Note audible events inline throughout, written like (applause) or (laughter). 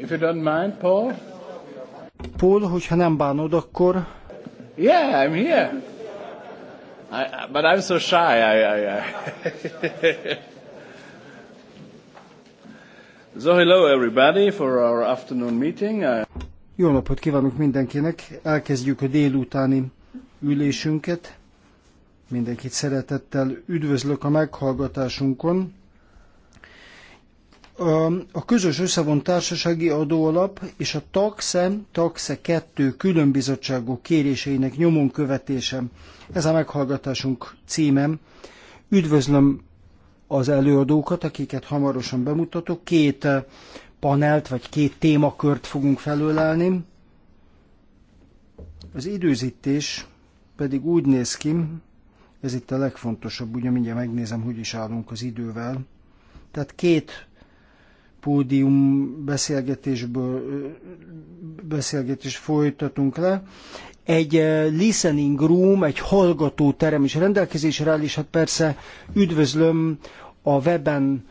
If you don't mind, Paul. Paul, hogyha nem bánod, akkor... Yeah, I'm here. I, but I'm so shy. I, I, I. (laughs) so hello everybody for our afternoon meeting. I... Jó napot kívánok mindenkinek! Elkezdjük a délutáni ülésünket. Mindenkit szeretettel üdvözlök a meghallgatásunkon a közös összevont társasági adóalap és a TAXE, TAXE 2 különbizottságok kéréseinek nyomon követése. Ez a meghallgatásunk címem. Üdvözlöm az előadókat, akiket hamarosan bemutatok. Két eh, panelt, vagy két témakört fogunk felölelni. Az időzítés pedig úgy néz ki, ez itt a legfontosabb, ugye mindjárt megnézem, hogy is állunk az idővel. Tehát két pódium beszélgetésből beszélgetés folytatunk le. Egy listening room, egy hallgató terem is rendelkezésre áll, és hát persze üdvözlöm a weben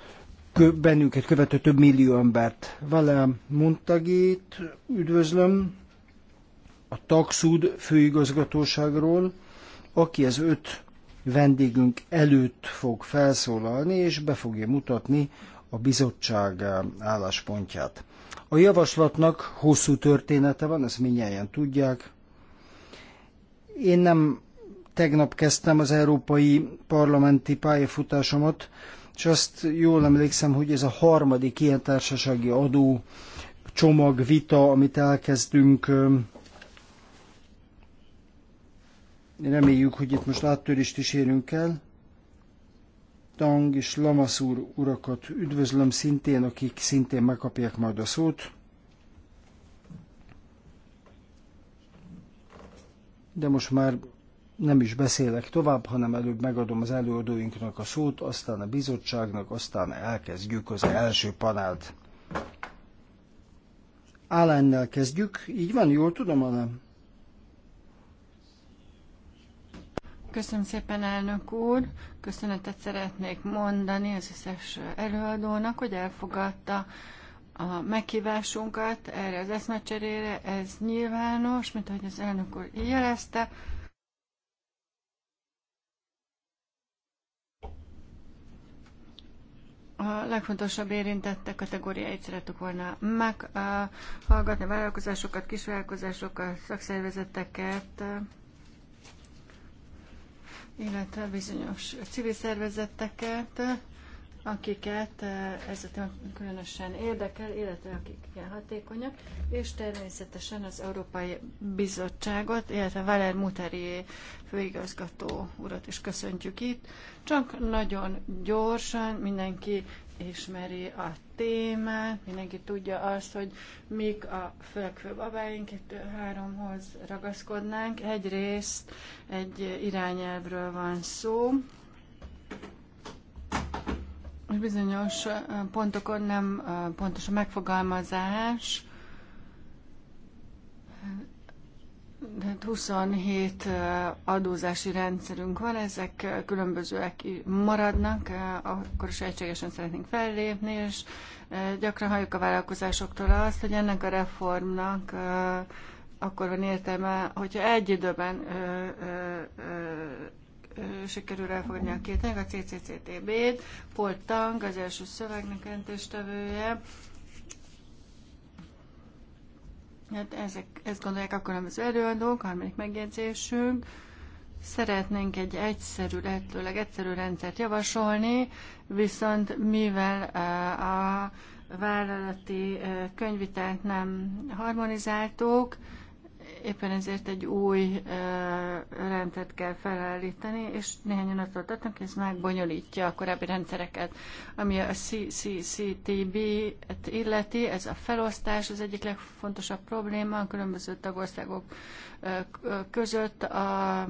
bennünket követő több millió embert. Vele Montagét üdvözlöm a Taxud főigazgatóságról, aki az öt vendégünk előtt fog felszólalni, és be fogja mutatni a bizottság eh, álláspontját. A javaslatnak hosszú története van, ezt minnyáján tudják. Én nem tegnap kezdtem az európai parlamenti pályafutásomat, és azt jól emlékszem, hogy ez a harmadik ilyen társasági adó csomag vita, amit elkezdünk. Eh, reméljük, hogy itt most áttörést is érünk el. Tang és Lamaszúr urakat üdvözlöm szintén, akik szintén megkapják majd a szót. De most már nem is beszélek tovább, hanem előbb megadom az előadóinknak a szót, aztán a bizottságnak, aztán elkezdjük az első panelt. Állennel kezdjük, így van, jól tudom, hanem? Köszönöm szépen, elnök úr. Köszönetet szeretnék mondani az összes előadónak, hogy elfogadta a meghívásunkat erre az eszmecserére. Ez nyilvános, mint ahogy az elnök úr jelezte. a legfontosabb érintette kategóriáit szeretük volna meghallgatni, vállalkozásokat, kisvállalkozásokat, szakszervezeteket, illetve bizonyos civil szervezeteket, akiket eh, ez a téma különösen érdekel, illetve akik igen hatékonyak, és természetesen az Európai Bizottságot, illetve Valer Muteri főigazgató urat is köszöntjük itt. Csak nagyon gyorsan mindenki ismeri a témát, mindenki tudja azt, hogy mik a fölkvőbb babáink, itt háromhoz ragaszkodnánk. Egyrészt egy irányelvről van szó, és bizonyos pontokon nem pontos a megfogalmazás, 27 adózási rendszerünk van, ezek különbözőek maradnak, akkor is egységesen szeretnénk fellépni, és gyakran halljuk a vállalkozásoktól azt, hogy ennek a reformnak akkor van értelme, hogyha egy időben sikerül elfogadni a két a CCCTB-t, Paul Tang, az első szövegnek jelentéstevője, Hát ezek, ezt gondolják a különböző előadók, harmadik megjegyzésünk. Szeretnénk egy egyszerű, lehetőleg egyszerű rendszert javasolni, viszont mivel eh, a vállalati eh, könyvitelt nem harmonizáltuk, éppen ezért egy új rendet kell felállítani, és néhányan attól tartanak, ez megbonyolítja a korábbi rendszereket. Ami a CCCTB-et illeti, ez a felosztás az egyik legfontosabb probléma a különböző tagországok között, a,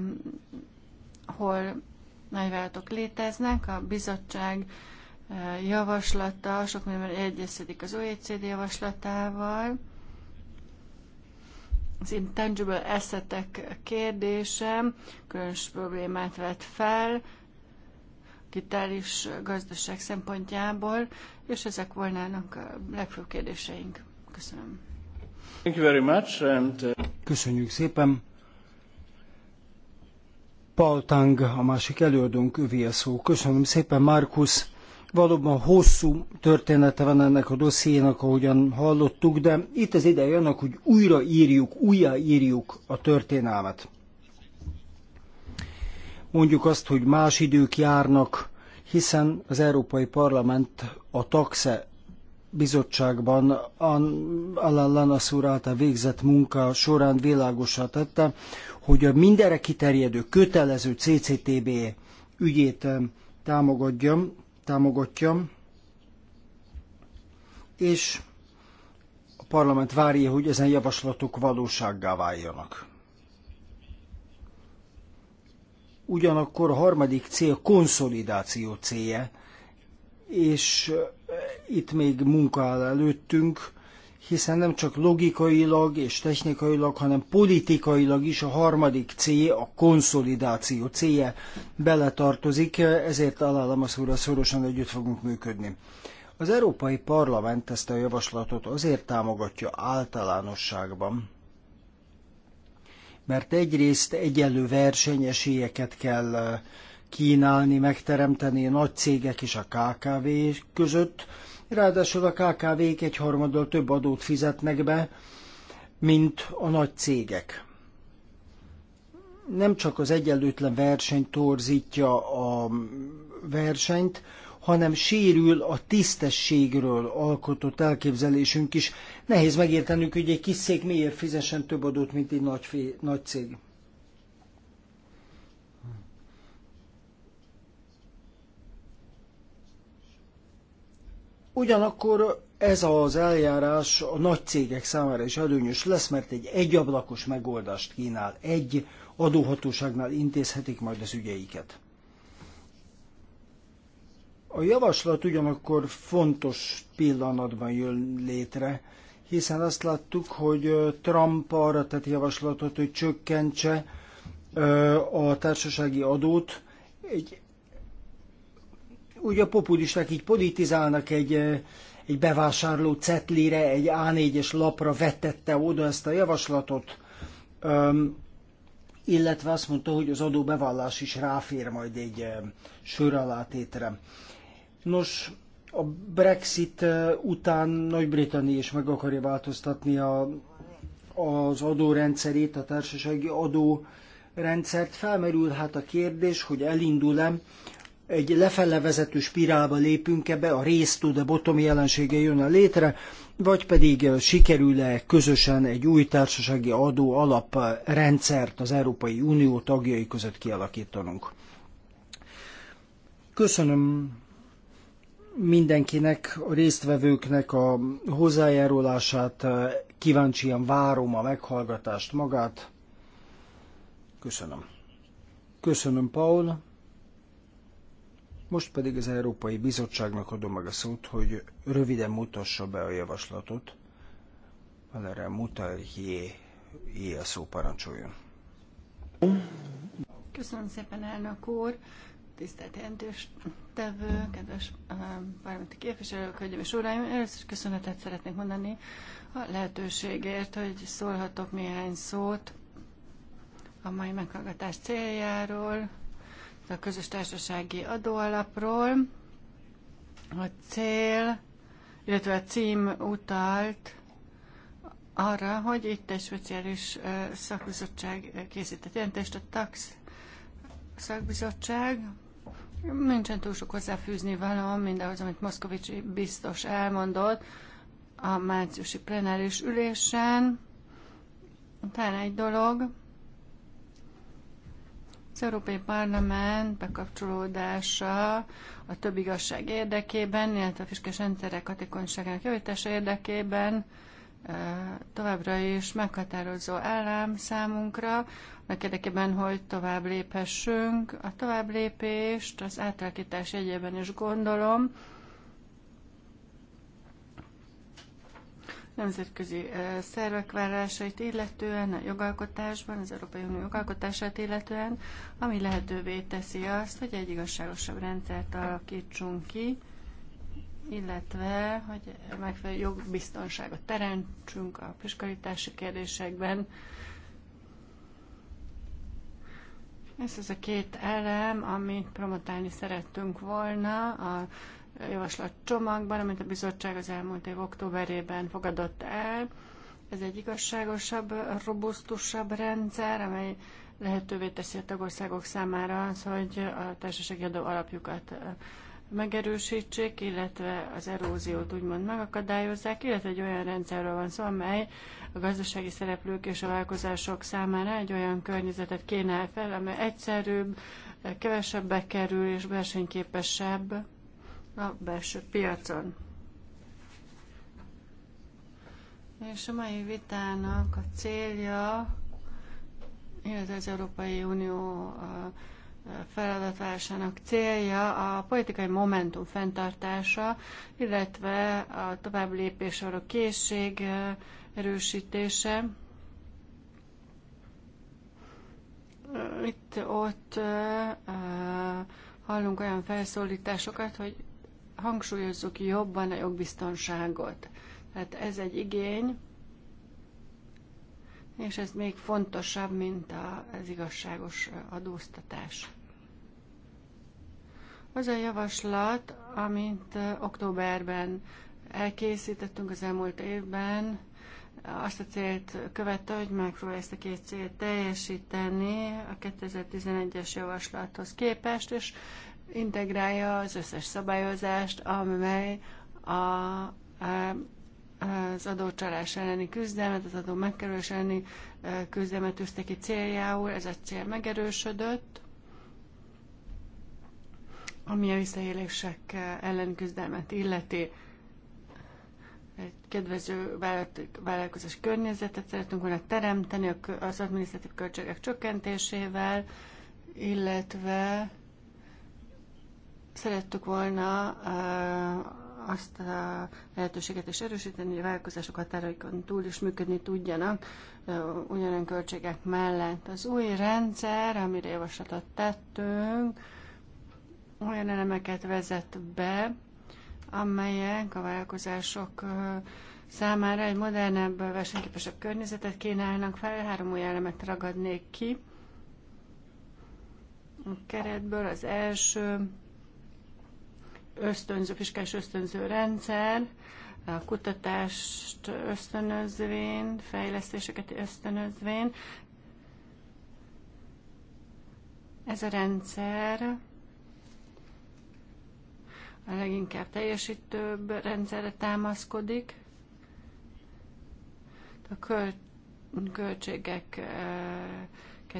hol nagyvállalatok léteznek, a bizottság javaslata sok mindenben egyeztetik az OECD javaslatával, az intangible eszetek kérdése különös problémát vet fel, digitális gazdaság szempontjából, és ezek volnának a legfőbb kérdéseink. Köszönöm. Thank you very much, and... Uh, Köszönjük szépen. Paul Tang, a másik előadónk, övé a szó. Köszönöm szépen, Markus. Valóban hosszú története van ennek a dossziénak, ahogyan hallottuk, de itt az ideje annak, hogy újraírjuk, újjáírjuk a történelmet. Mondjuk azt, hogy más idők járnak, hiszen az Európai Parlament a taxe bizottságban Alan Lanas úr által végzett munka során világossá tette, hogy a mindenre kiterjedő kötelező CCTB ügyét eh, támogatja, támogatja, és a parlament várja, hogy ezen javaslatok valósággá váljanak. Ugyanakkor a harmadik cél konszolidáció célja, és eh, itt még munka áll előttünk, hiszen nem csak logikailag és technikailag, hanem politikailag is a harmadik C, a konszolidáció célja beletartozik, ezért Alálamaszúra szorosan együtt fogunk működni. Az Európai Parlament ezt a javaslatot azért támogatja általánosságban, mert egyrészt egyenlő versenyesélyeket kell eh, kínálni, megteremteni a nagy cégek és a KKV között, Ráadásul a KKV-k egy harmaddal több adót fizetnek be, mint a nagy cégek. Nem csak az egyenlőtlen verseny torzítja a versenyt, hanem sérül a tisztességről alkotott elképzelésünk is. Nehéz megértenünk, hogy egy kis cég miért fizessen több adót, mint egy nagy, nagy cég. Ugyanakkor ez az eljárás a nagy cégek számára is előnyös lesz, mert egy egyablakos megoldást kínál, egy adóhatóságnál intézhetik majd az ügyeiket. A javaslat ugyanakkor fontos pillanatban jön létre, hiszen azt láttuk, hogy Trump arra tett javaslatot, hogy csökkentse a társasági adót, egy ugye a populisták így politizálnak egy, egy bevásárló cetlire, egy A4-es lapra vetette oda ezt a javaslatot, um, illetve azt mondta, hogy az adóbevallás is ráfér majd egy sörrelátétre. Nos, a Brexit után nagy britanni is meg akarja változtatni a, az adórendszerét, a társasági adórendszert. Felmerül hát a kérdés, hogy elindul-e egy lefele vezető spirálba lépünk ebbe, a race to the bottom jelensége jön a létre, vagy pedig sikerül-e közösen egy új társasági adó alaprendszert az Európai Unió tagjai között kialakítanunk. Köszönöm mindenkinek, a résztvevőknek a hozzájárulását, kíváncsian várom a meghallgatást magát. Köszönöm. Köszönöm, Paul. Most pedig az Európai Bizottságnak adom meg a szót, hogy röviden mutassa be a javaslatot. Valere Mutalhié a szó parancsoljon. Köszönöm szépen, elnök úr! Tisztelt jelentős tevő, kedves parlamenti képviselők, hölgyeim és uraim! Először köszönetet szeretnék mondani a lehetőségért, hogy szólhatok néhány szót a mai meghallgatás céljáról, a közös társasági adóalapról. A cél, illetve a cím utalt arra, hogy itt egy speciális szakbizottság készített jelentést, a TAX szakbizottság. Nincsen túl sok hozzáfűzni valam mindahhoz, amit Moszkovics biztos elmondott a márciusi plenáris ülésen. Talán egy dolog, az Európai Parlament bekapcsolódása a több igazság érdekében, illetve a fiskes rendszerek hatékonyságának javítása érdekében továbbra is meghatározó állám számunkra, meg érdekében, hogy tovább léphessünk. A tovább lépést az átalakítás egyében is gondolom, nemzetközi szervek várásait illetően, a jogalkotásban, az Európai Unió jogalkotását illetően, ami lehetővé teszi azt, hogy egy igazságosabb rendszert alakítsunk ki, illetve, hogy megfelelő jogbiztonságot teremtsünk a fiskalitási kérdésekben. Ez az a két elem, amit promotálni szerettünk volna a javaslatcsomagban, csomagban, amit a bizottság az elmúlt év októberében fogadott el. Ez egy igazságosabb, robusztusabb rendszer, amely lehetővé teszi a tagországok számára az, hogy a társasági adó alapjukat megerősítsék, illetve az eróziót úgymond megakadályozzák, illetve egy olyan rendszerről van szó, amely a gazdasági szereplők és a vállalkozások számára egy olyan környezetet kínál fel, amely egyszerűbb, kevesebbe kerül és versenyképesebb a belső piacon. És a mai vitának a célja, illetve az Európai Unió feladatvásának célja a politikai momentum fenntartása, illetve a tovább lépés a készség erősítése. Itt-ott hallunk olyan felszólításokat, hogy hangsúlyozzuk jobban a jogbiztonságot. Tehát ez egy igény, és ez még fontosabb, mint az igazságos adóztatás. Az a javaslat, amit októberben elkészítettünk az elmúlt évben, azt a célt követte, hogy megpróbálja ezt a két célt teljesíteni a 2011-es javaslathoz képest, és integrálja az összes szabályozást, amely a, a, az adócsalás elleni küzdelmet, az adó megkerülés elleni küzdelmet üzte ki céljául. Ez a cél megerősödött, ami a visszaélések ellen küzdelmet illeti. Egy kedvező vállalkozás környezetet szeretünk volna teremteni az adminisztratív költségek csökkentésével, illetve Szerettük volna azt a lehetőséget is erősíteni, hogy a vállalkozások határaikon túl is működni tudjanak, ugyanen költségek mellett. Az új rendszer, amire javaslatot tettünk, olyan elemeket vezet be, amelyek a vállalkozások számára egy modernebb, versenyképesebb környezetet kínálnak fel. Három új elemet ragadnék ki a keretből. Az első ösztönző, fiskás ösztönző rendszer, a kutatást ösztönözvén, fejlesztéseket ösztönözvén. Ez a rendszer a leginkább teljesítőbb rendszerre támaszkodik. A köl költségeket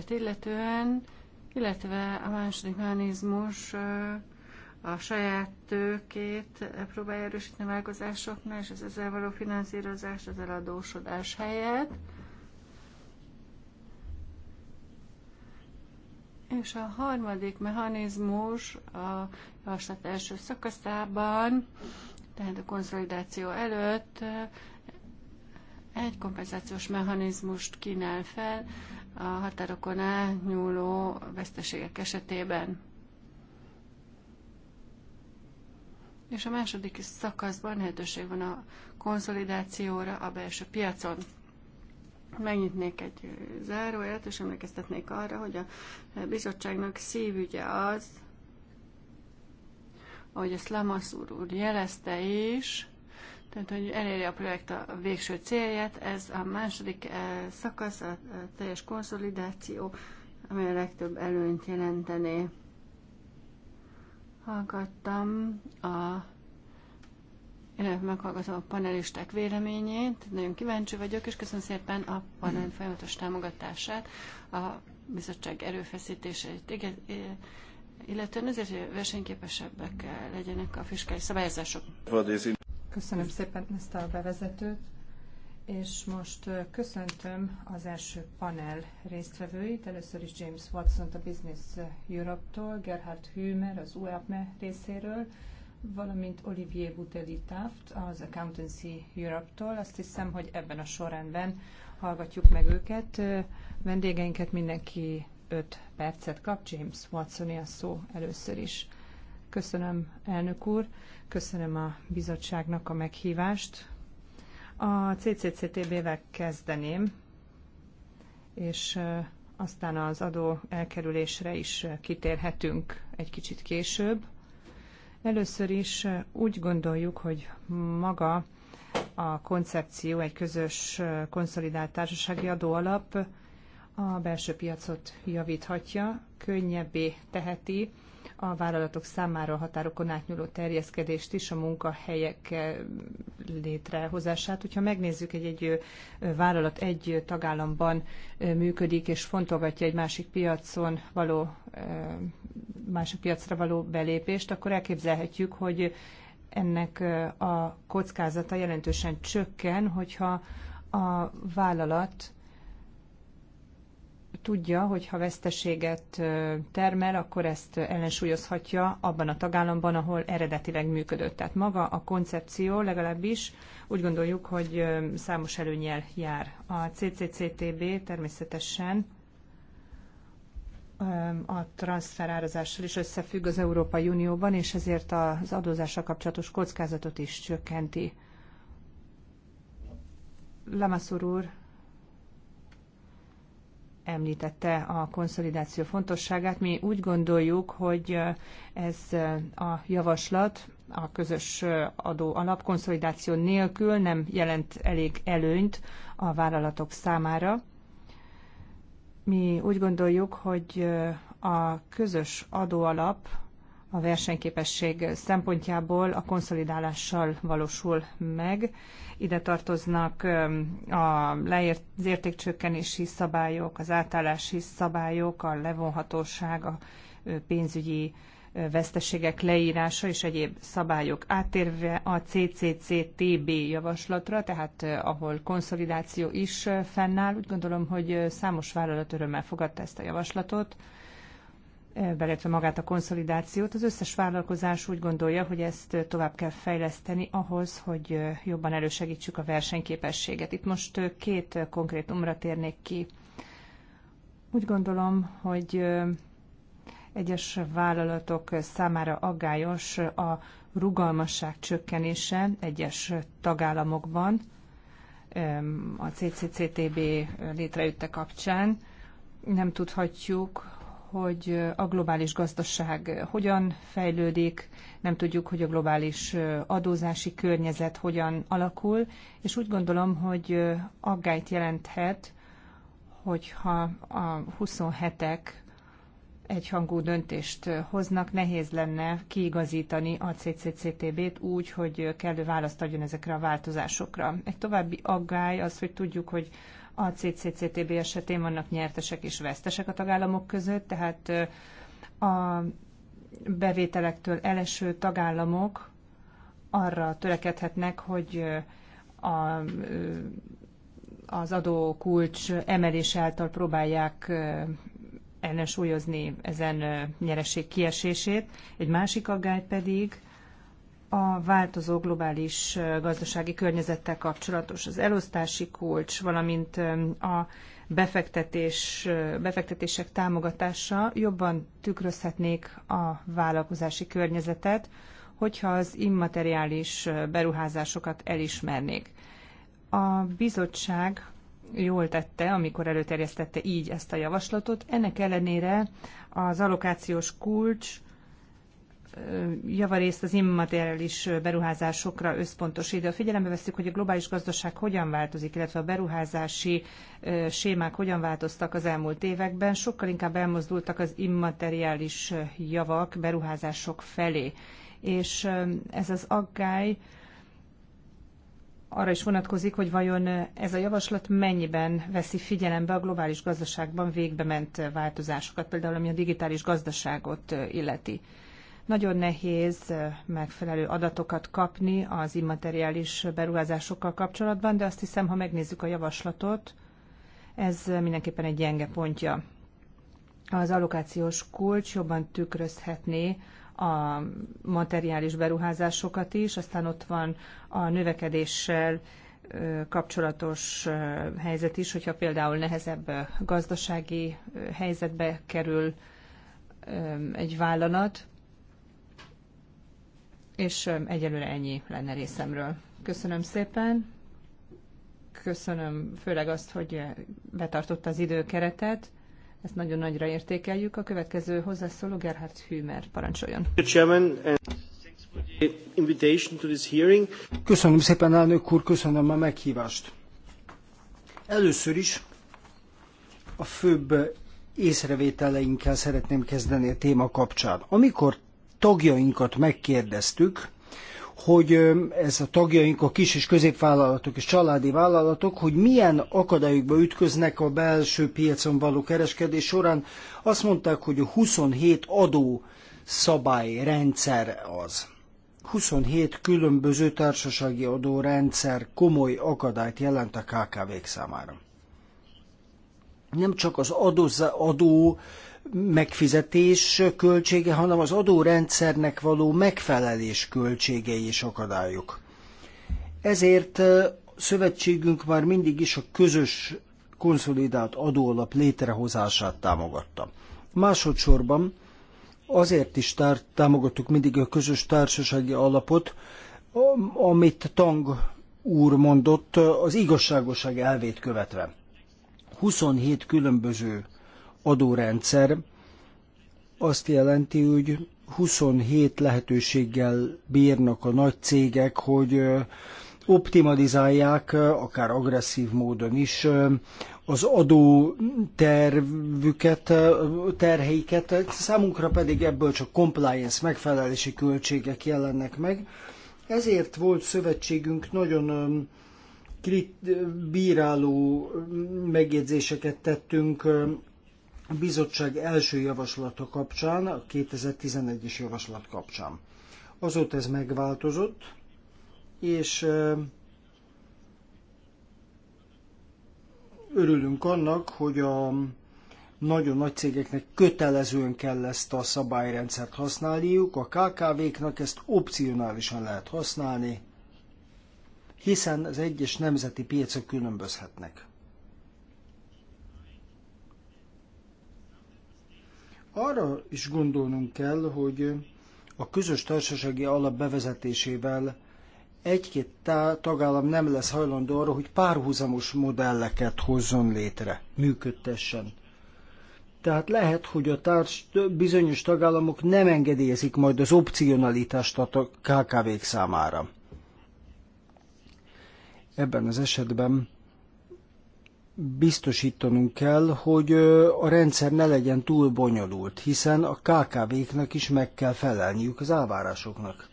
illetően, illetve a második mechanizmus a saját tőkét próbálja erősíteni a vállalkozásoknál, és az ezzel való finanszírozás az eladósodás helyett. És a harmadik mechanizmus a javaslat első szakaszában, tehát a konszolidáció előtt egy kompenzációs mechanizmust kínál fel a határokon átnyúló veszteségek esetében. És a második szakaszban lehetőség van a konszolidációra a belső piacon. Megnyitnék egy záróját, és emlékeztetnék arra, hogy a bizottságnak szívügye az, ahogy ezt Lamasz úr, úr jelezte is, tehát, hogy eléri a projekt a végső célját, ez a második szakasz, a teljes konszolidáció, amely a legtöbb előnyt jelentené. Hallgattam a Önök meghallgatom a panelisták véleményét, nagyon kíváncsi vagyok, és köszönöm szépen a panel folyamatos támogatását, a bizottság erőfeszítéseit, illetően azért, hogy versenyképesebbek legyenek a fiskális szabályozások. Köszönöm szépen ezt a bevezetőt. És most köszöntöm az első panel résztvevőit. Először is James watson a Business Europe-tól, Gerhard Hümer az UAPME részéről, valamint Olivier Butelli Taft az Accountancy Europe-tól. Azt hiszem, hogy ebben a sorrendben hallgatjuk meg őket. Vendégeinket mindenki 5 percet kap. James watson a szó először is. Köszönöm, elnök úr, köszönöm a bizottságnak a meghívást, a CCCTB-vel kezdeném, és aztán az adó elkerülésre is kitérhetünk egy kicsit később. Először is úgy gondoljuk, hogy maga a koncepció, egy közös konszolidált társasági adóalap a belső piacot javíthatja, könnyebbé teheti a vállalatok számára a határokon átnyúló terjeszkedést is, a munkahelyek eh, létrehozását. Hogyha megnézzük, egy, egy eh, vállalat egy tagállamban eh, működik, és fontolgatja egy másik piacon való, másik piacra való belépést, akkor elképzelhetjük, hogy ennek a kockázata jelentősen csökken, hogyha a vállalat tudja, hogy ha veszteséget termel, akkor ezt ellensúlyozhatja abban a tagállamban, ahol eredetileg működött. Tehát maga a koncepció legalábbis úgy gondoljuk, hogy számos előnyel jár. A CCCTB természetesen a transferárazással is összefügg az Európai Unióban, és ezért az adózással kapcsolatos kockázatot is csökkenti. Lamassur úr említette a konszolidáció fontosságát. Mi úgy gondoljuk, hogy ez a javaslat a közös adó alapkonszolidáció nélkül nem jelent elég előnyt a vállalatok számára. Mi úgy gondoljuk, hogy a közös adóalap a versenyképesség szempontjából a konszolidálással valósul meg. Ide tartoznak a leért, az értékcsökkenési szabályok, az átállási szabályok, a levonhatóság, a pénzügyi veszteségek leírása és egyéb szabályok. Átérve a CCCTB javaslatra, tehát ahol konszolidáció is fennáll, úgy gondolom, hogy számos vállalat örömmel fogadta ezt a javaslatot beletve magát a konszolidációt, az összes vállalkozás úgy gondolja, hogy ezt tovább kell fejleszteni ahhoz, hogy jobban elősegítsük a versenyképességet. Itt most két konkrétumra térnék ki. Úgy gondolom, hogy egyes vállalatok számára aggályos a rugalmasság csökkenése egyes tagállamokban a CCCTB létrejötte kapcsán. Nem tudhatjuk, hogy a globális gazdaság hogyan fejlődik, nem tudjuk, hogy a globális adózási környezet hogyan alakul, és úgy gondolom, hogy aggályt jelenthet, hogyha a 27-ek egyhangú döntést hoznak, nehéz lenne kiigazítani a CCCTB-t úgy, hogy kellő választ adjon ezekre a változásokra. Egy további aggály az, hogy tudjuk, hogy a CCCTB esetén vannak nyertesek és vesztesek a tagállamok között, tehát a bevételektől eleső tagállamok arra törekedhetnek, hogy a, az adókulcs emelés által próbálják ellensúlyozni ezen nyereség kiesését. Egy másik aggály pedig a változó globális gazdasági környezettel kapcsolatos az elosztási kulcs, valamint a befektetés, befektetések támogatása jobban tükrözhetnék a vállalkozási környezetet, hogyha az immateriális beruházásokat elismernék. A bizottság jól tette, amikor előterjesztette így ezt a javaslatot. Ennek ellenére az allokációs kulcs javarészt az immateriális beruházásokra összpontosít. De a figyelembe veszük, hogy a globális gazdaság hogyan változik, illetve a beruházási sémák hogyan változtak az elmúlt években, sokkal inkább elmozdultak az immateriális javak beruházások felé. És ez az aggály arra is vonatkozik, hogy vajon ez a javaslat mennyiben veszi figyelembe a globális gazdaságban végbe ment változásokat, például ami a digitális gazdaságot illeti. Nagyon nehéz megfelelő adatokat kapni az immateriális beruházásokkal kapcsolatban, de azt hiszem, ha megnézzük a javaslatot, ez mindenképpen egy gyenge pontja. Az allokációs kulcs jobban tükrözhetné a materiális beruházásokat is, aztán ott van a növekedéssel kapcsolatos helyzet is, hogyha például nehezebb gazdasági helyzetbe kerül egy vállalat, és egyelőre ennyi lenne részemről. Köszönöm szépen. Köszönöm főleg azt, hogy betartotta az időkeretet. Ezt nagyon nagyra értékeljük. A következő hozzászóló Gerhard Hümer parancsoljon. Köszönöm szépen, elnök úr, köszönöm a meghívást. Először is a főbb észrevételeinkkel szeretném kezdeni a téma kapcsán. Amikor tagjainkat megkérdeztük, hogy ez a tagjaink, a kis és középvállalatok és családi vállalatok, hogy milyen akadályokba ütköznek a belső piacon való kereskedés során. Azt mondták, hogy a 27 adó szabályrendszer az. 27 különböző társasági adórendszer komoly akadályt jelent a KKV-k számára. Nem csak az adó, adó megfizetés költsége, hanem az adórendszernek való megfelelés költségei és akadályok. Ezért szövetségünk már mindig is a közös konszolidált adóalap létrehozását támogatta. Másodszorban azért is tár- támogattuk mindig a közös társasági alapot, amit Tang úr mondott, az igazságosság elvét követve. 27 különböző adórendszer azt jelenti, hogy 27 lehetőséggel bírnak a nagy cégek, hogy optimalizálják, akár agresszív módon is, az adó tervüket, terheiket, számunkra pedig ebből csak compliance megfelelési költségek jelennek meg. Ezért volt szövetségünk nagyon krit, bíráló megjegyzéseket tettünk a bizottság első javaslata kapcsán, a 2011-es javaslat kapcsán. Azóta ez megváltozott, és örülünk annak, hogy a nagyon nagy cégeknek kötelezően kell ezt a szabályrendszert használniuk, a KKV-knak ezt opcionálisan lehet használni, hiszen az egyes nemzeti piacok különbözhetnek. Arra is gondolnunk kell, hogy a közös társasági alap bevezetésével egy-két tagállam nem lesz hajlandó arra, hogy párhuzamos modelleket hozzon létre, működtessen. Tehát lehet, hogy a társ, bizonyos tagállamok nem engedélyezik majd az opcionalitást a KKV-k számára. Ebben az esetben biztosítanunk kell, hogy a rendszer ne legyen túl bonyolult, hiszen a KKV-knak is meg kell felelniük az elvárásoknak.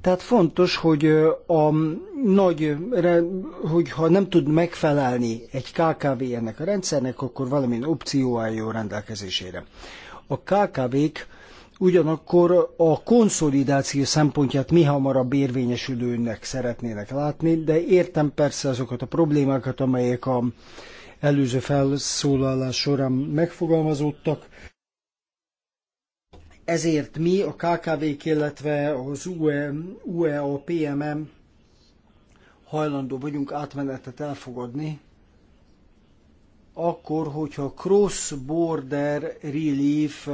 Tehát fontos, hogy a nagy, hogyha nem tud megfelelni egy KKV ennek a rendszernek, akkor valamilyen opció álljon rendelkezésére. A KKV-k ugyanakkor a konszolidáció szempontját mi hamarabb érvényesülőnek szeretnének látni, de értem persze azokat a problémákat, amelyek a előző felszólalás során megfogalmazódtak. Ezért mi a KKV-k, illetve az UE, UEA, PMM hajlandó vagyunk átmenetet elfogadni, akkor, hogyha cross-border relief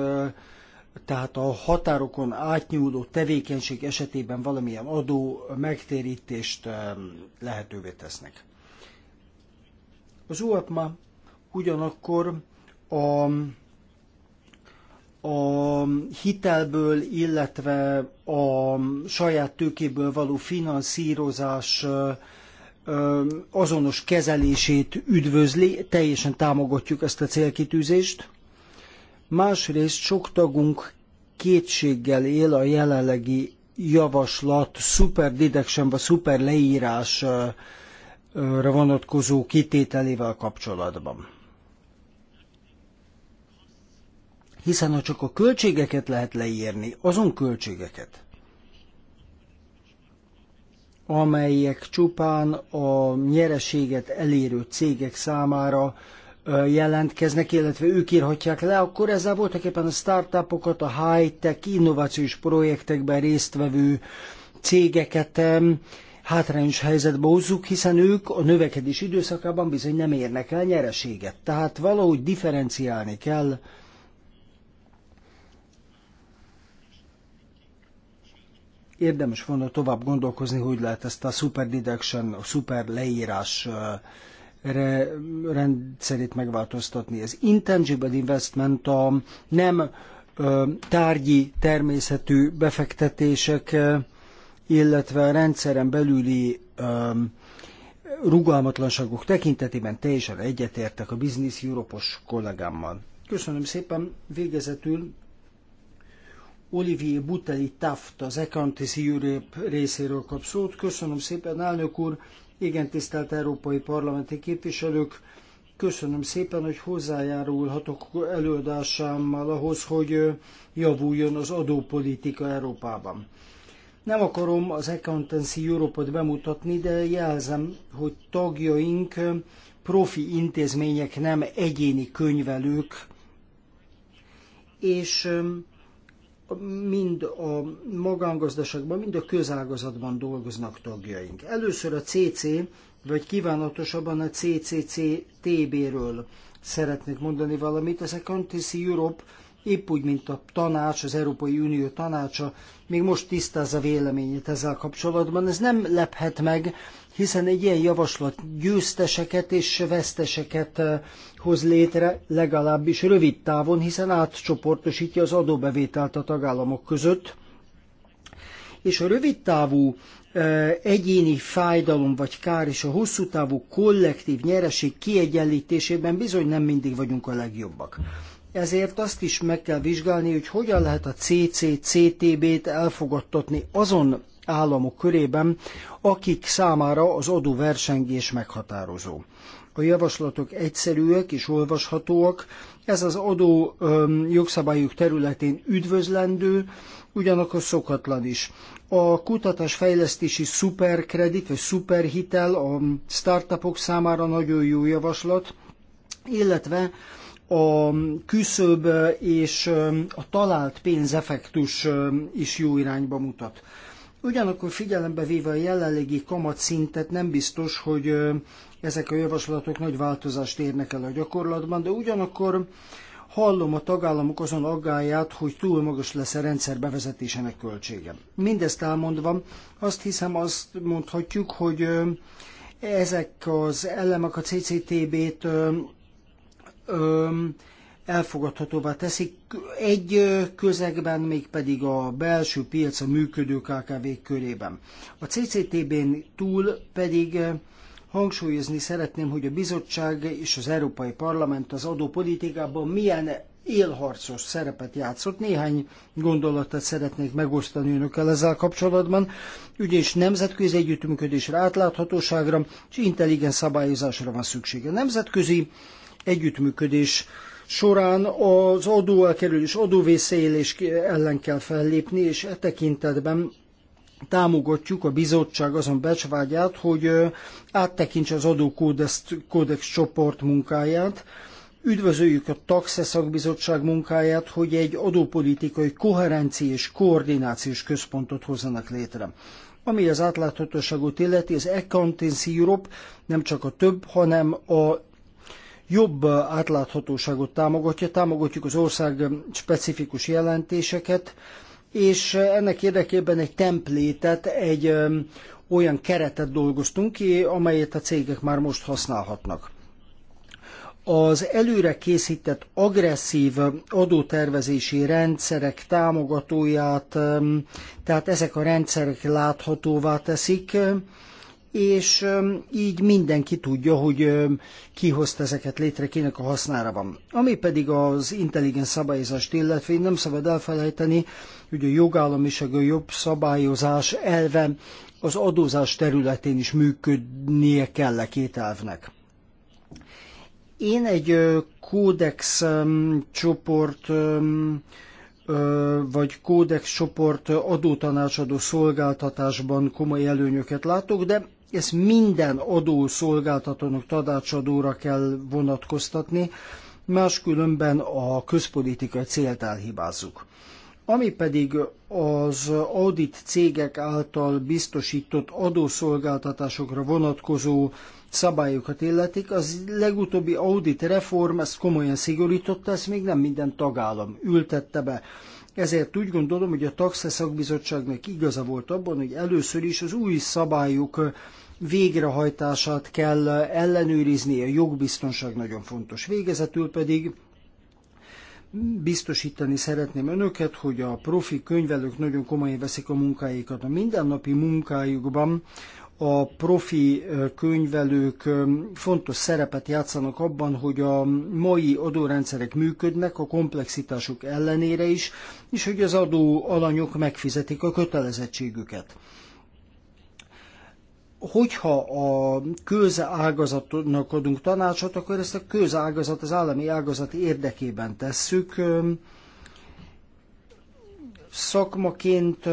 tehát a határokon átnyúló tevékenység esetében valamilyen adó megtérítést eh, lehetővé tesznek. Az UAPMA ugyanakkor a, a hitelből, illetve a saját tőkéből való finanszírozás eh, eh, azonos kezelését üdvözli, teljesen támogatjuk ezt a célkitűzést Másrészt sok tagunk kétséggel él a jelenlegi javaslat, szuper didection vagy szuper leírásra vonatkozó kitételével kapcsolatban. Hiszen ha csak a költségeket lehet leírni, azon költségeket, amelyek csupán a nyereséget elérő cégek számára jelentkeznek, illetve ők írhatják le, akkor ezzel voltak éppen a startupokat, a high-tech, innovációs projektekben résztvevő cégeket hátrányos helyzetbe hozzuk, hiszen ők a növekedés időszakában bizony nem érnek el nyereséget. Tehát valahogy differenciálni kell érdemes volna tovább gondolkozni, hogy lehet ezt a super deduction, a super leírás rendszerét megváltoztatni. Az intangible investment a nem tárgyi természetű befektetések, illetve a rendszeren belüli rugalmatlanságok tekintetében teljesen egyetértek a Business Europos kollégámmal. Köszönöm szépen, végezetül Olivier Buteli Taft, az Accountancy Europe részéről kap szót. Köszönöm szépen, elnök úr, igen, tisztelt európai parlamenti képviselők, köszönöm szépen, hogy hozzájárulhatok előadásámmal ahhoz, hogy javuljon az adópolitika Európában. Nem akarom az Accountancy Europe-ot bemutatni, de jelzem, hogy tagjaink profi intézmények, nem egyéni könyvelők, és mind a magángazdaságban, mind a közágazatban dolgoznak tagjaink. Először a CC, vagy kívánatosabban a CCCTB-ről szeretnék mondani valamit. Az Accountancy Europe épp úgy, mint a tanács, az Európai Unió tanácsa, még most tisztázza véleményét ezzel kapcsolatban. Ez nem lephet meg, hiszen egy ilyen javaslat győzteseket és veszteseket hoz létre legalábbis rövid távon, hiszen átcsoportosítja az adóbevételt a tagállamok között, és a rövid távú egyéni fájdalom vagy kár és a hosszú távú kollektív nyereség kiegyenlítésében bizony nem mindig vagyunk a legjobbak. Ezért azt is meg kell vizsgálni, hogy hogyan lehet a CCCTB-t elfogadtatni azon államok körében, akik számára az adóversengés meghatározó. A javaslatok egyszerűek és olvashatóak, ez az adó jogszabályok területén üdvözlendő, ugyanakkor szokatlan is. A kutatásfejlesztési szuperkredit vagy szuperhitel a startupok számára nagyon jó javaslat, illetve a küszöb és a talált pénzefektus is jó irányba mutat. Ugyanakkor figyelembe véve a jelenlegi kamatszintet nem biztos, hogy ezek a javaslatok nagy változást érnek el a gyakorlatban, de ugyanakkor hallom a tagállamok azon aggáját, hogy túl magas lesz a rendszer bevezetésének költsége. Mindezt elmondva, azt hiszem azt mondhatjuk, hogy ezek az elemek a CCTB-t elfogadhatóvá teszik egy közegben, mégpedig a belső a működő kkv körében. A CCTB-n túl pedig hangsúlyozni szeretném, hogy a bizottság és az Európai Parlament az adópolitikában milyen élharcos szerepet játszott. Néhány gondolatot szeretnék megosztani önökkel ezzel kapcsolatban, ugyanis nemzetközi együttműködésre, átláthatóságra és intelligens szabályozásra van szükség. nemzetközi együttműködés során az adó elkerülés, adóvészélés ellen kell fellépni, és e tekintetben támogatjuk a bizottság azon becsvágyát, hogy áttekintse az adókódex kódex csoport munkáját, Üdvözöljük a Taxe szakbizottság munkáját, hogy egy adópolitikai koherenci és koordinációs központot hozzanak létre. Ami az átláthatóságot illeti, az Accountancy Europe nem csak a több, hanem a jobb átláthatóságot támogatja, támogatjuk az ország specifikus jelentéseket, és ennek érdekében egy templétet, egy olyan keretet dolgoztunk ki, amelyet a cégek már most használhatnak. Az előre készített agresszív adótervezési rendszerek támogatóját, tehát ezek a rendszerek láthatóvá teszik, és így mindenki tudja, hogy ki hozta ezeket létre, kinek a hasznára van. Ami pedig az intelligens szabályozást illetve, nem szabad elfelejteni, hogy a jogállamiság, a jobb szabályozás elve az adózás területén is működnie kell a két elvnek. Én egy kódex csoport vagy kódex csoport adótanácsadó szolgáltatásban komoly előnyöket látok, de ezt minden adószolgáltatónak, tanácsadóra kell vonatkoztatni, máskülönben a közpolitikai célt elhibázzuk. Ami pedig az audit cégek által biztosított adószolgáltatásokra vonatkozó szabályokat illetik, az legutóbbi audit reform ezt komolyan szigorította, ezt még nem minden tagállam ültette be. Ezért úgy gondolom, hogy a Taxe Szakbizottságnak igaza volt abban, hogy először is az új szabályok végrehajtását kell ellenőrizni, a jogbiztonság nagyon fontos. Végezetül pedig biztosítani szeretném önöket, hogy a profi könyvelők nagyon komolyan veszik a munkáikat. A mindennapi munkájukban a profi könyvelők fontos szerepet játszanak abban, hogy a mai adórendszerek működnek a komplexitásuk ellenére is, és hogy az adó alanyok megfizetik a kötelezettségüket hogyha a közágazatnak adunk tanácsot, akkor ezt a közágazat, az állami ágazat érdekében tesszük. Szakmaként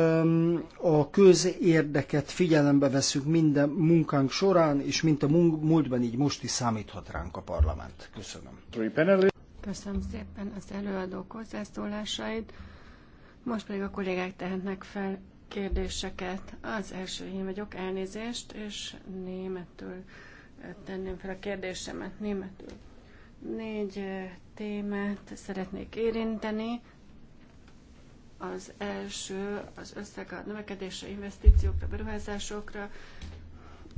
a közérdeket figyelembe veszünk minden munkánk során, és mint a múltban így most is számíthat ránk a parlament. Köszönöm. Köszönöm szépen az előadók hozzászólásait. Most pedig a kollégák tehetnek fel kérdéseket. Az első én vagyok, elnézést, és németül eh, tenném fel a kérdésemet. Németül. Négy eh, témát szeretnék érinteni. Az első az összeg a növekedése investíciókra, beruházásokra.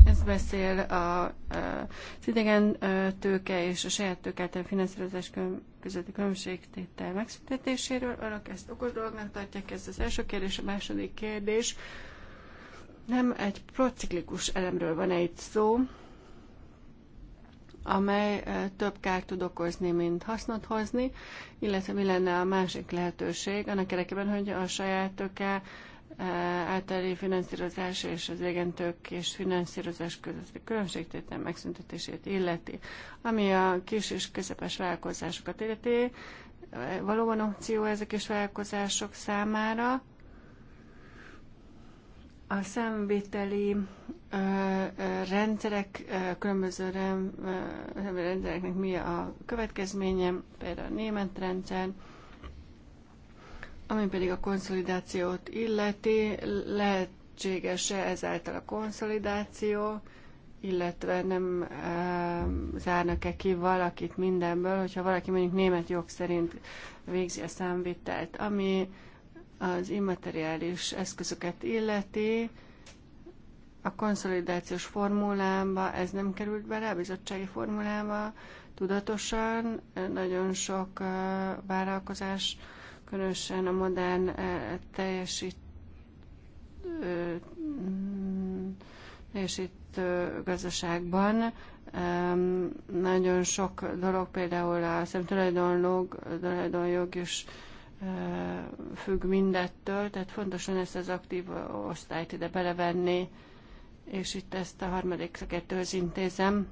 Ez beszél a, eh, az idegen tőke és a saját tőkelten finanszírozás közötti különbségtétel megszüntetéséről. Önök ezt okos dolognak tartják, ez az első kérdés, a második kérdés. Nem egy prociklikus elemről van egy szó, amely több kárt tud okozni, mint hasznot hozni, illetve mi lenne a másik lehetőség, annak érdekében, hogy a saját tőke általi finanszírozás és az égentők és finanszírozás közötti különbségtétel megszüntetését illeti, ami a kis és közepes vállalkozásokat illeti. Valóban opció ezek is vállalkozások számára. A számviteli ö, ö, rendszerek, ö, különböző rendszereknek mi a következménye, például a német rendszer, ami pedig a konszolidációt illeti, lehetséges-e ezáltal a konszolidáció, illetve nem e, zárnak-e ki valakit mindenből, hogyha valaki mondjuk német jog szerint végzi a számvitelt, ami az immateriális eszközöket illeti, a konszolidációs formulámba ez nem került bele, a bizottsági formulámba tudatosan nagyon sok eh, vállalkozás uh, különösen a modern eh, teljesít, mm, teljesítő gazdaságban. Nagyon sok dolog, például a tulajdonjog is eh, függ mindettől, tehát fontos lenne ezt az aktív osztályt ide belevenni, és itt ezt a harmadik szakértőhöz intézem,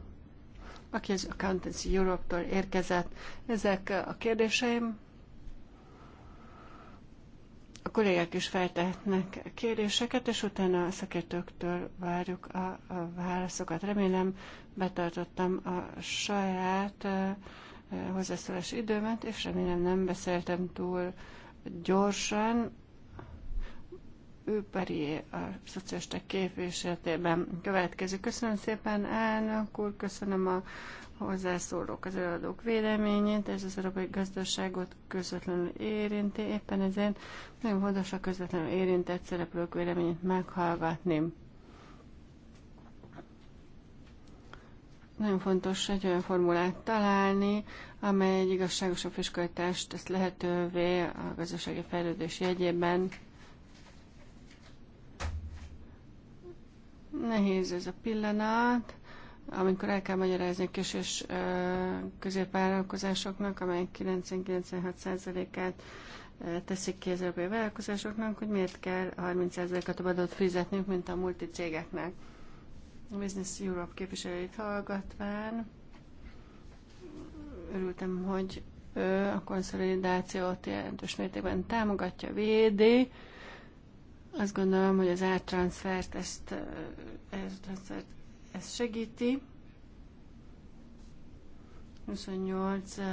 aki az Accountancy Europe-tól érkezett. Ezek a kérdéseim a kollégák is feltehetnek kérdéseket, és utána a szakértőktől várjuk a, a válaszokat. Remélem betartottam a saját e, hozzászólási időmet, és remélem nem beszéltem túl gyorsan őperi a szocialista képviseletében következő Köszönöm szépen, elnök úr, köszönöm a hozzászólók az előadók véleményét, ez az európai gazdaságot közvetlenül érinti, éppen ezért nagyon fontos a közvetlenül érintett szereplők véleményét meghallgatni. Nagyon fontos egy olyan formulát találni, amely egy igazságosabb fiskaltást tesz lehetővé a gazdasági fejlődés jegyében. Nehéz ez a pillanat, amikor el kell magyarázni a kis és középvállalkozásoknak, amelyek 90-96%-át teszik ki az európai vállalkozásoknak, hogy miért kell 30%-at adót fizetnünk, mint a multicégeknek. A Business Europe képviselőit hallgatván örültem, hogy ő a konszolidációt jelentős mértékben támogatja, védi, azt gondolom, hogy az áttranszfert ezt, ezt, ezt segíti. 28 uh,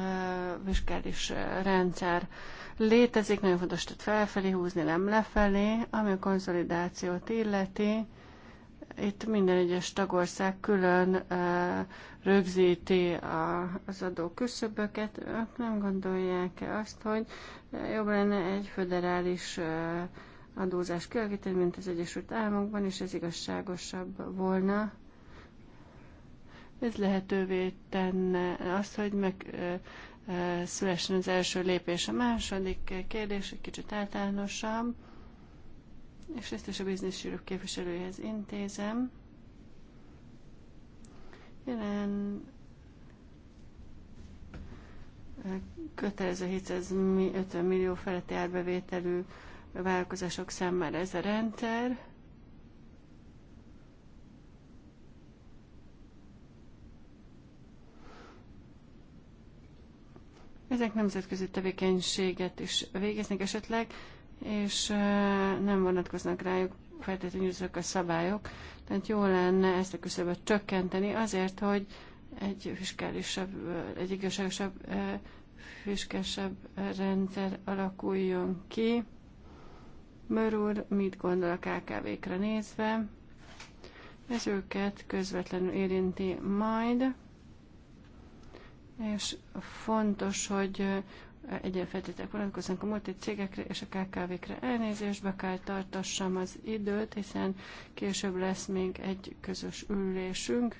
viskális rendszer létezik, nagyon fontos, hogy felfelé húzni, nem lefelé, ami a konszolidációt illeti. Itt minden egyes tagország külön uh, rögzíti a, az adó küszöböket. Ők nem gondolják -e azt, hogy jobb lenne egy föderális uh, adózás kialakítani, mint az Egyesült Államokban, és ez igazságosabb volna. Ez lehetővé tenne azt, hogy meg szülessen az első lépés. A második kérdés egy kicsit általánosabb, és ezt is a Business képviselőjehez intézem. Jelen kötelező 750 millió feletti árbevételű a vállalkozások számára ez a rendszer. Ezek nemzetközi tevékenységet is végeznek esetleg, és nem vonatkoznak rájuk feltétlenül ezek a szabályok. Tehát jó lenne ezt a küszöböt csökkenteni azért, hogy egy fiskálisabb, egy igazságosabb, fiskesebb rendszer alakuljon ki. Mör úr mit gondol a KKV-kra nézve? Ez őket közvetlenül érinti majd, és fontos, hogy egyenfeltétek vonatkoznak a multi cégekre és a KKV-kre elnézésbe kell tartassam az időt, hiszen később lesz még egy közös ülésünk.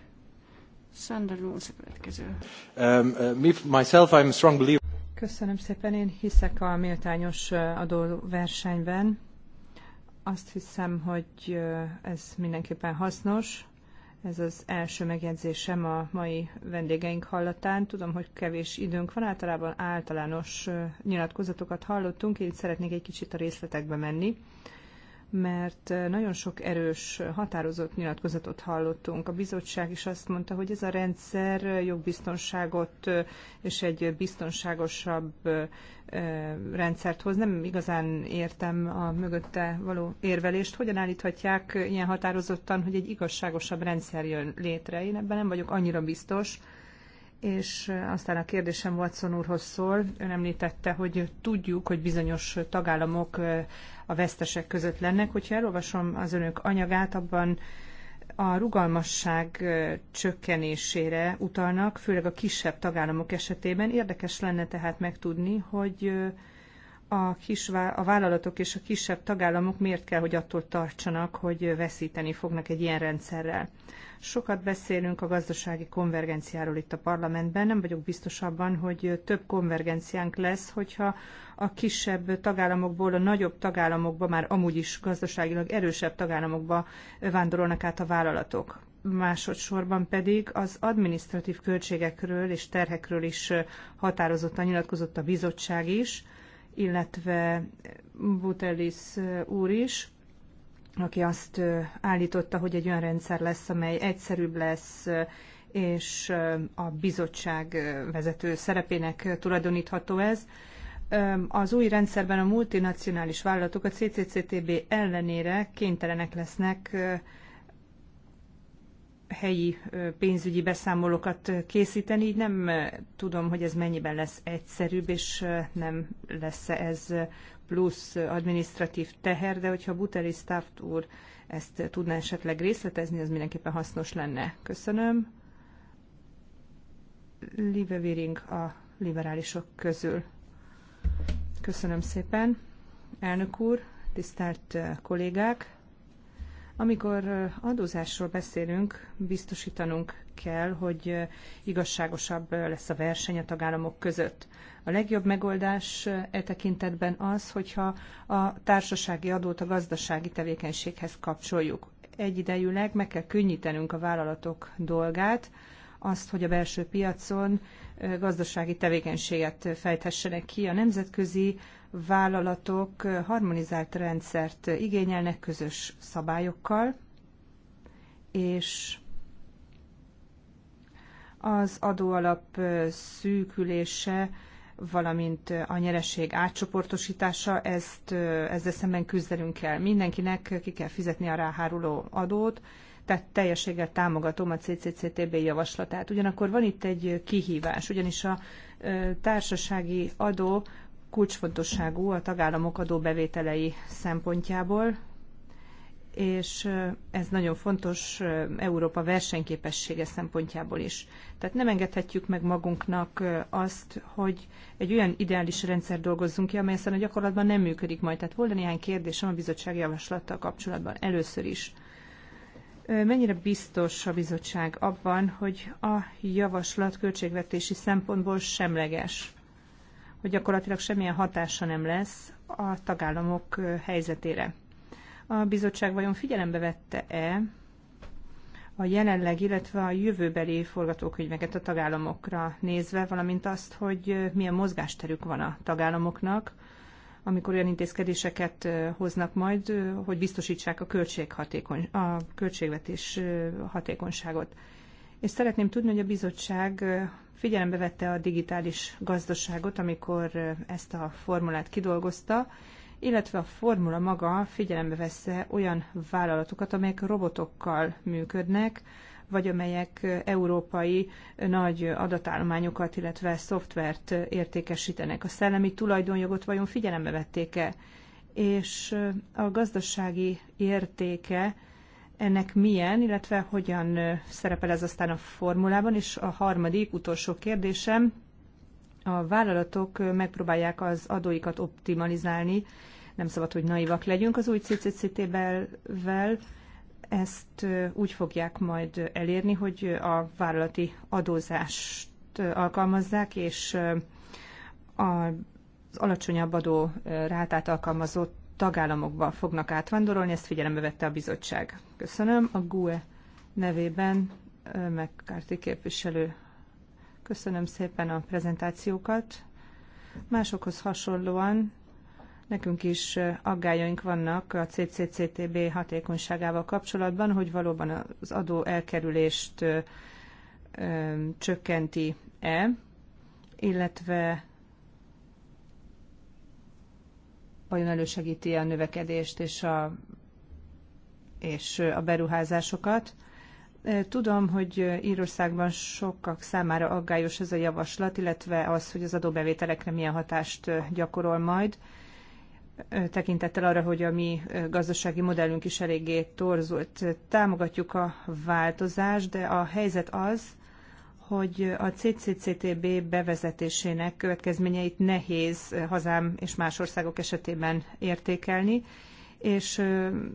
Sander Lunds a következő. Um, uh, me, myself, I'm strong believer. Köszönöm szépen, én hiszek a méltányos adóversenyben azt hiszem, hogy ez mindenképpen hasznos. Ez az első megjegyzésem a mai vendégeink hallatán. Tudom, hogy kevés időnk van, általában általános nyilatkozatokat hallottunk, így szeretnék egy kicsit a részletekbe menni mert nagyon sok erős, határozott nyilatkozatot hallottunk. A bizottság is azt mondta, hogy ez a rendszer jogbiztonságot eh, és egy biztonságosabb eh, rendszert hoz. Nem igazán értem a mögötte való érvelést. Hogyan állíthatják ilyen határozottan, hogy egy igazságosabb rendszer jön létre? Én ebben nem vagyok annyira biztos. És eh, aztán a kérdésem Watson úrhoz szól. Ön említette, hogy tudjuk, hogy bizonyos tagállamok a vesztesek között lennek. Hogyha elolvasom az önök anyagát, abban a rugalmasság csökkenésére utalnak, főleg a kisebb tagállamok esetében. Érdekes lenne tehát megtudni, hogy a, kis, a vállalatok és a kisebb tagállamok miért kell, hogy attól tartsanak, hogy veszíteni fognak egy ilyen rendszerrel. Sokat beszélünk a gazdasági konvergenciáról itt a parlamentben, nem vagyok biztos abban, hogy több konvergenciánk lesz, hogyha a kisebb tagállamokból a nagyobb tagállamokba, már amúgy is gazdaságilag erősebb tagállamokba vándorolnak át a vállalatok. Másodszorban pedig az administratív költségekről és terhekről is határozottan nyilatkozott a bizottság is, illetve Butelis úr is aki azt állította, hogy egy olyan rendszer lesz, amely egyszerűbb lesz, és a bizottság vezető szerepének tulajdonítható ez. Az új rendszerben a multinacionális vállalatok a CCCTB ellenére kénytelenek lesznek helyi pénzügyi beszámolókat készíteni, így nem tudom, hogy ez mennyiben lesz egyszerűbb, és nem lesz -e ez plusz administratív teher, de hogyha Buteri Staft úr ezt tudná esetleg részletezni, az mindenképpen hasznos lenne. Köszönöm. Live Viring a liberálisok közül. Köszönöm szépen. Elnök úr, tisztelt kollégák! Amikor adózásról beszélünk, biztosítanunk kell, hogy igazságosabb lesz a verseny a tagállamok között. A legjobb megoldás e tekintetben az, hogyha a társasági adót a gazdasági tevékenységhez kapcsoljuk. Egyidejűleg meg kell könnyítenünk a vállalatok dolgát, azt, hogy a belső piacon gazdasági tevékenységet fejthessenek ki a nemzetközi vállalatok harmonizált rendszert igényelnek közös szabályokkal, és az adóalap szűkülése, valamint a nyereség átcsoportosítása, ezt, ezzel szemben küzdenünk kell. Mindenkinek ki kell fizetni a ráháruló adót, tehát teljességgel támogatom a CCCTB javaslatát. Ugyanakkor van itt egy kihívás, ugyanis a társasági adó kulcsfontosságú a tagállamok adóbevételei szempontjából, és eh, ez nagyon fontos eh, Európa versenyképessége szempontjából is. Tehát nem engedhetjük meg magunknak eh, azt, hogy egy olyan ideális rendszer dolgozzunk ki, amely aztán a gyakorlatban nem működik majd. Tehát volna néhány kérdésem a bizottság javaslattal kapcsolatban először is. Mennyire biztos a bizottság abban, hogy a javaslat költségvetési szempontból semleges? hogy gyakorlatilag semmilyen hatása nem lesz a tagállamok helyzetére. A bizottság vajon figyelembe vette-e a jelenleg, illetve a jövőbeli forgatókönyveket a tagállamokra nézve, valamint azt, hogy milyen mozgásterük van a tagállamoknak, amikor olyan intézkedéseket hoznak majd, hogy biztosítsák a, hatékony, a költségvetés hatékonyságot. És szeretném tudni, hogy a bizottság figyelembe vette a digitális gazdaságot, amikor ezt a formulát kidolgozta, illetve a formula maga figyelembe vesse olyan vállalatokat, amelyek robotokkal működnek, vagy amelyek európai nagy adatállományokat, illetve szoftvert értékesítenek. A szellemi tulajdonjogot vajon figyelembe vették-e? És a gazdasági értéke ennek milyen, illetve hogyan szerepel ez aztán a formulában, és a harmadik, utolsó kérdésem, a vállalatok megpróbálják az adóikat optimalizálni, nem szabad, hogy naivak legyünk az új CCCT-vel, ezt úgy fogják majd elérni, hogy a vállalati adózást alkalmazzák, és az alacsonyabb adó rátát alkalmazott tagállamokba fognak átvándorolni, ezt figyelembe vette a bizottság. Köszönöm. A GUE nevében McCarthy képviselő. Köszönöm szépen a prezentációkat. Másokhoz hasonlóan nekünk is aggályaink vannak a CCCTB hatékonyságával kapcsolatban, hogy valóban az adó elkerülést csökkenti-e, illetve vajon elősegíti a növekedést és a, és a beruházásokat. Tudom, hogy Írországban sokak számára aggályos ez a javaslat, illetve az, hogy az adóbevételekre milyen hatást gyakorol majd tekintettel arra, hogy a mi gazdasági modellünk is eléggé torzult. Támogatjuk a változást, de a helyzet az, hogy a CCCTB bevezetésének következményeit nehéz hazám és más országok esetében értékelni, és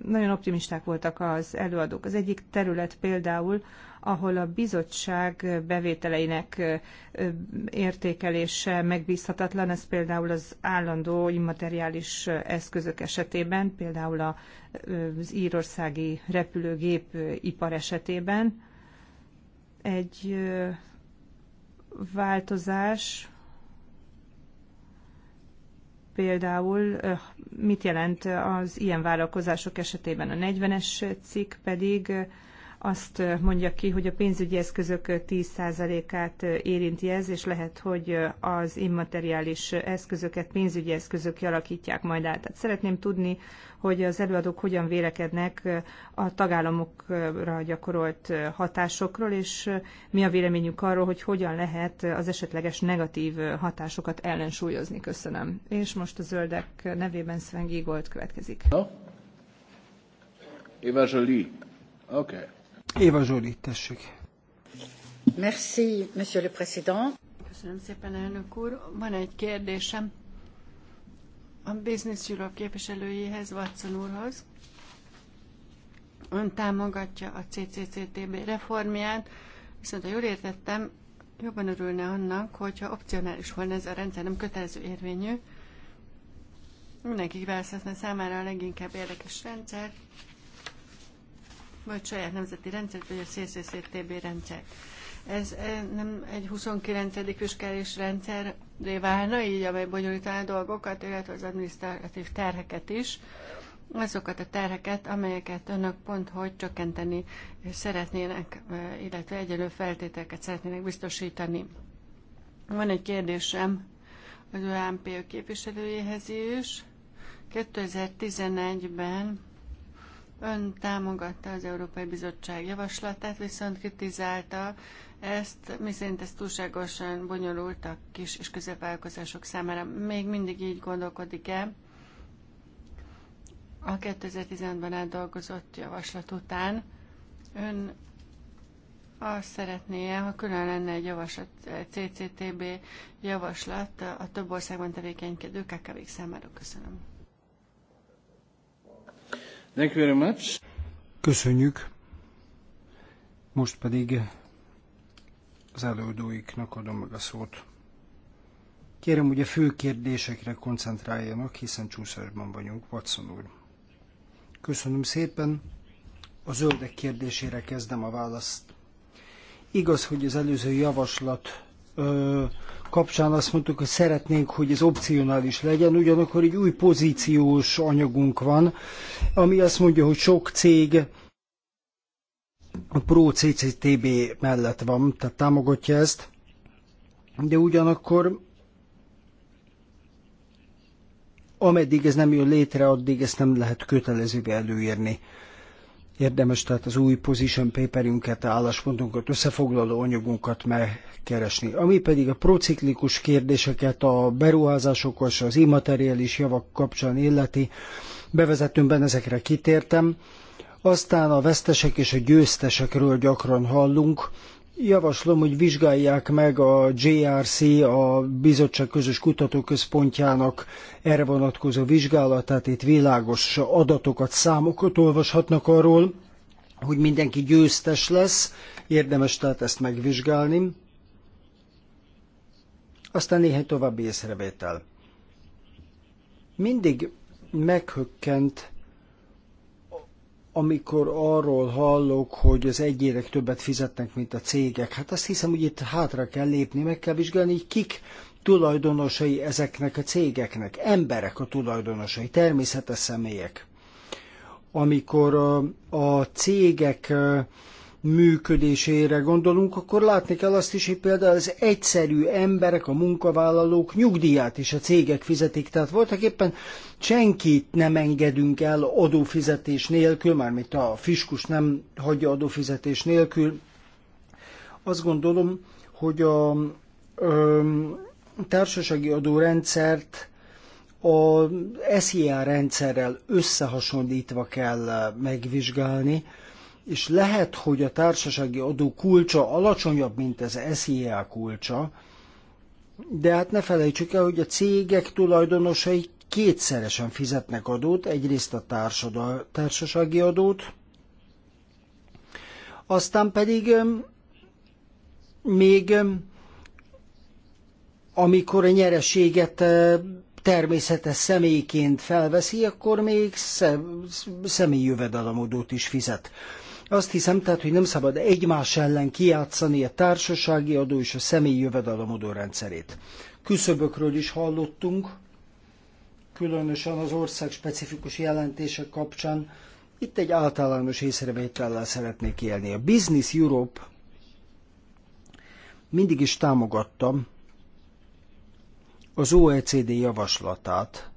nagyon optimisták voltak az előadók. Az egyik terület például, ahol a bizottság bevételeinek értékelése megbízhatatlan, ez például az állandó immateriális eszközök esetében, például az írországi repülőgép ipar esetében, egy változás például mit jelent az ilyen vállalkozások esetében a 40-es cikk pedig azt mondja ki, hogy a pénzügyi eszközök 10%-át érinti ez, és lehet, hogy az immateriális eszközöket pénzügyi eszközök alakítják majd át. Tehát szeretném tudni, hogy az előadók hogyan vélekednek a tagállamokra gyakorolt hatásokról, és mi a véleményük arról, hogy hogyan lehet az esetleges negatív hatásokat ellensúlyozni. Köszönöm. És most a zöldek nevében Sven Giegold következik. No? Eva Jolie. Okay. Éva Zsoli, tessék. Merci, monsieur le président. Köszönöm szépen, elnök úr. Van egy kérdésem a Business Europe képviselőjéhez, Watson úrhoz. Ön támogatja a CCCTB reformját, viszont ha jól értettem, jobban örülne annak, hogyha opcionális volna ez a rendszer, nem kötelező érvényű. Mindenki választhatna számára a leginkább érdekes rendszer, majd saját nemzeti rendszert, vagy a CCCTB rendszert. Ez eh, nem egy 29. fiskális de válna, így amely bonyolítaná a dolgokat, illetve az adminisztratív terheket is, azokat a terheket, amelyeket önök pont hogy csökkenteni szeretnének, eh, illetve egyenlő feltételeket szeretnének biztosítani. Van egy kérdésem az ÖMP képviselőjéhez is. 2011-ben Ön támogatta az Európai Bizottság javaslatát, viszont kritizálta ezt, miszerint ez túlságosan bonyolult a kis és középvállalkozások számára. Még mindig így gondolkodik-e a 2010 ben átdolgozott javaslat után? Ön azt szeretné ha külön lenne egy javaslat, CCTB javaslat a több országban tevékenykedő KKV-k számára? Köszönöm. Thank you very much. Köszönjük. Most pedig az előadóiknak adom meg a szót. Kérem, hogy a fő kérdésekre koncentráljanak, hiszen csúszásban vagyunk, Watson úr. Köszönöm szépen. A zöldek kérdésére kezdem a választ. Igaz, hogy az előző javaslat kapcsán azt mondtuk, hogy szeretnénk, hogy ez opcionális legyen, ugyanakkor egy új pozíciós anyagunk van, ami azt mondja, hogy sok cég a Pro CCTB mellett van, tehát támogatja ezt, de ugyanakkor ameddig ez nem jön létre, addig ezt nem lehet kötelezővé előírni Érdemes tehát az új position paperünket, álláspontunkat, összefoglaló anyagunkat megkeresni. Ami pedig a prociklikus kérdéseket a beruházásokos, az immateriális javak kapcsán illeti, bevezetőmben ezekre kitértem. Aztán a vesztesek és a győztesekről gyakran hallunk, Javaslom, hogy vizsgálják meg a JRC, a Bizottság Közös Kutatóközpontjának erre vonatkozó vizsgálatát. Itt világos adatokat, számokat olvashatnak arról, hogy mindenki győztes lesz. Érdemes tehát ezt megvizsgálni. Aztán néhány további észrevétel. Mindig meghökkent amikor arról hallok, hogy az egyérek többet fizetnek, mint a cégek, hát azt hiszem, hogy itt hátra kell lépni, meg kell vizsgálni, hogy kik tulajdonosai ezeknek a cégeknek. Emberek a tulajdonosai, természetes személyek. Amikor a, a cégek működésére gondolunk, akkor látni kell azt is, hogy például az egyszerű emberek, a munkavállalók nyugdíját is a cégek fizetik. Tehát voltak éppen senkit nem engedünk el adófizetés nélkül, mármint a fiskus nem hagyja adófizetés nélkül. Azt gondolom, hogy a ö, társasági adórendszert a SZIA rendszerrel összehasonlítva kell megvizsgálni, és lehet, hogy a társasági adó kulcsa alacsonyabb, mint az SZIA kulcsa, de hát ne felejtsük el, hogy a cégek tulajdonosai kétszeresen fizetnek adót, egyrészt a társadal, társasági adót, aztán pedig még amikor a nyereséget természetes személyként felveszi, akkor még személyi jövedelemadót is fizet. Azt hiszem tehát, hogy nem szabad egymás ellen kijátszani a társasági adó és a személyi jövedelemadó rendszerét. Küszöbökről is hallottunk, különösen az ország specifikus jelentések kapcsán. Itt egy általános észrevétellel szeretnék élni. A Business Europe mindig is támogattam az OECD javaslatát,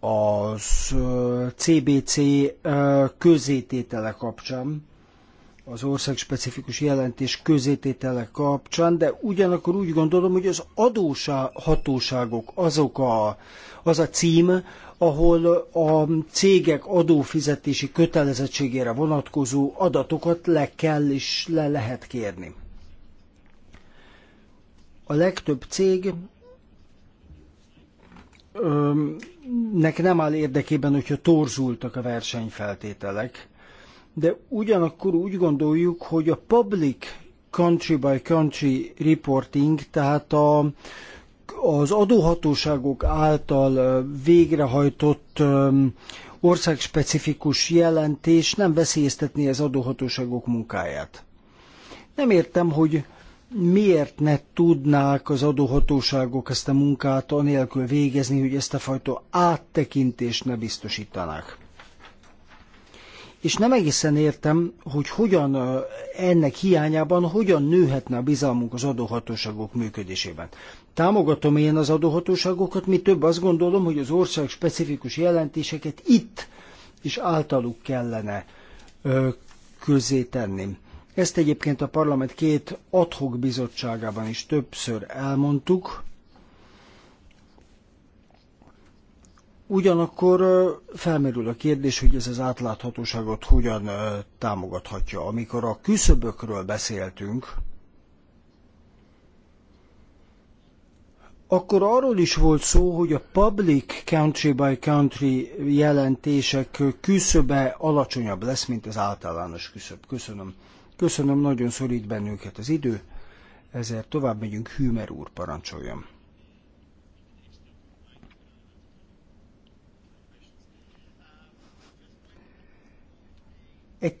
az CBC közététele kapcsán, az országspecifikus jelentés közététele kapcsán, de ugyanakkor úgy gondolom, hogy az adóhatóságok azok a, az a cím, ahol a cégek adófizetési kötelezettségére vonatkozó adatokat le kell és le lehet kérni. A legtöbb cég nek nem áll érdekében, hogyha torzultak a versenyfeltételek, de ugyanakkor úgy gondoljuk, hogy a public country by country reporting, tehát a, az adóhatóságok által végrehajtott országspecifikus jelentés nem veszélyeztetné az adóhatóságok munkáját. Nem értem, hogy miért ne tudnák az adóhatóságok ezt a munkát anélkül végezni, hogy ezt a fajta áttekintést ne biztosítanák? És nem egészen értem, hogy hogyan ennek hiányában hogyan nőhetne a bizalmunk az adóhatóságok működésében. Támogatom én az adóhatóságokat, mi több azt gondolom, hogy az ország specifikus jelentéseket itt és általuk kellene közé tenni. Ezt egyébként a parlament két adhok bizottságában is többször elmondtuk. Ugyanakkor felmerül a kérdés, hogy ez az átláthatóságot hogyan támogathatja. Amikor a küszöbökről beszéltünk, akkor arról is volt szó, hogy a public country by country jelentések küszöbe alacsonyabb lesz, mint az általános küszöb. Köszönöm. Köszönöm, nagyon szorít bennünket az idő, ezért tovább megyünk, Hümer úr parancsoljon. Egy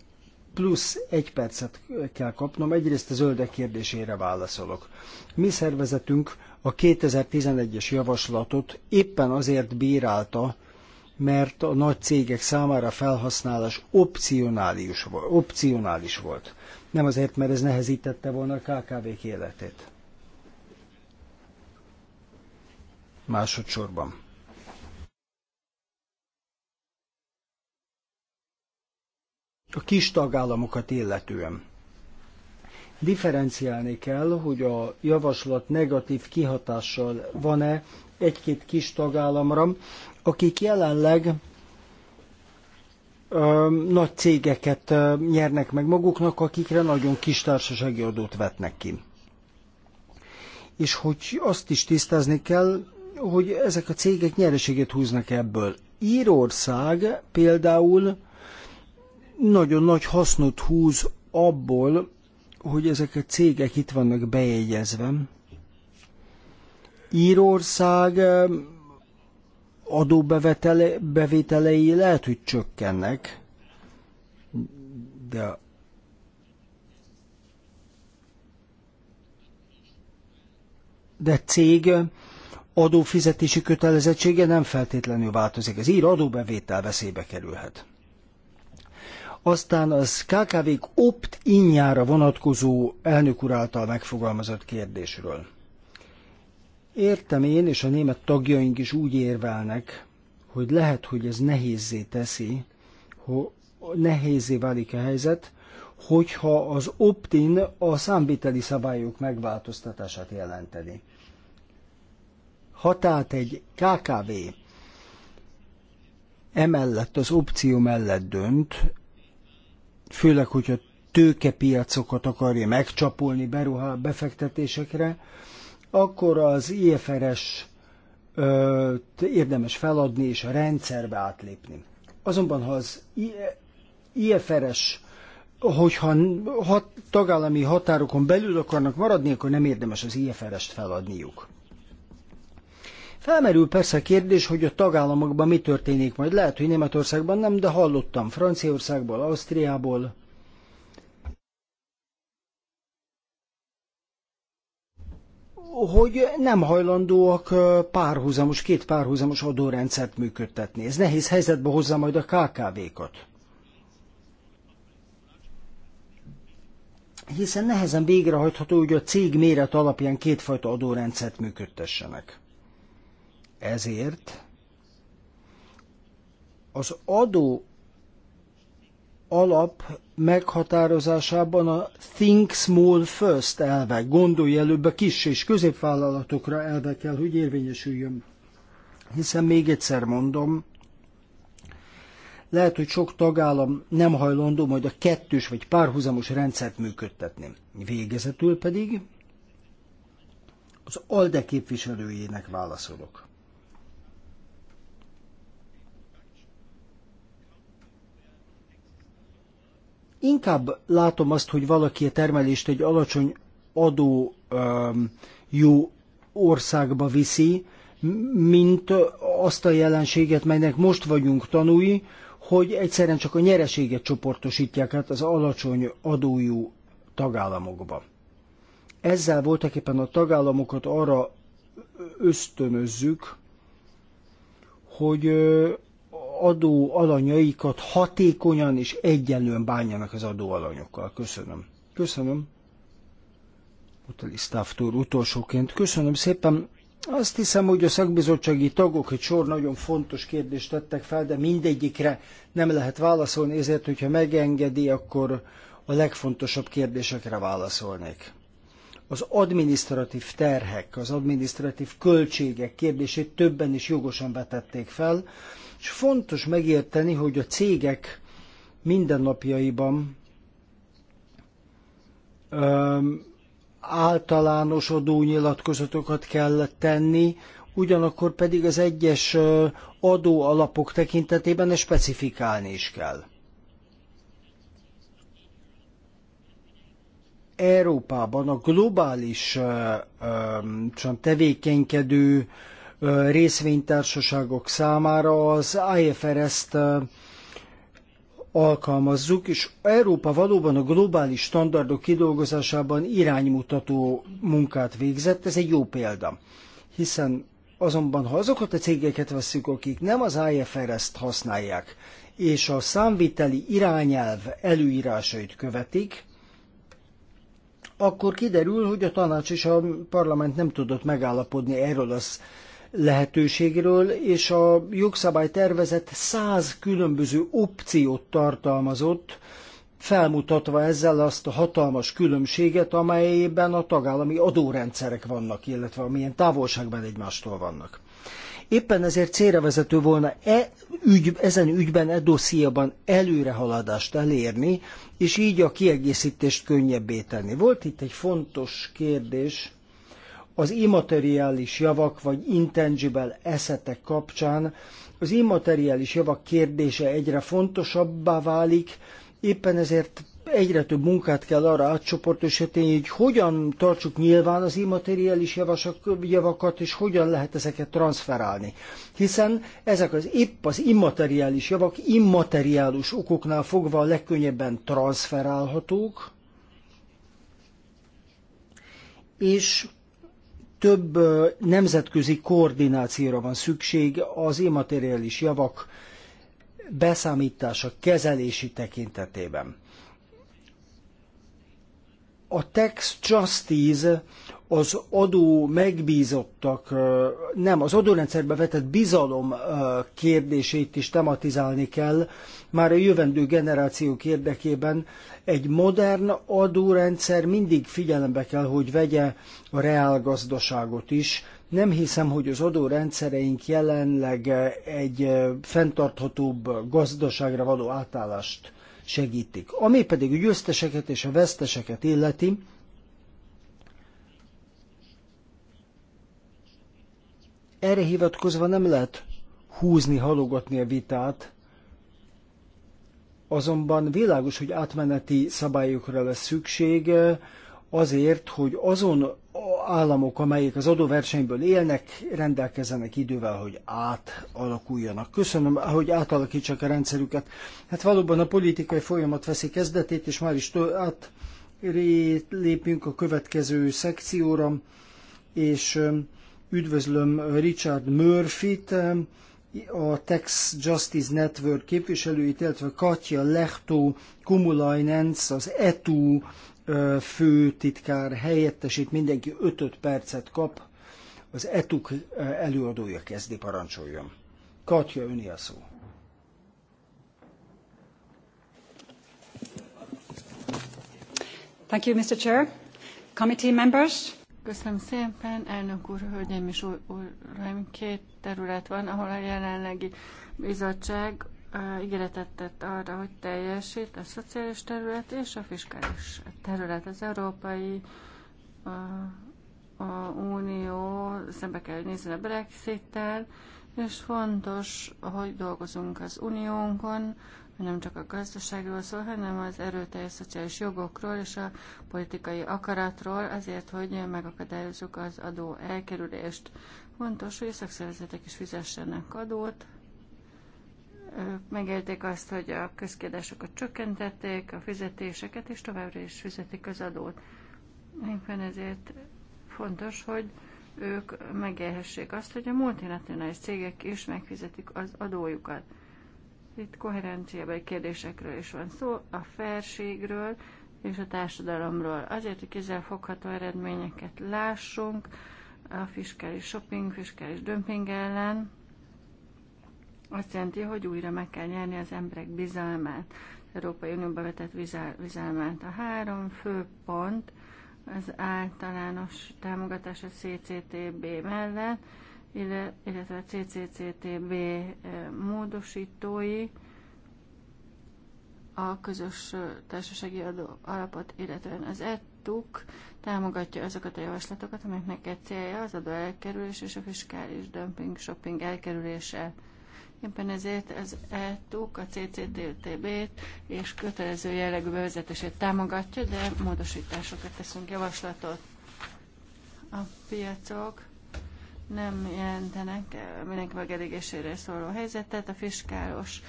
plusz egy percet kell kapnom, egyrészt a zöldek kérdésére válaszolok. Mi szervezetünk a 2011-es javaslatot éppen azért bírálta, mert a nagy cégek számára felhasználás opcionális, opcionális volt nem azért, mert ez nehezítette volna a KKV-k életét. Másodszorban. A kis tagállamokat illetően. Differenciálni kell, hogy a javaslat negatív kihatással van-e egy-két kis tagállamra, akik jelenleg ö, nagy cégeket ö, nyernek meg maguknak, akikre nagyon kis társasági adót vetnek ki. És hogy azt is tisztázni kell, hogy ezek a cégek nyereséget húznak ebből. Írország például nagyon nagy hasznot húz abból, hogy ezek a cégek itt vannak bejegyezve. Írország adóbevételei lehet, hogy csökkennek, de de cég adófizetési kötelezettsége nem feltétlenül változik. Az ír adóbevétel veszélybe kerülhet. Aztán az KKV-k opt-injára vonatkozó elnök úr által megfogalmazott kérdésről. Értem én, és a német tagjaink is úgy érvelnek, hogy lehet, hogy ez nehézé teszi, hogy nehézé válik a helyzet, hogyha az optin a számviteli szabályok megváltoztatását jelenteni. Ha tehát egy KKV emellett az opció mellett dönt, főleg, hogyha tőkepiacokat akarja megcsapolni beruhá befektetésekre, akkor az IFRS érdemes feladni és a rendszerbe átlépni. Azonban, ha az IFRS hogyha hat, tagállami határokon belül akarnak maradni, akkor nem érdemes az IFRS-t feladniuk. Felmerül persze a kérdés, hogy a tagállamokban mi történik majd. Lehet, hogy Németországban nem, de hallottam Franciaországból, Ausztriából, hogy nem hajlandóak párhuzamos, két párhuzamos adórendszert működtetni. Ez nehéz helyzetbe hozza majd a KKV-kat. Hiszen nehezen végrehajtható, hogy a cég méret alapján kétfajta adórendszert működtessenek. Ezért az adó alap meghatározásában a Think Small First elve, gondolj előbb a kis és középvállalatokra elve kell, hogy érvényesüljön. Hiszen még egyszer mondom, lehet, hogy sok tagállam nem hajlandó majd a kettős vagy párhuzamos rendszert működtetni. Végezetül pedig az ALDE képviselőjének válaszolok. Inkább látom azt, hogy valaki a termelést egy alacsony adó um, jó országba viszi, mint azt a jelenséget, melynek most vagyunk tanúi, hogy egyszerűen csak a nyereséget csoportosítják át az alacsony adójú tagállamokba. Ezzel voltak éppen a tagállamokat arra ösztönözzük, hogy adó alanyaikat hatékonyan és egyenlően bánjanak az adó alanyokkal. Köszönöm. Köszönöm. Utali utolsóként. Köszönöm szépen. Azt hiszem, hogy a szakbizottsági tagok egy sor nagyon fontos kérdést tettek fel, de mindegyikre nem lehet válaszolni, ezért, hogyha megengedi, akkor a legfontosabb kérdésekre válaszolnék. Az adminisztratív terhek, az adminisztratív költségek kérdését többen is jogosan vetették fel. És fontos megérteni, hogy a cégek mindennapjaiban öm, általános adónyilatkozatokat kell tenni, ugyanakkor pedig az egyes adóalapok tekintetében specifikálni is kell. Európában a globális tevékenykedő részvénytársaságok számára az IFRS-t alkalmazzuk, és Európa valóban a globális standardok kidolgozásában iránymutató munkát végzett, ez egy jó példa. Hiszen azonban, ha azokat a cégeket veszük, akik nem az IFRS-t használják, és a számviteli irányelv előírásait követik, akkor kiderül, hogy a tanács és a parlament nem tudott megállapodni erről az lehetőségről, és a tervezett száz különböző opciót tartalmazott, felmutatva ezzel azt a hatalmas különbséget, amelyben a tagállami adórendszerek vannak, illetve amilyen távolságban egymástól vannak. Éppen ezért célra vezető volna e ügy, ezen ügyben, e dossziában előrehaladást elérni, és így a kiegészítést könnyebbé tenni. Volt itt egy fontos kérdés, az immateriális javak vagy intangible eszetek kapcsán az immateriális javak kérdése egyre fontosabbá válik, éppen ezért egyre több munkát kell arra átcsoportosítani, hogy hogyan tartsuk nyilván az immateriális javasok, javakat, és hogyan lehet ezeket transferálni. Hiszen ezek az épp az immateriális javak immateriális okoknál fogva a legkönnyebben transferálhatók, és több nemzetközi koordinációra van szükség az immateriális javak beszámítása, kezelési tekintetében. A Tax Justice az adó megbízottak, nem, az adórendszerbe vetett bizalom kérdését is tematizálni kell, már a jövendő generációk érdekében egy modern adórendszer mindig figyelembe kell, hogy vegye a reálgazdaságot is. Nem hiszem, hogy az adórendszereink jelenleg egy fenntarthatóbb gazdaságra való átállást segítik. Ami pedig a győzteseket és a veszteseket illeti, erre hivatkozva nem lehet húzni, halogatni a vitát, azonban világos, hogy átmeneti szabályokra lesz szükség azért, hogy azon államok, amelyek az adóversenyből élnek, rendelkezzenek idővel, hogy átalakuljanak. Köszönöm, hogy átalakítsak a rendszerüket. Hát valóban a politikai folyamat veszi kezdetét, és már is át lépünk a következő szekcióra, és Üdvözlöm Richard Murphy-t, a Tax Justice Network képviselőit, illetve Katja Lechtó Kumulainenc, az ETU főtitkár helyettesít, mindenki 5 percet kap. Az ETUK előadója kezdi, parancsoljon. Katja, öni a szó. Thank you, Mr. Chair. Committee members, Köszönöm szépen, elnök úr, hölgyeim és uraim, két terület van, ahol a jelenlegi bizottság ígéretet tett arra, hogy teljesít a szociális terület és a fiskális terület. Az Európai a, a Unió szembe kell, nézni a Brexit-tel, és fontos, hogy dolgozunk az uniónkon, nem csak a gazdaságról szól, hanem az erőteljes szociális jogokról és a politikai akaratról, azért, hogy megakadályozzuk az adó elkerülést. Fontos, hogy a szakszervezetek is fizessenek adót. Ők megélték azt, hogy a közkiadásokat csökkentették, a fizetéseket, és továbbra is fizetik az adót. Éppen ezért fontos, hogy ők megélhessék azt, hogy a multinacionális cégek is megfizetik az adójukat. Itt koherenciabeli kérdésekről is van szó, a felségről és a társadalomról. Azért, hogy fogható eredményeket lássunk a fiskális shopping, fiskális dömping ellen, azt jelenti, hogy újra meg kell nyerni az emberek bizalmát, az Európai Unióba vetett bizalmát. A három fő pont az általános támogatás a CCTB mellett, illetve a CCCTB eh, módosítói a közös eh, társasági adó alapot, illetően az ETUK támogatja azokat a javaslatokat, amiknek egy célja az adó elkerülés és a fiskális dumping shopping elkerülése. Éppen ezért az ETUK a CCTB-t és kötelező jellegű bevezetését támogatja, de módosításokat teszünk javaslatot. A piacok nem jelentenek mindenki megelégésére szóló helyzetet, a fiskálos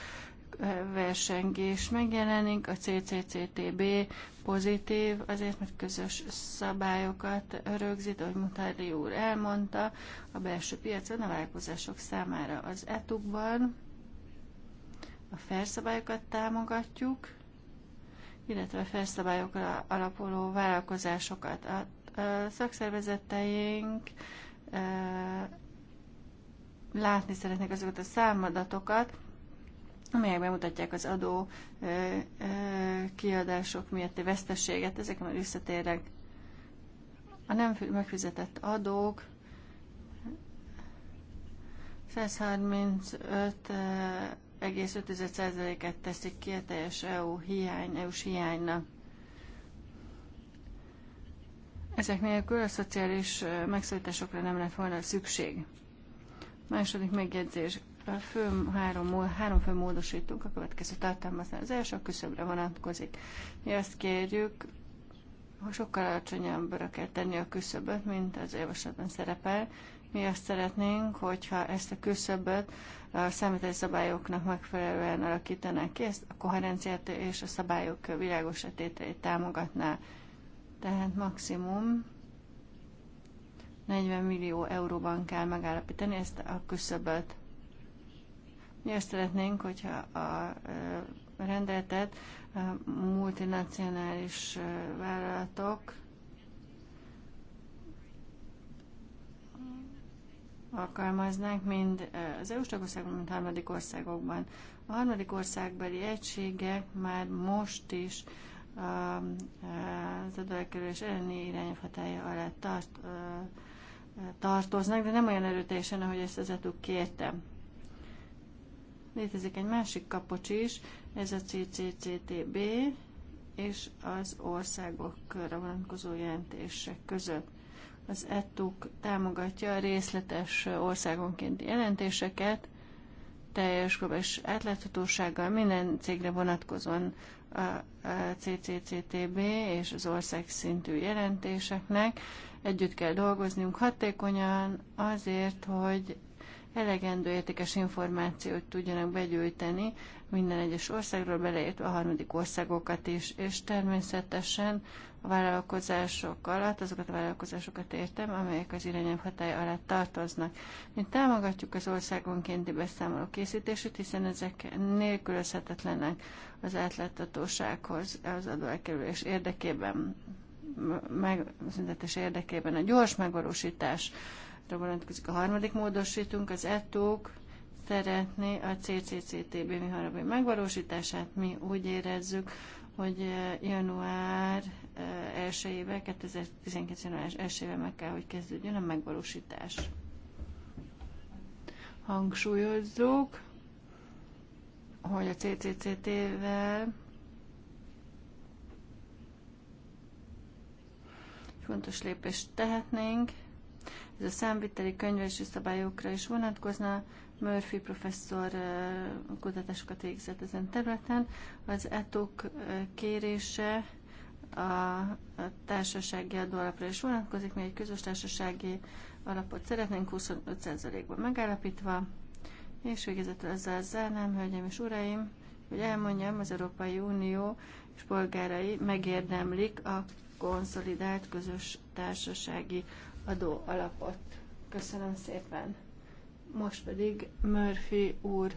versengés megjelenik, a CCCTB pozitív, azért, mert közös szabályokat rögzít, ahogy Mutári úr elmondta, a belső piacon a vállalkozások számára az etukban a felszabályokat támogatjuk, illetve a felszabályokra alapuló vállalkozásokat. A szakszervezeteink látni szeretnék azokat a számadatokat, amelyek bemutatják az adó kiadások miatti veszteséget, ezek már visszatérek. A nem megfizetett adók 135,5%-et teszik ki a teljes EU hiány, EU-s hiánynak. Ezek nélkül a szociális megszólításokra nem lett volna szükség. Második megjegyzés. A fő három, három fő módosítunk a következő tartalmazás. Az első a küszöbre vonatkozik. Mi azt kérjük, ha sokkal alacsonyabbra kell tenni a küszöböt, mint az javaslatban szerepel, mi azt szeretnénk, hogyha ezt a küszöböt a számítás szabályoknak megfelelően alakítanák ki, ezt a koherenciát és a szabályok világosatételét támogatná tehát maximum 40 millió euróban kell megállapítani ezt a küszöböt. Mi azt szeretnénk, hogyha a rendeletet a multinacionális vállalatok alkalmaznánk, mind az EU-s tagországban, mind harmadik országokban. A harmadik országbeli egységek már most is az adóelkerülés elleni irányelv hatája alá tart, tartoznak, de nem olyan erőteljesen, ahogy ezt az ETUK kérte. Létezik egy másik kapocs is, ez a CCCTB és az országokra vonatkozó jelentések között. Az ETUK támogatja a részletes országonkénti jelentéseket, teljes globális átláthatósággal minden cégre vonatkozóan a CCCTB és az ország szintű jelentéseknek. Együtt kell dolgoznunk hatékonyan azért, hogy elegendő értékes információt tudjanak begyűjteni minden egyes országról, beleértve a harmadik országokat is, és természetesen a vállalkozások alatt, azokat a vállalkozásokat értem, amelyek az irányelv hatály alá tartoznak. Mi támogatjuk az országonkénti beszámoló készítését, hiszen ezek nélkülözhetetlenek az átláthatósághoz az adóelkerülés érdekében, megszüntetés érdekében. A gyors megvalósításra vonatkozik a harmadik módosítunk, az etók, szeretné a CCCTB mi megvalósítását. Mi úgy érezzük, hogy eh, január első éve, 2019. január első ével meg kell, hogy kezdődjön a megvalósítás. Hangsúlyozzuk, hogy a CCCT-vel fontos lépést tehetnénk. Ez a számviteli könyvelési szabályokra is vonatkozna. Murphy professzor kutatásokat végzett ezen területen. Az etok kérése a társasági adóalapra is vonatkozik, mi egy közös társasági alapot szeretnénk 25%-ban megállapítva, és végezetül ezzel zárnám, hölgyeim és uraim, hogy elmondjam, az Európai Unió és polgárai megérdemlik a konszolidált közös társasági adóalapot. Köszönöm szépen! Most pedig Murphy úr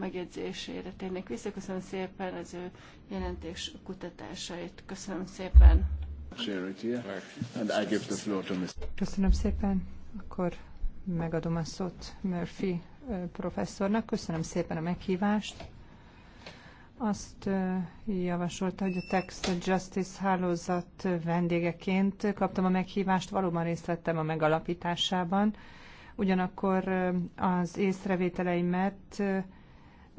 megjegyzésére térnék vissza. Köszönöm szépen az ő jelentés kutatásait. Köszönöm szépen. Köszönöm szépen. Akkor megadom a szót Murphy professzornak. Köszönöm szépen a meghívást. Azt javasolta, hogy a Text Justice hálózat vendégeként kaptam a meghívást, valóban részt vettem a megalapításában ugyanakkor az észrevételeimet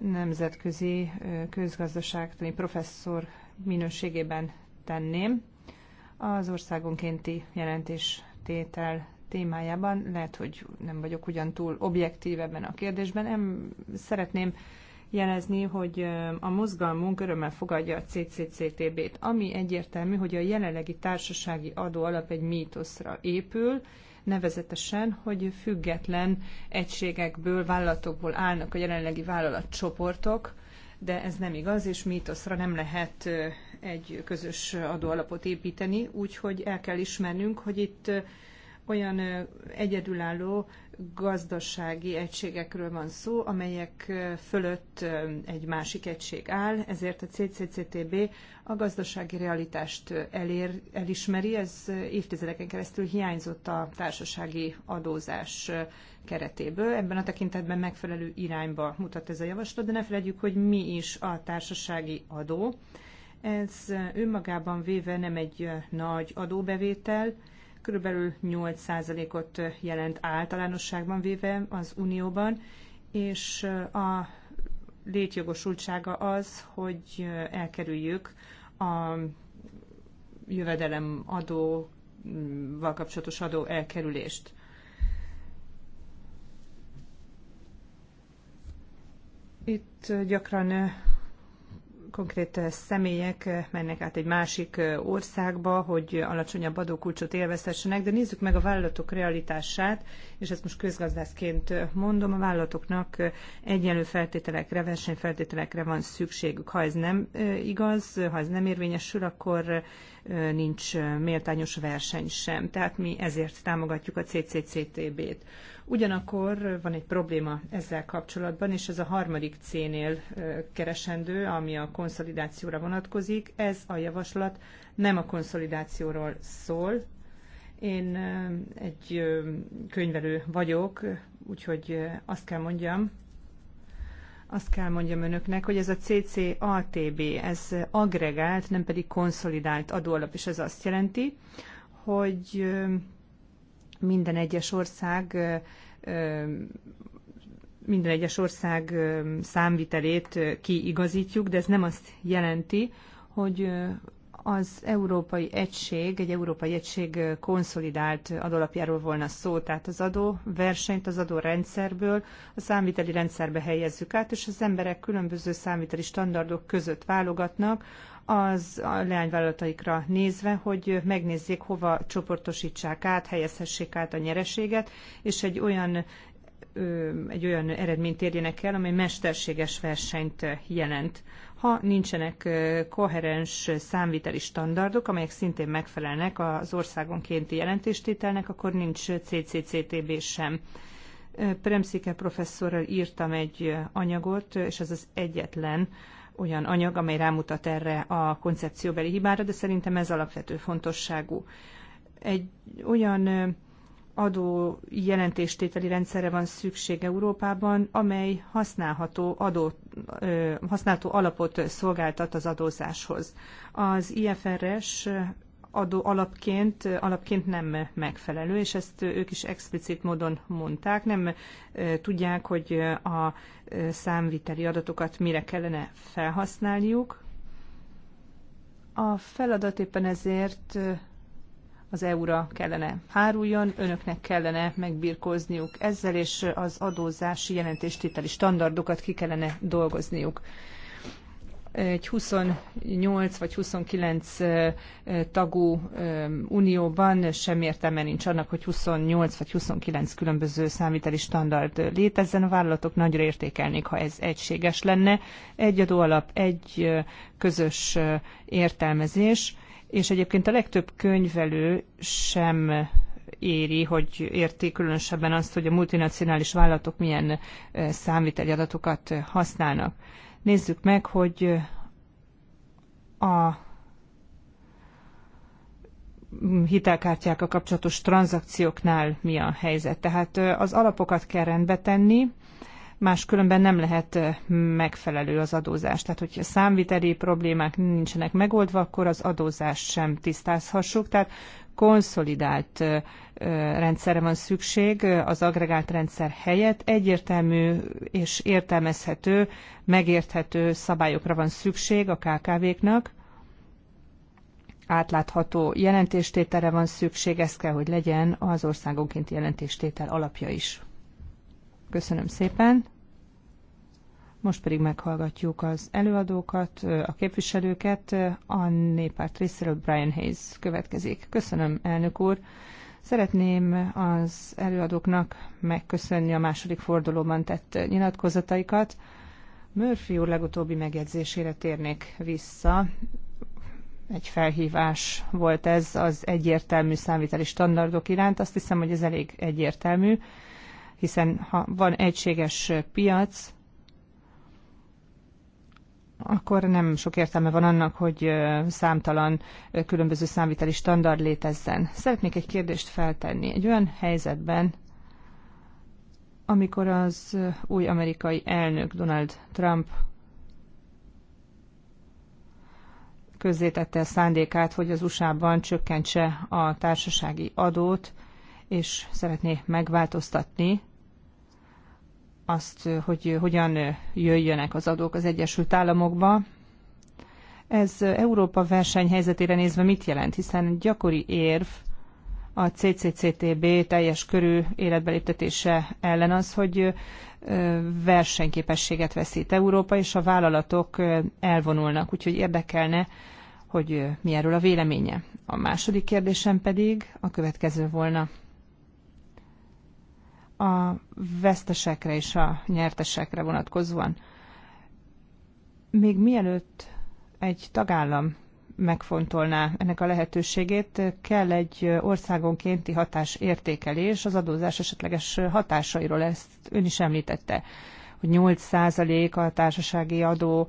nemzetközi közgazdaságtani professzor minőségében tenném. Az országonkénti jelentéstétel témájában lehet, hogy nem vagyok ugyan túl objektív ebben a kérdésben. Nem szeretném jelezni, hogy a mozgalmunk örömmel fogadja a CCCTB-t, ami egyértelmű, hogy a jelenlegi társasági adó alap egy mítoszra épül, nevezetesen, hogy független egységekből, vállalatokból állnak a jelenlegi vállalatcsoportok, de ez nem igaz, és mítoszra nem lehet egy közös adóalapot építeni, úgyhogy el kell ismernünk, hogy itt olyan egyedülálló gazdasági egységekről van szó, amelyek fölött egy másik egység áll, ezért a CCCTB a gazdasági realitást elér, elismeri, ez évtizedeken keresztül hiányzott a társasági adózás keretéből. Ebben a tekintetben megfelelő irányba mutat ez a javaslat, de ne felejtjük, hogy mi is a társasági adó. Ez önmagában véve nem egy nagy adóbevétel, körülbelül 8%-ot jelent általánosságban véve az Unióban, és a létjogosultsága az, hogy elkerüljük a jövedelem adóval kapcsolatos adó elkerülést. Itt gyakran konkrét eh, személyek eh, mennek át egy másik eh, országba, hogy alacsonyabb adókulcsot élvezhessenek, de nézzük meg a vállalatok realitását, és ezt most közgazdászként mondom, a vállalatoknak egyenlő feltételekre, versenyfeltételekre van szükségük. Ha ez nem igaz, ha ez nem érvényesül, akkor nincs méltányos verseny sem. Tehát mi ezért támogatjuk a CCCTB-t. Ugyanakkor van egy probléma ezzel kapcsolatban, és ez a harmadik cénél keresendő, ami a konszolidációra vonatkozik. Ez a javaslat nem a konszolidációról szól. Én egy könyvelő vagyok, úgyhogy azt kell mondjam, azt kell mondjam önöknek, hogy ez a CCATB, ez agregált, nem pedig konszolidált adóalap, és ez azt jelenti, hogy minden egyes ország minden egyes ország számvitelét kiigazítjuk, de ez nem azt jelenti, hogy az Európai Egység, egy Európai Egység konszolidált adólapjáról volna szó, tehát az adó versenyt az adó rendszerből, a számviteli rendszerbe helyezzük át, és az emberek különböző számviteli standardok között válogatnak, az a leányvállalataikra nézve, hogy megnézzék, hova csoportosítsák át, helyezhessék át a nyereséget, és egy olyan egy olyan eredményt érjenek el, amely mesterséges versenyt jelent. Ha nincsenek koherens számviteli standardok, amelyek szintén megfelelnek az országonkénti jelentéstételnek, akkor nincs CCCTB sem. Premszike professzorral írtam egy anyagot, és ez az egyetlen olyan anyag, amely rámutat erre a koncepcióbeli hibára, de szerintem ez alapvető fontosságú. Egy olyan adó jelentéstételi rendszerre van szükség Európában, amely használható, adó, használható alapot szolgáltat az adózáshoz. Az IFRS adó alapként, alapként nem megfelelő, és ezt ők is explicit módon mondták, nem tudják, hogy a számviteli adatokat mire kellene felhasználniuk. A feladat éppen ezért az EU-ra kellene háruljon, önöknek kellene megbirkózniuk ezzel, és az adózási jelentéstételi standardokat ki kellene dolgozniuk egy 28 vagy 29 tagú unióban sem értelme nincs annak, hogy 28 vagy 29 különböző számviteli standard létezzen. A vállalatok nagyra értékelnék, ha ez egységes lenne. Egy adóalap, egy közös értelmezés, és egyébként a legtöbb könyvelő sem éri, hogy érti különösebben azt, hogy a multinacionális vállalatok milyen számviteli adatokat használnak. Nézzük meg, hogy a hitelkártyákkal kapcsolatos tranzakcióknál mi a helyzet. Tehát az alapokat kell rendbe tenni, máskülönben nem lehet megfelelő az adózás. Tehát, hogyha számviteli problémák nincsenek megoldva, akkor az adózást sem tisztázhassuk. Tehát konszolidált rendszerre van szükség az agregált rendszer helyett. Egyértelmű és értelmezhető, megérthető szabályokra van szükség a KKV-knak. Átlátható jelentéstételre van szükség, ez kell, hogy legyen az országonkénti jelentéstétel alapja is. Köszönöm szépen. Most pedig meghallgatjuk az előadókat, a képviselőket. A néppárt részéről Brian Hayes következik. Köszönöm, elnök úr. Szeretném az előadóknak megköszönni a második fordulóban tett nyilatkozataikat. Murphy úr legutóbbi megjegyzésére térnék vissza. Egy felhívás volt ez az egyértelmű számviteli standardok iránt. Azt hiszem, hogy ez elég egyértelmű, hiszen ha van egységes piac, akkor nem sok értelme van annak, hogy számtalan különböző számviteli standard létezzen. Szeretnék egy kérdést feltenni. Egy olyan helyzetben, amikor az új amerikai elnök Donald Trump közzétette a szándékát, hogy az USA-ban csökkentse a társasági adót, és szeretné megváltoztatni azt, hogy hogyan jöjjönek az adók az Egyesült Államokba. Ez Európa versenyhelyzetére nézve mit jelent? Hiszen gyakori érv a CCCTB teljes körű életbeléptetése ellen az, hogy versenyképességet veszít Európa, és a vállalatok elvonulnak. Úgyhogy érdekelne, hogy mi erről a véleménye. A második kérdésem pedig a következő volna a vesztesekre és a nyertesekre vonatkozóan. Még mielőtt egy tagállam megfontolná ennek a lehetőségét, kell egy országonkénti hatás értékelés az adózás esetleges hatásairól, ezt ön is említette, hogy 8% a társasági adó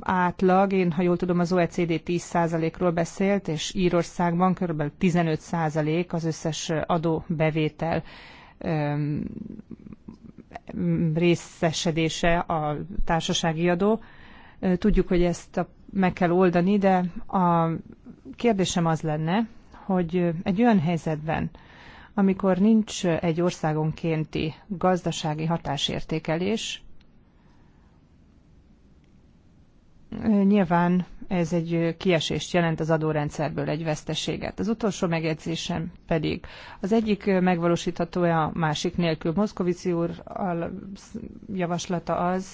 átlag, én ha jól tudom az OECD 10%-ról beszélt, és Írországban körülbelül 15% az összes adóbevétel részesedése a társasági adó. Tudjuk, hogy ezt a, meg kell oldani, de a kérdésem az lenne, hogy egy olyan helyzetben, amikor nincs egy országonkénti gazdasági hatásértékelés, nyilván ez egy kiesést jelent az adórendszerből, egy veszteséget. Az utolsó megjegyzésem pedig az egyik megvalósítható a másik nélkül. Moszkovici úr javaslata az,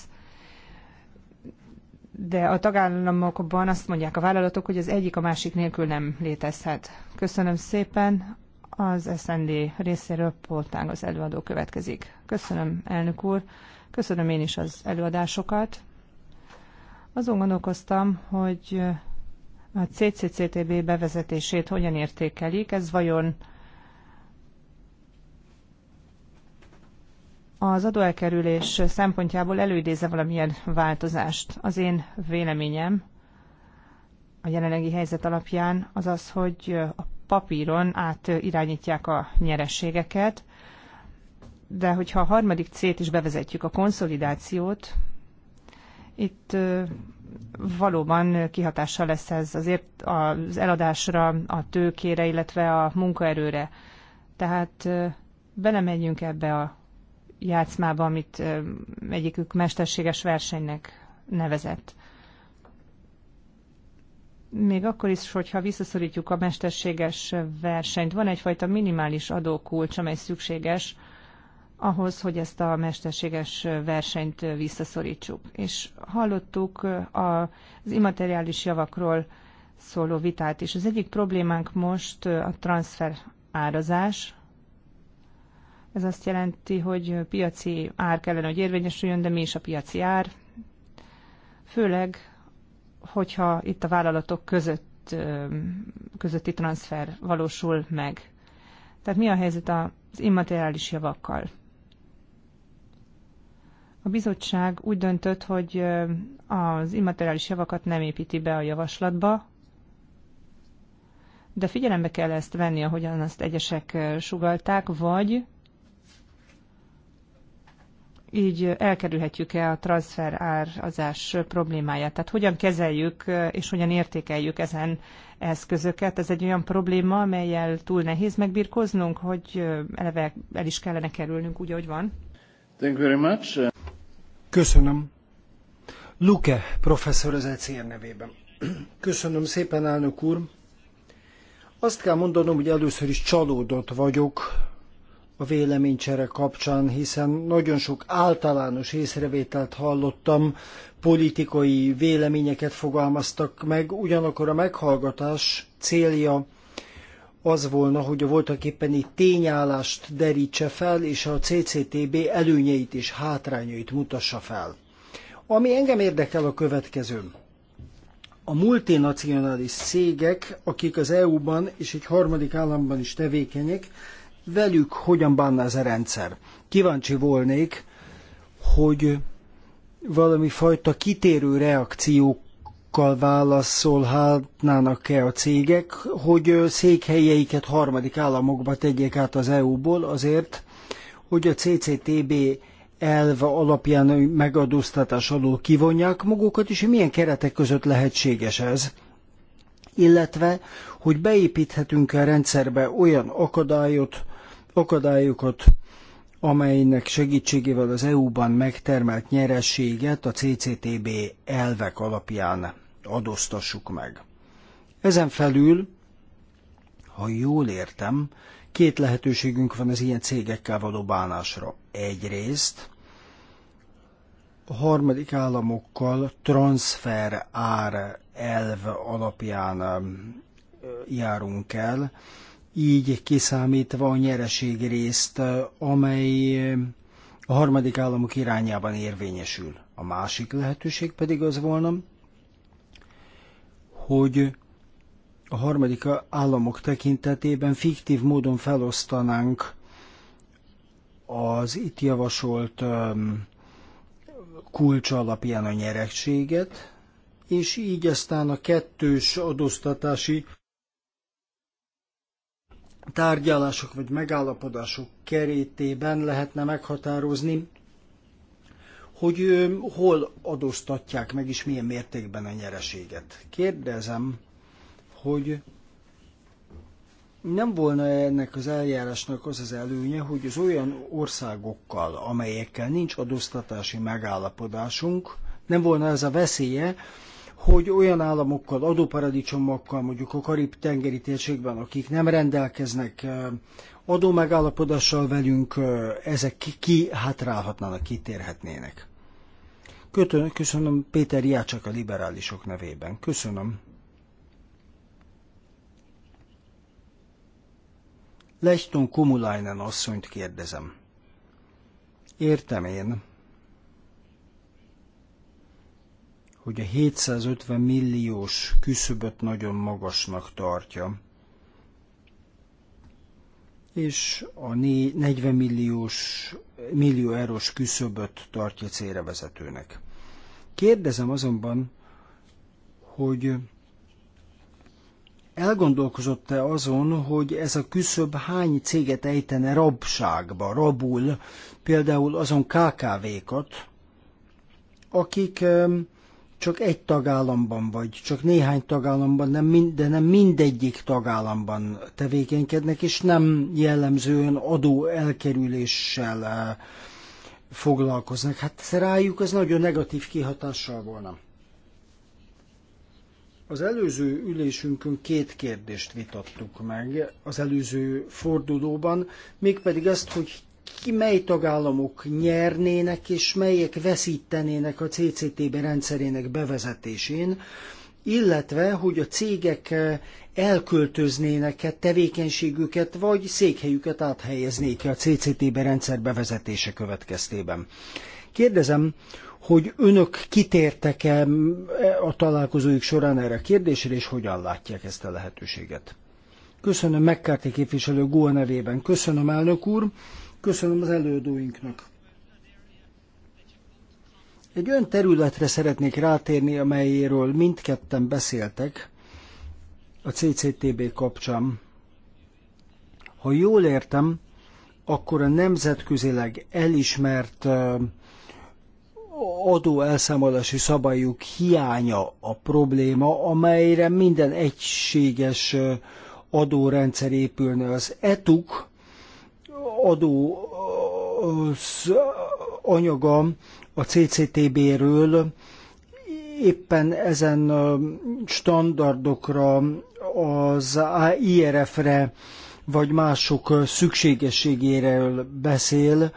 de a tagállamokban azt mondják a vállalatok, hogy az egyik a másik nélkül nem létezhet. Köszönöm szépen. Az SND részéről Poltán az előadó következik. Köszönöm, elnök úr. Köszönöm én is az előadásokat. Azon gondolkoztam, hogy eh, a CCCTB bevezetését hogyan értékelik, ez vajon az adóelkerülés szempontjából előidéze valamilyen változást. Az én véleményem a jelenlegi helyzet alapján az az, hogy a papíron át irányítják a nyerességeket, de hogyha a harmadik c is bevezetjük, a konszolidációt, itt valóban kihatással lesz ez azért az eladásra, a tőkére, illetve a munkaerőre. Tehát belemegyünk ebbe a játszmába, amit egyikük mesterséges versenynek nevezett. Még akkor is, hogyha visszaszorítjuk a mesterséges versenyt, van egyfajta minimális adókulcs, amely szükséges ahhoz, hogy ezt a mesterséges versenyt visszaszorítsuk. És hallottuk az immateriális javakról szóló vitát is. Az egyik problémánk most a transfer árazás. Ez azt jelenti, hogy piaci ár kellene, hogy érvényesüljön, de mi is a piaci ár? Főleg, hogyha itt a vállalatok között, közötti transfer valósul meg. Tehát mi a helyzet az immateriális javakkal? A bizottság úgy döntött, hogy az immateriális javakat nem építi be a javaslatba, de figyelembe kell ezt venni, ahogyan azt egyesek sugalták, vagy így elkerülhetjük-e a transfer árazás problémáját? Tehát hogyan kezeljük és hogyan értékeljük ezen eszközöket? Ez egy olyan probléma, amelyel túl nehéz megbirkóznunk, hogy eleve el is kellene kerülnünk úgy, ahogy van. Thank you very much. Köszönöm. Luke professzor az ECR nevében. Köszönöm szépen, elnök úr. Azt kell mondanom, hogy először is csalódott vagyok a véleménycsere kapcsán, hiszen nagyon sok általános észrevételt hallottam, politikai véleményeket fogalmaztak meg, ugyanakkor a meghallgatás célja az volna, hogy a voltak éppeni tényállást derítse fel, és a CCTB előnyeit és hátrányait mutassa fel. Ami engem érdekel a következő. A multinacionális cégek, akik az EU-ban és egy harmadik államban is tevékenyek, velük hogyan bánna ez a rendszer? Kíváncsi volnék, hogy valami fajta kitérő reakció azokkal válaszolhatnának-e a cégek, hogy székhelyeiket harmadik államokba tegyék át az EU-ból azért, hogy a CCTB elve alapján megadóztatás alól kivonják magukat, és milyen keretek között lehetséges ez? Illetve, hogy beépíthetünk a rendszerbe olyan akadályot, akadályokat, amelynek segítségével az EU-ban megtermelt nyereséget a CCTB elvek alapján adóztassuk meg. Ezen felül, ha jól értem, két lehetőségünk van az ilyen cégekkel való bánásra. Egyrészt a harmadik államokkal transfer ár elv alapján járunk el, így kiszámítva a nyereség részt, amely eh, a harmadik államok irányában érvényesül. A másik lehetőség pedig az volna, hogy a harmadik államok tekintetében fiktív módon felosztanánk az itt javasolt kulcs alapján a nyereséget, és így aztán a kettős adóztatási tárgyalások vagy megállapodások kerétében lehetne meghatározni, hogy hol adóztatják meg és milyen mértékben a nyereséget. Kérdezem, hogy nem volna ennek az eljárásnak az az előnye, hogy az olyan országokkal, amelyekkel nincs adóztatási megállapodásunk, nem volna ez a veszélye, hogy olyan államokkal, adóparadicsomokkal, mondjuk a Karib-tengeri térségben, akik nem rendelkeznek adómegállapodással velünk, ezek ki hátrálhatnának, kitérhetnének. Köszönöm Péter Jácsak a liberálisok nevében. Köszönöm. Lechton Kumulainen asszonyt kérdezem. Értem én, hogy a 750 milliós küszöböt nagyon magasnak tartja. És a 40 milliós, millió eurós küszöböt tartja célra vezetőnek. Kérdezem azonban, hogy elgondolkozott-e azon, hogy ez a küszöb hány céget ejtene rabságba, rabul, például azon KKV-kat, akik csak egy tagállamban vagy, csak néhány tagállamban, nem mind, de nem mindegyik tagállamban tevékenykednek, és nem jellemzően adó elkerüléssel eh, foglalkoznak. Hát rájuk ez nagyon negatív kihatással volna. Az előző ülésünkön két kérdést vitattuk meg az előző fordulóban, mégpedig azt, hogy ki, mely tagállamok nyernének és melyek veszítenének a CCTB rendszerének bevezetésén, illetve hogy a cégek eh, elköltöznének-e tevékenységüket, vagy székhelyüket áthelyeznék a CCTB rendszer bevezetése következtében. Kérdezem, hogy önök kitértek-e eh, a találkozóik során erre a kérdésre, és hogyan látják ezt a lehetőséget? Köszönöm McCarthy képviselő Góa nevében. Köszönöm, elnök úr. Köszönöm az előadóinknak. Egy olyan területre szeretnék rátérni, amelyéről mindketten beszéltek a CCTB kapcsán. Ha jól értem, akkor a nemzetközileg elismert adó elszámolási szabályuk hiánya a probléma, amelyre minden egységes adórendszer épülne. Az ETUK adó anyaga a CCTB-ről éppen ezen standardokra, az IRF-re vagy mások szükségességéről beszél,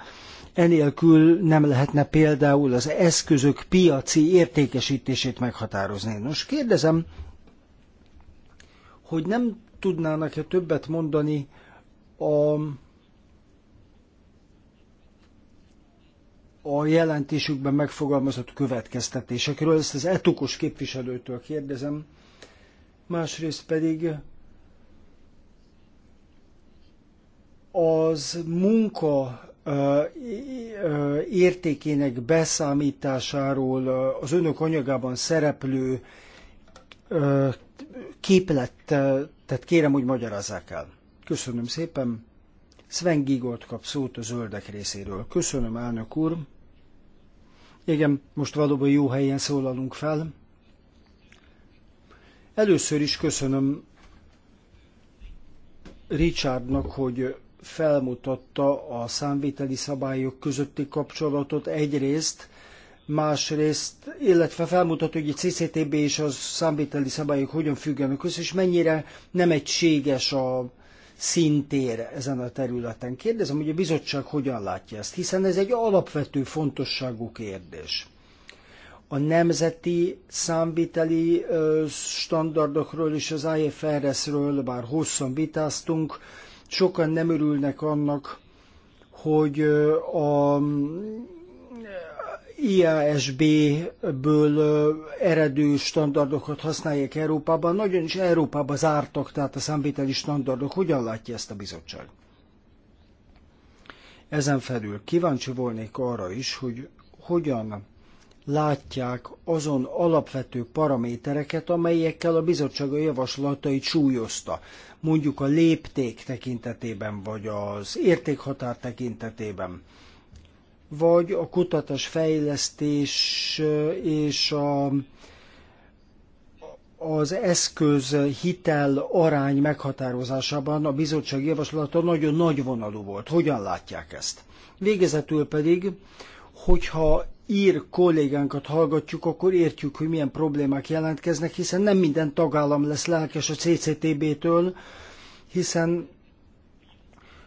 enélkül nem lehetne például az eszközök piaci értékesítését meghatározni. Nos, kérdezem, hogy nem tudnának-e többet mondani a a jelentésükben megfogalmazott következtetésekről. Ezt az etukos képviselőtől kérdezem. Másrészt pedig az munka értékének beszámításáról az önök anyagában szereplő képletet kérem, hogy magyarázzák el. Köszönöm szépen. Sven Gigolt kap szót a zöldek részéről. Köszönöm, elnök úr. Igen, most valóban jó helyen szólalunk fel. Először is köszönöm Richardnak, hogy felmutatta a számviteli szabályok közötti kapcsolatot egyrészt, másrészt, illetve felmutatta, hogy a CCTB és a számviteli szabályok hogyan függenek össze, és mennyire nem egységes a szintér ezen a területen. Kérdezem, hogy a bizottság hogyan látja ezt, hiszen ez egy alapvető fontosságú kérdés. A nemzeti számviteli standardokról és az IFRS-ről bár hosszan vitáztunk, sokan nem örülnek annak, hogy a IASB-ből eredő standardokat használják Európában, nagyon is Európában zártak, tehát a számvételi standardok. Hogyan látja ezt a bizottság? Ezen felül kíváncsi volnék arra is, hogy hogyan látják azon alapvető paramétereket, amelyekkel a bizottság a javaslatait súlyozta, mondjuk a lépték tekintetében, vagy az értékhatár tekintetében vagy a kutatás fejlesztés és a, az eszköz hitel arány meghatározásában a bizottság javaslata nagyon nagy vonalú volt. Hogyan látják ezt? Végezetül pedig, hogyha ír kollégánkat hallgatjuk, akkor értjük, hogy milyen problémák jelentkeznek, hiszen nem minden tagállam lesz lelkes a CCTB-től, hiszen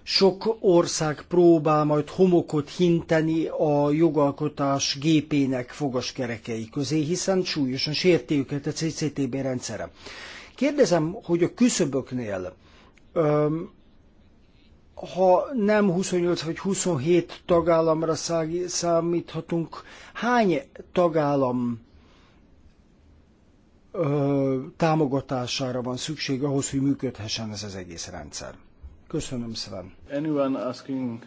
sok ország próbál majd homokot hinteni a jogalkotás gépének fogaskerekei közé, hiszen súlyosan sérti őket a CCTB rendszere. Kérdezem, hogy a küszöböknél öm, ha nem 28 vagy 27 tagállamra számíthatunk, hány tagállam ö, támogatására van szükség ahhoz, hogy működhessen ez az egész rendszer? Köszönöm, Sven. Anyone asking...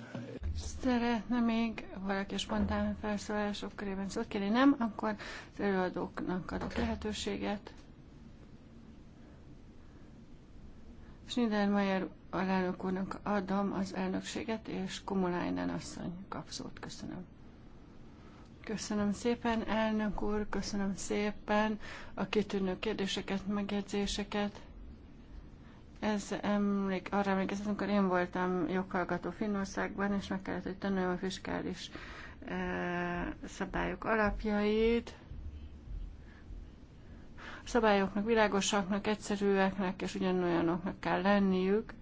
Szeretne még valaki spontán felszólalások körében szót kérni? Nem, akkor az előadóknak adok lehetőséget. Schneidermeyer alelnök úrnak adom az elnökséget, és Kumulájnen asszony kap szót. Köszönöm. Köszönöm szépen, elnök úr, köszönöm szépen a kitűnő kérdéseket, megjegyzéseket. Ez emlék, arra emlékeztet, amikor én voltam joghallgató Finnországban, és meg kellett, hogy tanuljam a fiskális e, szabályok alapjait. A szabályoknak világosaknak, egyszerűeknek és ugyanolyanoknak kell lenniük.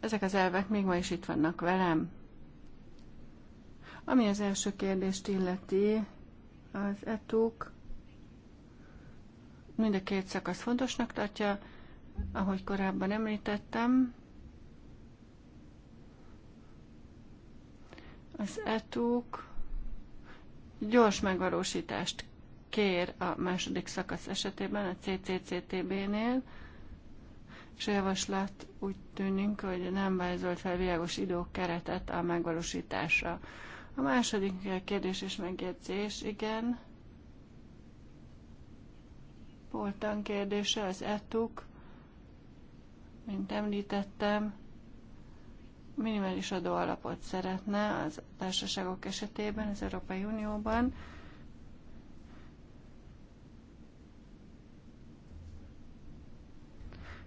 Ezek az elvek még ma is itt vannak velem. Ami az első kérdést illeti, az etuk Mind a két szakasz fontosnak tartja, ahogy korábban említettem. Az etúk gyors megvalósítást kér a második szakasz esetében, a CCCTB-nél, és a javaslat úgy tűnik, hogy nem vázolt fel világos időkeretet a megvalósításra. A második kérdés és megjegyzés, igen, voltan kérdése, az etuk, mint említettem, minimális adóalapot szeretne az társaságok esetében az Európai Unióban.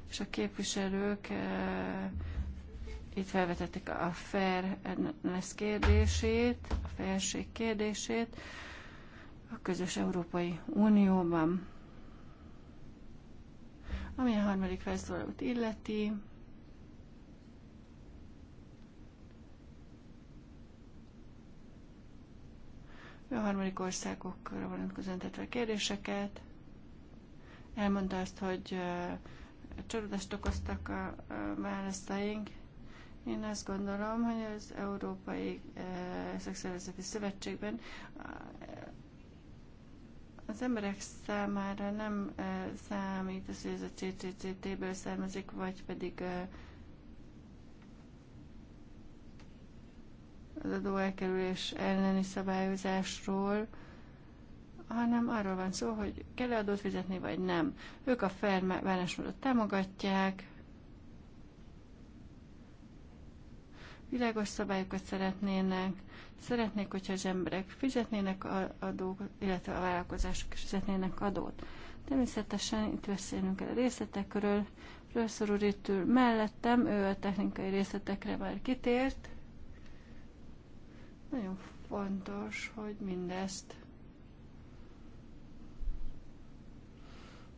És a képviselők e, itt felvetették a fairness kérdését, a felség kérdését a közös Európai Unióban. Ami a harmadik felszólalót illeti, a harmadik országokra vonatkozóan tetve kérdéseket. Elmondta azt, hogy csalódást okoztak a válaszaink. Én azt gondolom, hogy az Európai Szakszervezeti Szövetségben az emberek számára nem számít az, hogy ez a CCCT-ből származik, vagy pedig az adóelkerülés elleni szabályozásról, hanem arról van szó, hogy kell-e adót fizetni, vagy nem. Ők a fair támogatják, világos szabályokat szeretnének, Szeretnék, hogyha az emberek fizetnének adót, illetve a vállalkozások is fizetnének adót. Természetesen itt beszélünk el a részletekről. Professzor úr itt ül mellettem, ő a technikai részletekre már kitért. Nagyon fontos, hogy mindezt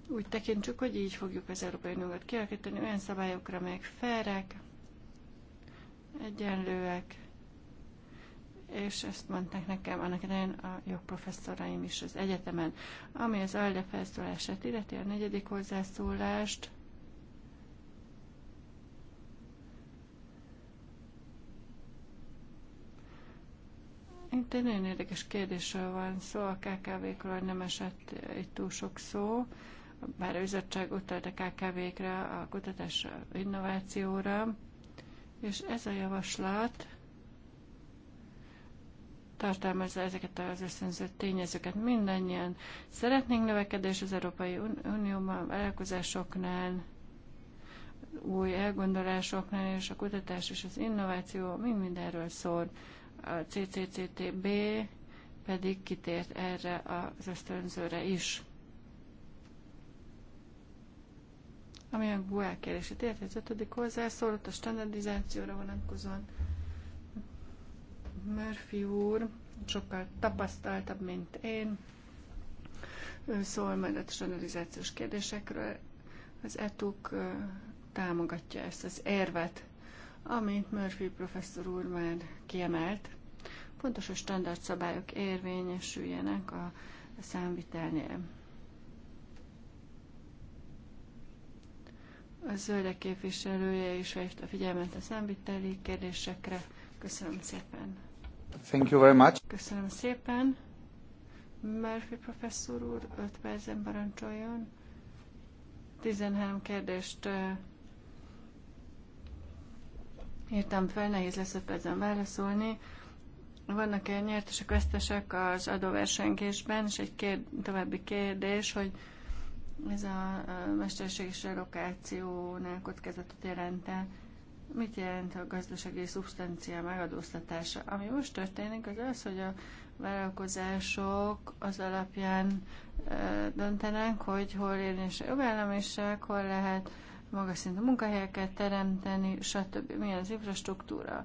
úgy tekintsük, hogy így fogjuk az Európai Uniót kialakítani olyan szabályokra, amelyek felrek, egyenlőek, és ezt mondták nekem annak idején a jogprofesszoraim is az egyetemen. Ami az ALDE felszólását illeti, a negyedik hozzászólást, Itt egy nagyon érdekes kérdésről van szó, a KKV-król nem esett eh, itt túl sok szó, bár a bizottság utalt a KKV-kre, a kutatásra, innovációra, és ez a javaslat tartalmazza ezeket az összönzött tényezőket. Mindennyien szeretnénk növekedés az Európai Unióban, vállalkozásoknál, új elgondolásoknál, és a kutatás és az innováció mind mindenről szól. A CCCTB pedig kitért erre az ösztönzőre is. Ami a GUE kérését érti, az ötödik hozzászólott a standardizációra vonatkozóan. Murphy úr, sokkal tapasztaltabb, mint én. Ő szól majd a standardizációs kérdésekről. Az ETUK támogatja ezt az érvet, amit Murphy professzor úr már kiemelt. Fontos, hogy standard szabályok érvényesüljenek a számvitelnél. A zöldek képviselője is felhívta a figyelmet a számviteli kérdésekre. Köszönöm szépen! Thank you very much. Köszönöm szépen. Murphy professzor úr, öt percen parancsoljon. 13 kérdést írtam fel, nehéz lesz 5 percen válaszolni. Vannak-e nyertesek, vesztesek az adóversengésben, és egy kér, további kérdés, hogy ez a mesterséges relokációnál kockázatot jelent -e. Mit jelent a gazdasági szubstancia megadóztatása? Ami most történik, az az, hogy a vállalkozások az alapján döntenek, hogy hol érvényes a jogállamiság, hol lehet magas szintű munkahelyeket teremteni, stb. Milyen az infrastruktúra.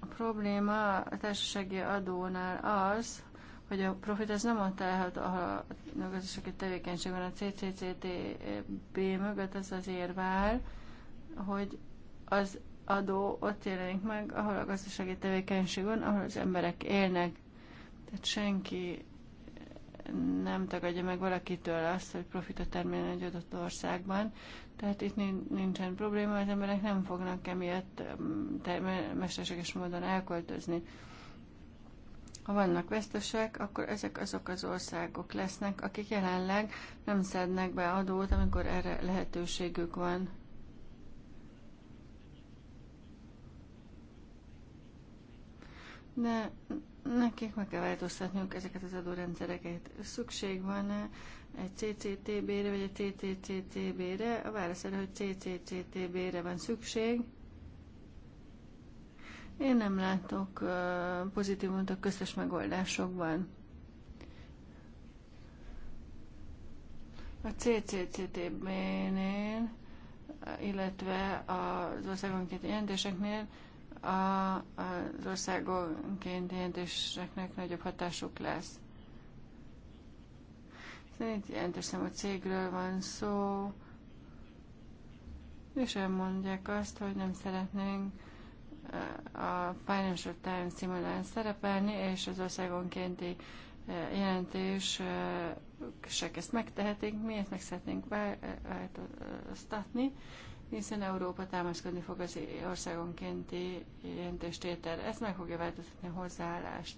A probléma a társasági adónál az, hogy a profit az nem ott állhat, ahol a gazdasági tevékenység van, a CCCTB mögött az azért érvál, hogy az adó ott jelenik meg, ahol a gazdasági tevékenység van, ahol az emberek élnek. Tehát senki nem tagadja meg valakitől azt, hogy profitot termeljen egy adott országban. Tehát itt nincsen probléma, az emberek nem fognak emiatt mesterséges módon elköltözni. Ha vannak vesztesek, akkor ezek azok az országok lesznek, akik jelenleg nem szednek be adót, amikor erre lehetőségük van. de nekik meg kell változtatniuk ezeket az adórendszereket. Szükség van -e egy CCTB-re vagy egy ttctb re A válasz erre, hogy CCCTB-re van szükség. Én nem látok pozitívumot a köztes megoldásokban. A CCCTB-nél, illetve az országonként jelentéseknél a, az országonként jelentéseknek nagyobb hatásuk lesz. Szerint jelentős számú cégről van szó, és elmondják azt, hogy nem szeretnénk eh, a Financial Times címadán szerepelni, és az országonkénti eh, jelentés eh, se ezt megtehetik, mi ezt meg szeretnénk változtatni. Vá- hiszen Európa támaszkodni fog az országonkénti jelentéstétel. Ez meg fogja változtatni a hozzáállást.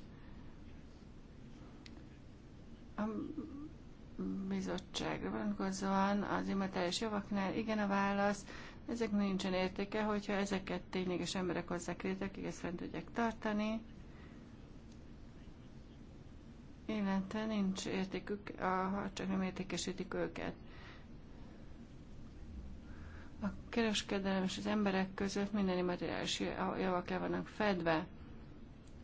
A bizottságra vonatkozóan az immateriális javaknál igen a válasz, ezek nincsen értéke, hogyha ezeket tényleges emberek hozzák létre, akik ezt fent tudják tartani, illetve nincs értékük, ha csak nem értékesítik őket. A kereskedelem és az emberek között minden materiális javak el vannak fedve.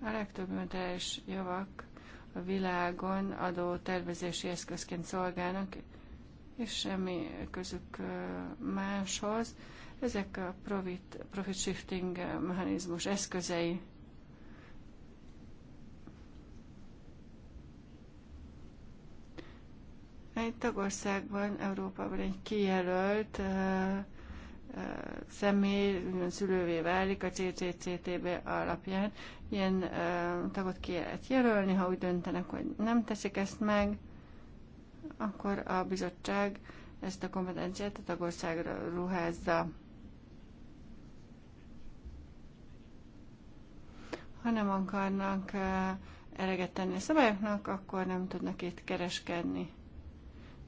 A legtöbb materiális javak a világon adó tervezési eszközként szolgálnak, és semmi közük máshoz. Ezek a profit, profit shifting mechanizmus eszközei. Egy tagországban, Európában egy kijelölt személy szülővé válik a CCCTB alapján. Ilyen tagot ki lehet jelölni, ha úgy döntenek, hogy nem teszik ezt meg, akkor a bizottság ezt a kompetenciát a tagországra ruházza. Ha nem akarnak eleget tenni a szabályoknak, akkor nem tudnak itt kereskedni.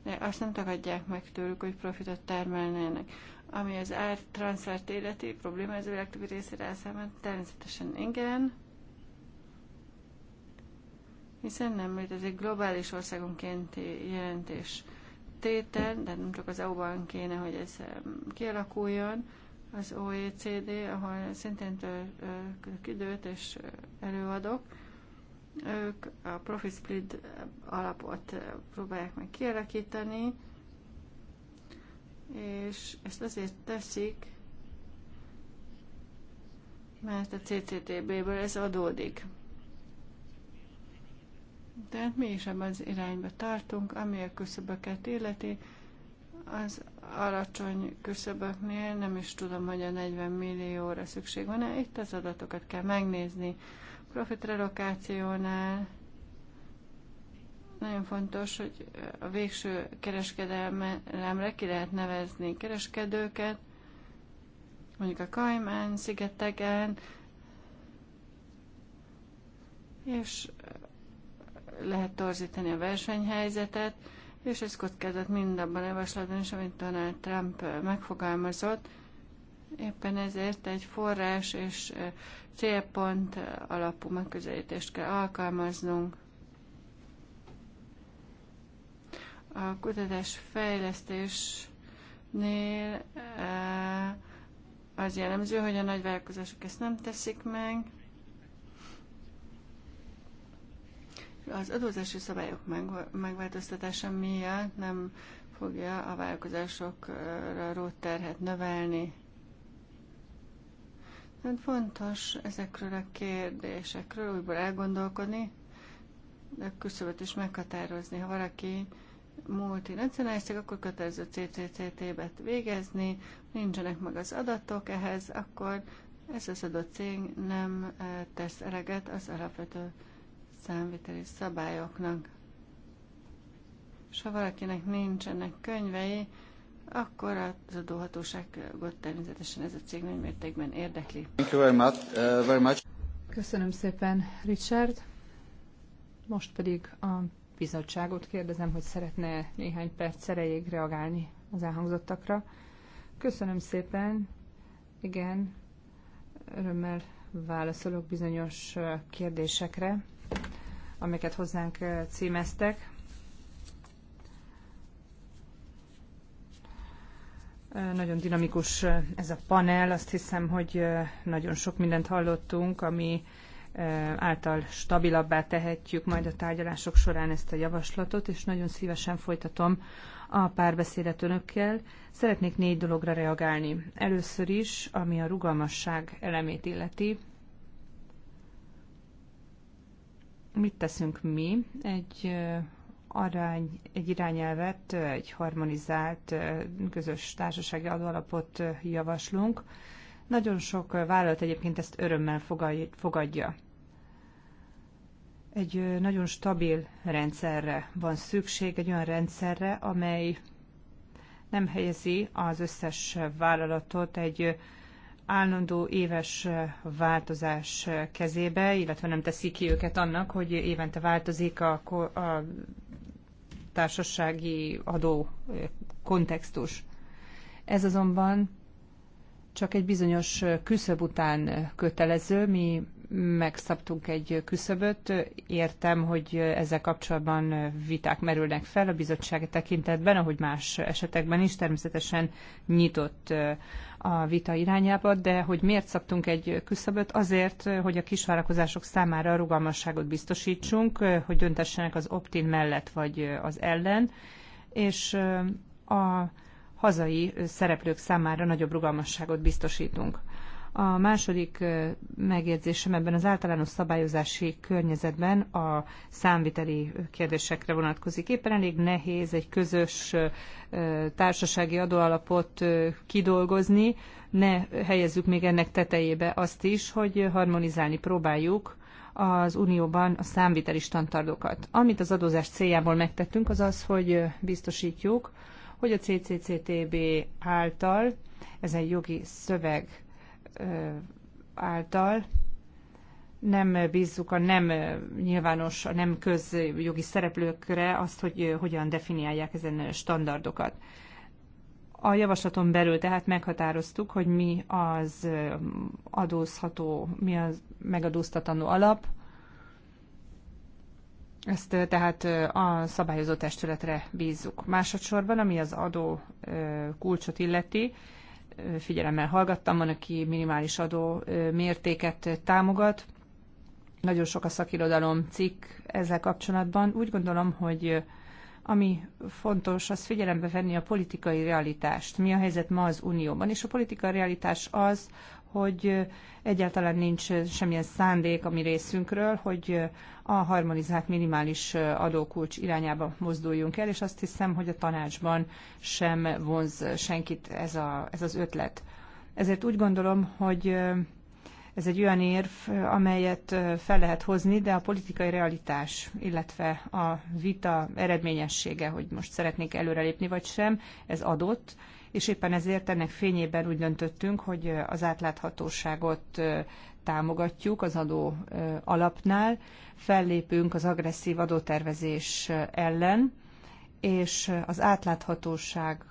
De azt nem tagadják meg tőlük, hogy profitot termelnének. Ami az ártranszfert életi probléma az világ többi részére elszámolt? természetesen igen hiszen nem mert ez egy globális országonként jelentés tétel, de nem csak az EU-ban kéne, hogy ez kialakuljon, az OECD, ahol szintén töltök időt és előadok, ők a Profit Split alapot próbálják meg kialakítani, és ezt azért teszik, mert a CCTB-ből ez adódik. Tehát mi is ebben az irányba tartunk, ami a küszöböket illeti, az alacsony küszöböknél nem is tudom, hogy a 40 millióra szükség van-e. Itt az adatokat kell megnézni. Profitrelokációnál nagyon fontos, hogy a végső kereskedelemre ki lehet nevezni kereskedőket, mondjuk a Kajmán szigeteken, és lehet torzítani a versenyhelyzetet, és ez kockázat mind abban a javaslatban is, amit Donald Trump megfogalmazott. Éppen ezért egy forrás és célpont alapú megközelítést kell alkalmaznunk. a kutatás fejlesztésnél e, az jellemző, hogy a nagyvállalkozások ezt nem teszik meg. Az adózási szabályok megváltoztatása miatt nem fogja a vállalkozásokra rót terhet növelni. Tehát fontos ezekről a kérdésekről újból elgondolkodni, de küszöböt is meghatározni. Ha valaki multinacionális cég, akkor kötelező ccct t végezni, nincsenek meg az adatok ehhez, akkor ez az adott cég nem eh, tesz eleget az alapvető számviteli szabályoknak. És ha valakinek nincsenek könyvei, akkor az adóhatóságot természetesen ez a cég nagy mértékben érdekli. Thank you very much, uh, very much. Köszönöm szépen, Richard. Most pedig a bizottságot kérdezem, hogy szeretne néhány perc erejéig reagálni az elhangzottakra. Köszönöm szépen. Igen, örömmel válaszolok bizonyos kérdésekre, amiket hozzánk címeztek. Nagyon dinamikus ez a panel, azt hiszem, hogy nagyon sok mindent hallottunk, ami által stabilabbá tehetjük majd a tárgyalások során ezt a javaslatot, és nagyon szívesen folytatom a párbeszédet önökkel. Szeretnék négy dologra reagálni. Először is, ami a rugalmasság elemét illeti. Mit teszünk mi? Egy arány, egy irányelvet, egy harmonizált közös társasági adóalapot javaslunk. Nagyon sok vállalat egyébként ezt örömmel fogadja. Egy nagyon stabil rendszerre van szükség, egy olyan rendszerre, amely nem helyezi az összes vállalatot egy állandó éves változás kezébe, illetve nem teszi ki őket annak, hogy évente változik a, a társasági adó kontextus. Ez azonban csak egy bizonyos küszöb után kötelező, mi megszabtunk egy küszöböt. Értem, hogy ezzel kapcsolatban viták merülnek fel a bizottság tekintetben, ahogy más esetekben is természetesen nyitott a vita irányába, de hogy miért szabtunk egy küszöböt? Azért, hogy a kisvállalkozások számára rugalmasságot biztosítsunk, hogy döntessenek az optin mellett vagy az ellen, és a hazai szereplők számára nagyobb rugalmasságot biztosítunk. A második megjegyzésem ebben az általános szabályozási környezetben a számviteli kérdésekre vonatkozik. Éppen elég nehéz egy közös társasági adóalapot kidolgozni. Ne helyezzük még ennek tetejébe azt is, hogy harmonizálni próbáljuk az Unióban a számviteli standardokat. Amit az adózás céljából megtettünk, az az, hogy biztosítjuk, hogy a CCCTB által ez egy jogi szöveg által nem bízzuk a nem nyilvános, a nem közjogi szereplőkre azt, hogy hogyan definiálják ezen standardokat. A javaslaton belül tehát meghatároztuk, hogy mi az adózható, mi az megadóztatandó alap, ezt tehát a szabályozó testületre bízzuk. Másodszorban, ami az adó kulcsot illeti, figyelemmel hallgattam, van, aki minimális adó mértéket támogat. Nagyon sok a szakirodalom cikk ezzel kapcsolatban. Úgy gondolom, hogy ami fontos, az figyelembe venni a politikai realitást. Mi a helyzet ma az Unióban? És a politikai realitás az, hogy egyáltalán nincs semmilyen szándék a mi részünkről, hogy a harmonizált minimális adókulcs irányába mozduljunk el, és azt hiszem, hogy a tanácsban sem vonz senkit ez, a, ez az ötlet. Ezért úgy gondolom, hogy ez egy olyan érv, amelyet fel lehet hozni, de a politikai realitás, illetve a vita eredményessége, hogy most szeretnék előrelépni vagy sem, ez adott, és éppen ezért ennek fényében úgy döntöttünk, hogy az átláthatóságot támogatjuk az adó alapnál, fellépünk az agresszív adótervezés ellen, és az átláthatóság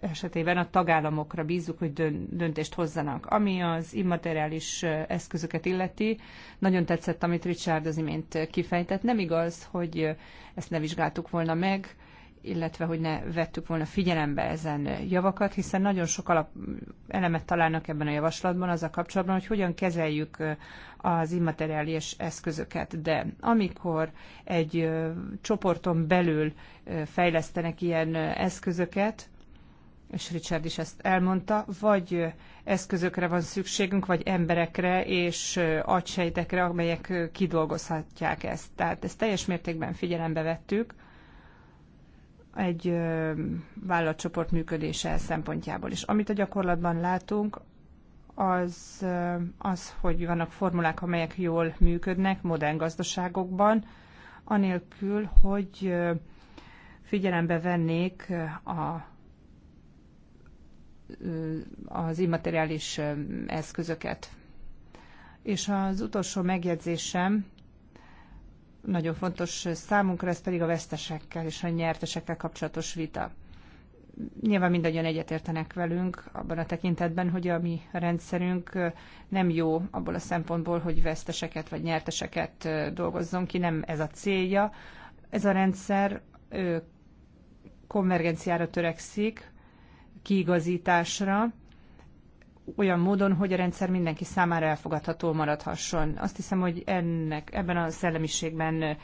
esetében a tagállamokra bízzuk, hogy döntést hozzanak. Ami az immateriális eszközöket illeti, nagyon tetszett, amit Richard az imént kifejtett. Nem igaz, hogy ezt ne vizsgáltuk volna meg illetve hogy ne vettük volna figyelembe ezen javakat, hiszen nagyon sok alap elemet találnak ebben a javaslatban az a kapcsolatban, hogy hogyan kezeljük az immateriális eszközöket. De amikor egy csoporton belül fejlesztenek ilyen eszközöket, és Richard is ezt elmondta, vagy eszközökre van szükségünk, vagy emberekre és agysejtekre, amelyek kidolgozhatják ezt. Tehát ezt teljes mértékben figyelembe vettük, egy vállalatcsoport működése szempontjából is. Amit a gyakorlatban látunk, az, az, hogy vannak formulák, amelyek jól működnek modern gazdaságokban, anélkül, hogy figyelembe vennék a, az immateriális eszközöket. És az utolsó megjegyzésem nagyon fontos számunkra ez pedig a vesztesekkel és a nyertesekkel kapcsolatos vita. Nyilván mindannyian egyetértenek velünk abban a tekintetben, hogy a mi rendszerünk nem jó abból a szempontból, hogy veszteseket vagy nyerteseket dolgozzon ki, nem ez a célja. Ez a rendszer konvergenciára törekszik, kiigazításra, olyan módon, hogy a rendszer mindenki számára elfogadható maradhasson. Azt hiszem, hogy ennek, ebben a szellemiségben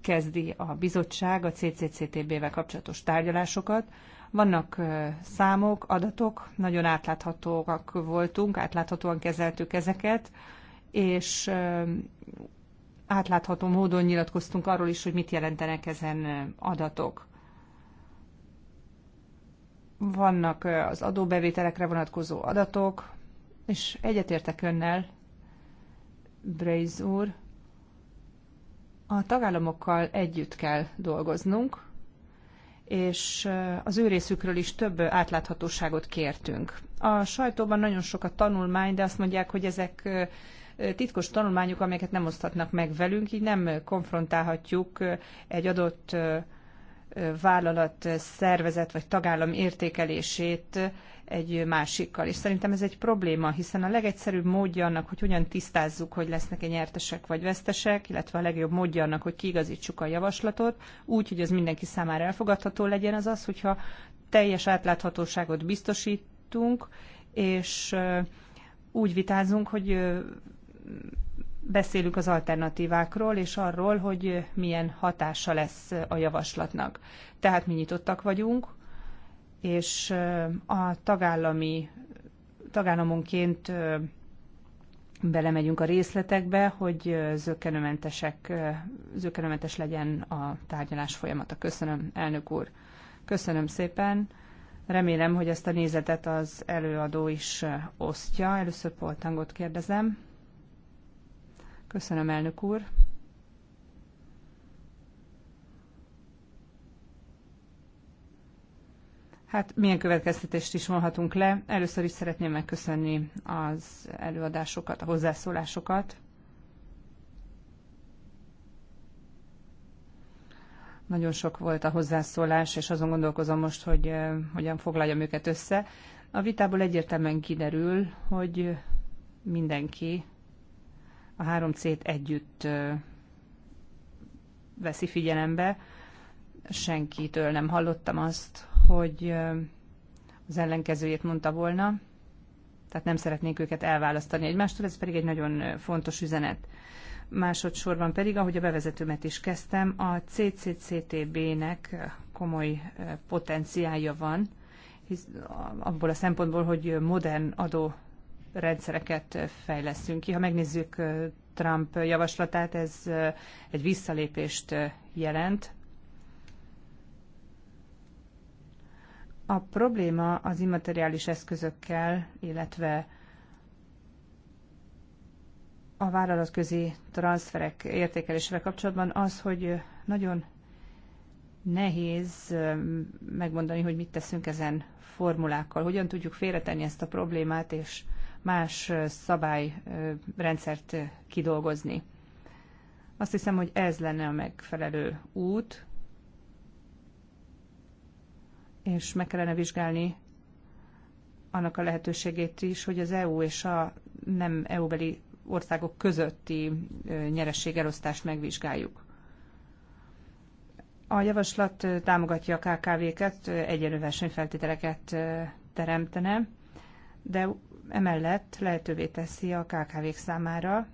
kezdi a bizottság a CCCTB-vel kapcsolatos tárgyalásokat. Vannak számok, adatok, nagyon átláthatóak voltunk, átláthatóan kezeltük ezeket, és átlátható módon nyilatkoztunk arról is, hogy mit jelentenek ezen adatok vannak az adóbevételekre vonatkozó adatok, és egyetértek önnel, Braze úr, a tagállamokkal együtt kell dolgoznunk, és az ő részükről is több átláthatóságot kértünk. A sajtóban nagyon sok a tanulmány, de azt mondják, hogy ezek titkos tanulmányok, amelyeket nem oszthatnak meg velünk, így nem konfrontálhatjuk egy adott vállalat, szervezet vagy tagállam értékelését egy másikkal. És szerintem ez egy probléma, hiszen a legegyszerűbb módja annak, hogy hogyan tisztázzuk, hogy lesznek-e nyertesek vagy vesztesek, illetve a legjobb módja annak, hogy kiigazítsuk a javaslatot, úgy, hogy az mindenki számára elfogadható legyen, az az, hogyha teljes átláthatóságot biztosítunk, és úgy vitázunk, hogy beszélünk az alternatívákról, és arról, hogy milyen hatása lesz a javaslatnak. Tehát mi nyitottak vagyunk, és a tagállami, tagállamonként belemegyünk a részletekbe, hogy zökkenőmentesek, zökkenőmentes legyen a tárgyalás folyamata. Köszönöm, elnök úr. Köszönöm szépen. Remélem, hogy ezt a nézetet az előadó is osztja. Először Poltangot kérdezem. Köszönöm, elnök úr. Hát milyen következtetést is vonhatunk le? Először is szeretném megköszönni az előadásokat, a hozzászólásokat. Nagyon sok volt a hozzászólás, és azon gondolkozom most, hogy eh, hogyan foglaljam őket össze. A vitából egyértelműen kiderül, hogy mindenki a három C-t együtt veszi figyelembe. Senkitől nem hallottam azt, hogy az ellenkezőjét mondta volna, tehát nem szeretnék őket elválasztani egymástól, ez pedig egy nagyon fontos üzenet. Másodszorban pedig, ahogy a bevezetőmet is kezdtem, a CCCTB-nek komoly potenciálja van, hisz abból a szempontból, hogy modern adó rendszereket fejleszünk ki. Ha megnézzük Trump javaslatát, ez egy visszalépést jelent. A probléma az immateriális eszközökkel, illetve a vállalatközi transferek értékelésével kapcsolatban az, hogy nagyon nehéz megmondani, hogy mit teszünk ezen formulákkal, hogyan tudjuk félretenni ezt a problémát, és más szabályrendszert kidolgozni. Azt hiszem, hogy ez lenne a megfelelő út, és meg kellene vizsgálni annak a lehetőségét is, hogy az EU és a nem EU-beli országok közötti nyerességelosztást megvizsgáljuk. A javaslat támogatja a KKV-ket, egyenlő versenyfeltételeket teremtene, de emellett lehetővé teszi a KKV-k számára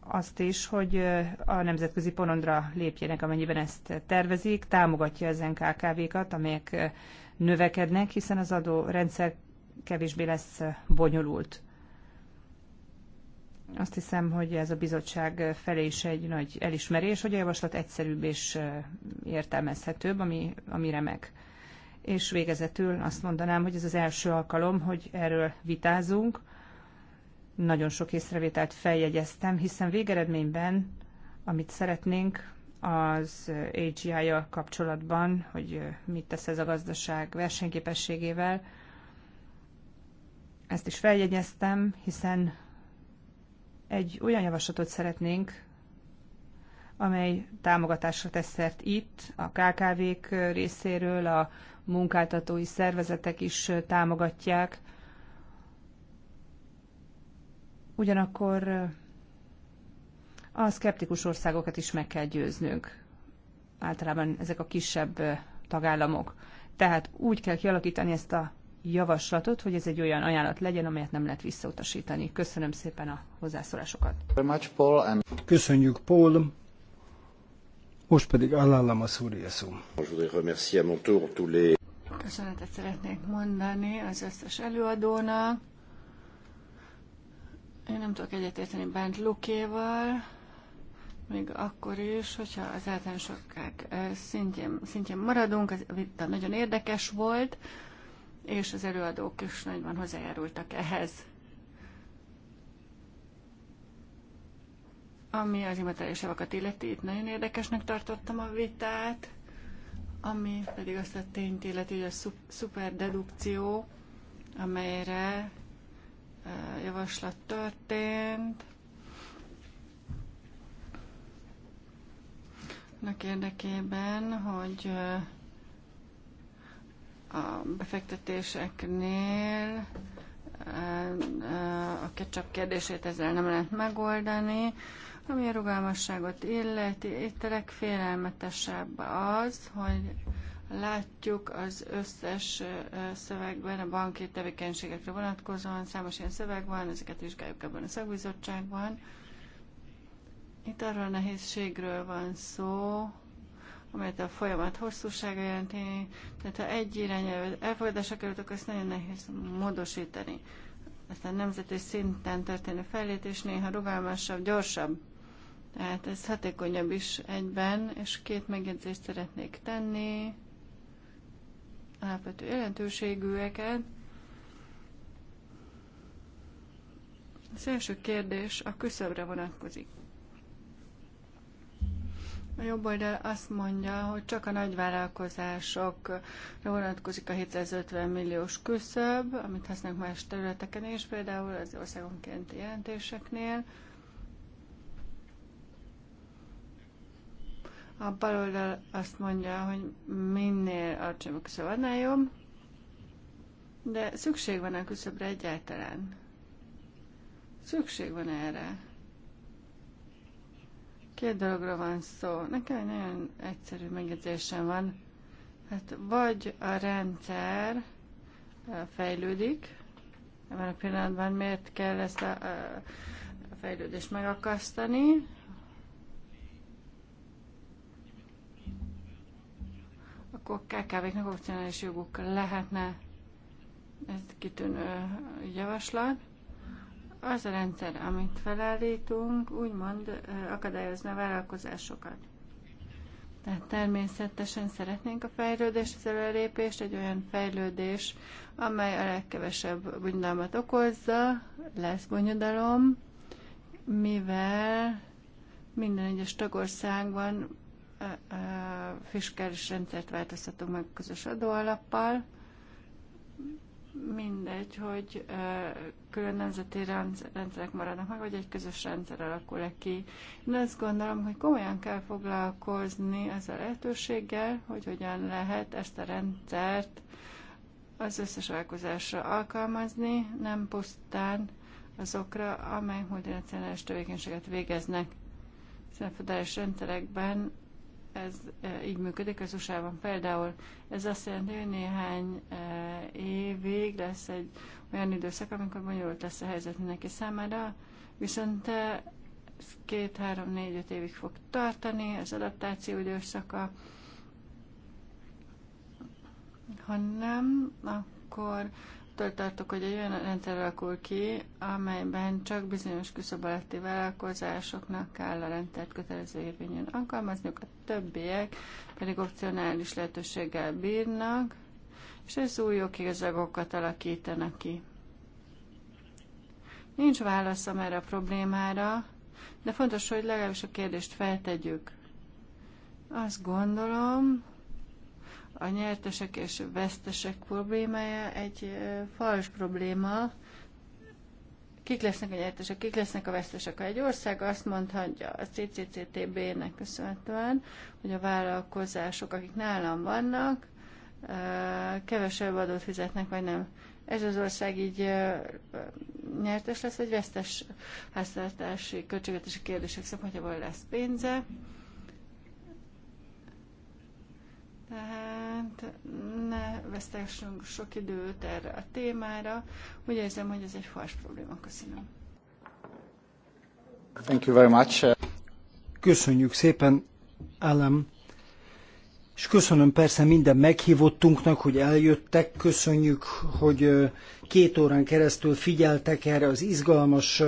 azt is, hogy a nemzetközi porondra lépjenek, amennyiben ezt tervezik, támogatja ezen KKV-kat, amelyek növekednek, hiszen az adórendszer kevésbé lesz bonyolult. Azt hiszem, hogy ez a bizottság felé is egy nagy elismerés, hogy a javaslat egyszerűbb és értelmezhetőbb, ami, ami remek és végezetül azt mondanám, hogy ez az első alkalom, hogy erről vitázunk. Nagyon sok észrevételt feljegyeztem, hiszen végeredményben, amit szeretnénk az agi ja kapcsolatban, hogy mit tesz ez a gazdaság versenyképességével, ezt is feljegyeztem, hiszen egy olyan javaslatot szeretnénk, amely támogatásra tesz szert itt, a KKV-k részéről, a munkáltatói szervezetek is támogatják. Ugyanakkor a szkeptikus országokat is meg kell győznünk. Általában ezek a kisebb tagállamok. Tehát úgy kell kialakítani ezt a javaslatot, hogy ez egy olyan ajánlat legyen, amelyet nem lehet visszautasítani. Köszönöm szépen a hozzászólásokat. Köszönjük, Paul. Most pedig Alain a szó. Köszönetet szeretnék mondani az összes előadónak. Én nem tudok egyetérteni Bent Lukéval, még akkor is, hogyha az általánosokák szintjén, szintjén maradunk, az vita nagyon érdekes volt, és az előadók is nagyban hozzájárultak ehhez. Ami az immateriális javakat illeti, itt nagyon érdekesnek tartottam a vitát. Ami pedig azt a tényt illeti, hogy a szuperdedukció, amelyre javaslat történt, annak érdekében, hogy a befektetéseknél a ketchup kérdését ezzel nem lehet megoldani, ami a rugalmasságot illeti, itt a legfélelmetesebb az, hogy látjuk az összes szövegben a banki tevékenységekre vonatkozóan, számos ilyen szöveg van, ezeket vizsgáljuk ebben a szakbizottságban. Itt arról a nehézségről van szó, amelyet a folyamat hosszúsága jelenti, tehát ha egy irányelvet elfogadásra került, akkor ezt nagyon nehéz módosítani. Aztán nemzeti szinten történő fejlítés néha rugalmasabb, gyorsabb. Tehát ez hatékonyabb is egyben, és két megjegyzést szeretnék tenni, alapvető jelentőségűeket. Az első kérdés a küszöbre vonatkozik. A jobb oldal azt mondja, hogy csak a nagyvállalkozásokra vonatkozik a 750 milliós küszöb, amit használnak más területeken is, például az országonkénti jelentéseknél. A baloldal azt mondja, hogy minél alacsonyabb a küszöb, annál jobb, de szükség van a küszöbre egyáltalán. Szükség van erre. Két dologra van szó. Nekem egy nagyon egyszerű megjegyzésem van. Hát vagy a rendszer fejlődik, ebben a pillanatban miért kell ezt a, a fejlődést megakasztani, KKV-knak opcionális joguk lehetne. Ez kitűnő javaslat. Az a rendszer, amit felállítunk, úgymond akadályozna a vállalkozásokat. Tehát természetesen szeretnénk a fejlődést, az előrépést, egy olyan fejlődés, amely a legkevesebb bonyodalmat okozza, lesz bonyodalom, mivel minden egyes tagországban fiskális rendszert változtatunk meg közös adóalappal. Mindegy, hogy külön nemzeti rendszerek maradnak meg, vagy egy közös rendszer alakul -e ki. Én azt gondolom, hogy komolyan kell foglalkozni ezzel a lehetőséggel, hogy hogyan lehet ezt a rendszert az összes vállalkozásra alkalmazni, nem pusztán azokra, amely multinacionális tevékenységet végeznek. Hiszen a federális rendszerekben ez e, így működik az USA-ban. Például ez azt jelenti, hogy néhány e, évig lesz egy olyan időszak, amikor bonyolult lesz a helyzet mindenki számára, viszont e, ez két, három, négy, öt évig fog tartani, az adaptáció időszaka. Ha nem, akkor attól tartok, hogy egy olyan rendszer alakul ki, amelyben csak bizonyos küszöb alatti vállalkozásoknak kell a rendszert kötelező érvényen alkalmazniuk, a többiek pedig opcionális lehetőséggel bírnak, és ez új jogigazagokat alakítanak ki. Nincs válaszom erre a problémára, de fontos, hogy legalábbis a kérdést feltegyük. Azt gondolom, a nyertesek és vesztesek problémája egy fals probléma. Kik lesznek a nyertesek, kik lesznek a vesztesek? Ha egy ország azt mondhatja a CCCTB-nek köszönhetően, hogy a vállalkozások, akik nálam vannak, kevesebb adót fizetnek, vagy nem. Ez az ország így nyertes lesz, vagy vesztes háztartási, költségvetési kérdések szempontjából lesz pénze. Tehát ne vesztessünk sok időt erre a témára. Úgy érzem, hogy ez egy fals probléma. Köszönöm. Thank you very much. Köszönjük szépen, Ellen. És köszönöm persze minden meghívottunknak, hogy eljöttek, köszönjük, hogy két órán keresztül figyeltek erre az izgalmas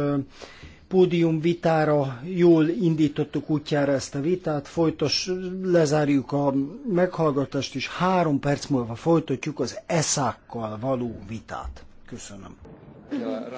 pódium vitára jól indítottuk útjára ezt a vitát, folytos, lezárjuk a meghallgatást, és három perc múlva folytatjuk az eszákkal való vitát. Köszönöm. Ja,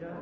Yeah.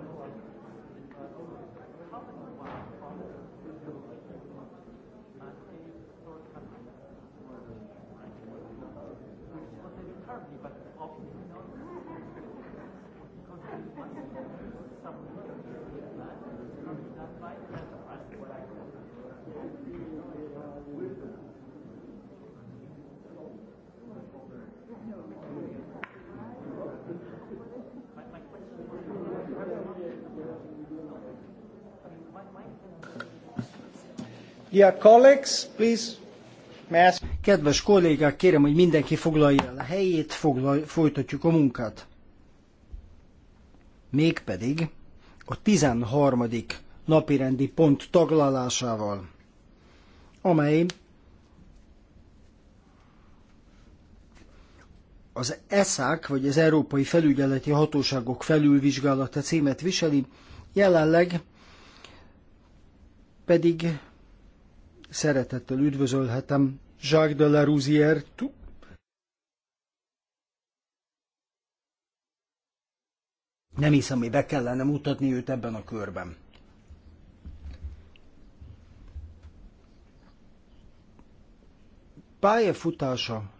Kedves kollégák, kérem, hogy mindenki foglalja el a helyét, foglal, folytatjuk a munkát. Mégpedig a 13. napirendi pont taglalásával, amely az ESZÁK, vagy az Európai Felügyeleti Hatóságok felülvizsgálata címet viseli, jelenleg pedig szeretettel üdvözölhetem Jacques de la Rousière Nem hiszem, hogy be kellene mutatni őt ebben a körben. Pályafutása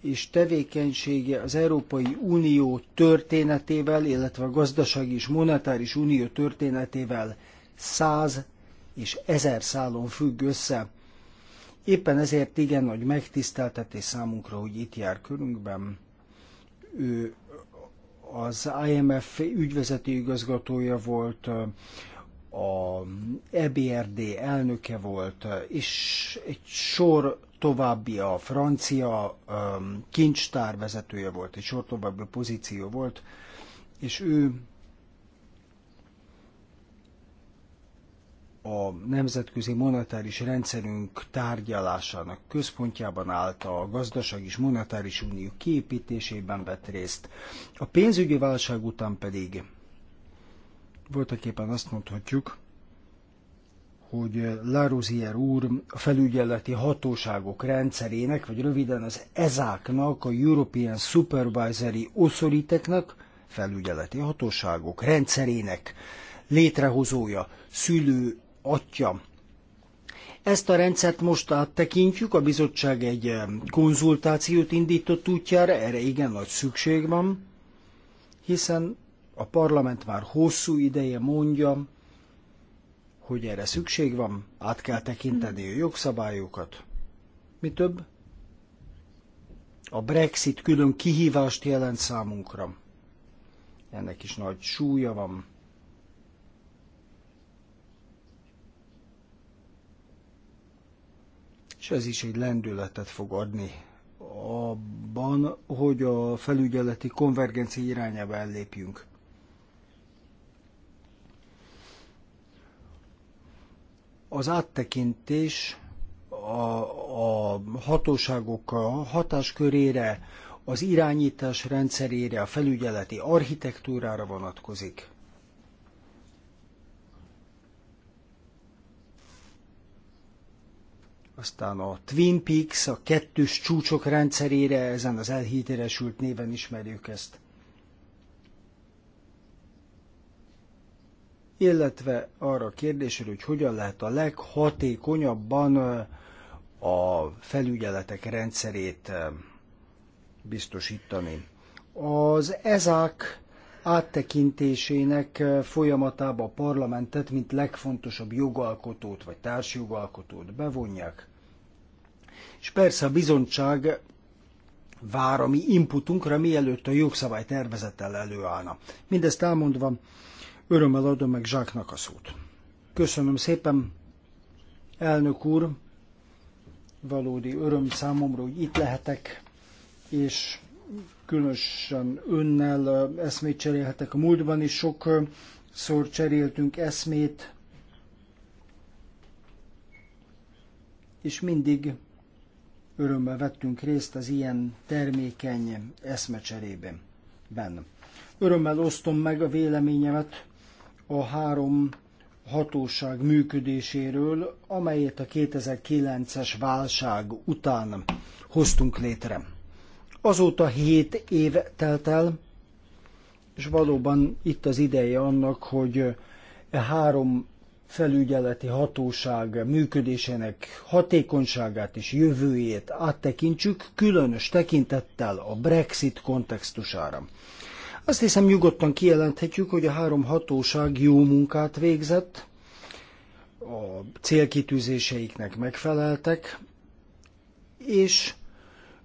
és tevékenysége az Európai Unió történetével, illetve a gazdasági és monetáris unió történetével száz és ezer szálon függ össze. Éppen ezért igen nagy megtiszteltetés számunkra, hogy itt jár körünkben. Ő az IMF ügyvezető igazgatója volt, a EBRD elnöke volt, és egy sor további a francia um, kincstár vezetője volt, egy sor további pozíció volt, és ő a nemzetközi monetáris rendszerünk tárgyalásának központjában állt a gazdaság és monetáris unió kiépítésében vett részt. A pénzügyi válság után pedig voltak éppen azt mondhatjuk, hogy Larosier úr a felügyeleti hatóságok rendszerének, vagy röviden az ezáknak, a European Supervisory Osoriteknak, felügyeleti hatóságok rendszerének létrehozója, szülő atya. Ezt a rendszert most áttekintjük, a bizottság egy eh, konzultációt indított útjára, erre igen nagy szükség van, hiszen a parlament már hosszú ideje mondja, hogy erre szükség van, át kell tekinteni a jogszabályokat. Mi több? A Brexit külön kihívást jelent számunkra. Ennek is nagy súlya van. és ez is egy lendületet fog adni abban, hogy a felügyeleti konvergencia irányába ellépjünk. Az áttekintés a, a hatóságok a hatáskörére, az irányítás rendszerére, a felügyeleti architektúrára vonatkozik. aztán a Twin Peaks, a kettős csúcsok rendszerére, ezen az elhíteresült néven ismerjük ezt. Illetve arra a kérdésre, hogy hogyan lehet a leghatékonyabban a felügyeletek rendszerét biztosítani. Az ezák áttekintésének folyamatába a parlamentet, mint legfontosabb jogalkotót vagy társjogalkotót bevonják. És persze a bizottság vár a mi inputunkra, mielőtt a jogszabály tervezettel előállna. Mindezt elmondva, örömmel adom meg Zsáknak a szót. Köszönöm szépen, elnök úr, valódi öröm számomra, hogy itt lehetek, és különösen önnel eszmét cserélhetek. A múltban is sokszor cseréltünk eszmét, és mindig örömmel vettünk részt az ilyen termékeny eszmecserében. Bennem. Örömmel osztom meg a véleményemet a három hatóság működéséről, amelyet a 2009-es válság után hoztunk létre. Azóta 7 év telt el, és valóban itt az ideje annak, hogy e három felügyeleti hatóság működésének hatékonyságát és jövőjét áttekintsük, különös tekintettel a Brexit kontextusára. Azt hiszem nyugodtan kijelenthetjük, hogy a három hatóság jó munkát végzett, a célkitűzéseiknek megfeleltek, és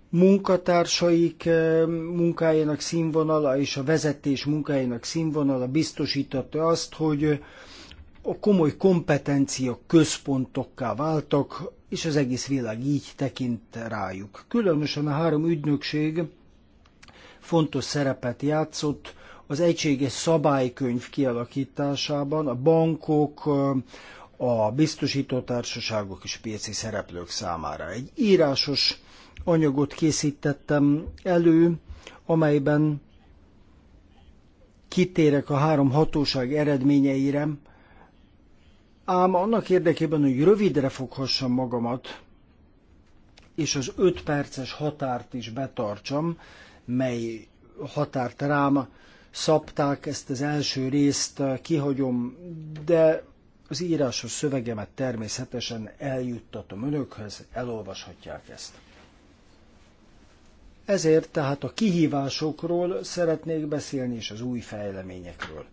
munkatársaik eh, munkájának színvonala és a vezetés munkájának színvonala biztosította azt, hogy a komoly kompetencia központokká váltak, és az egész világ így tekint rájuk. Különösen a három ügynökség fontos szerepet játszott az egységes szabálykönyv kialakításában, a bankok, a biztosítótársaságok és piaci szereplők számára. Egy írásos anyagot készítettem elő, amelyben kitérek a három hatóság eredményeire, Ám annak érdekében, hogy rövidre foghassam magamat, és az öt perces határt is betartsam, mely határt rám szabták, ezt az első részt kihagyom, de az írásos szövegemet természetesen eljuttatom önökhöz, elolvashatják ezt. Ezért tehát a kihívásokról szeretnék beszélni, és az új fejleményekről.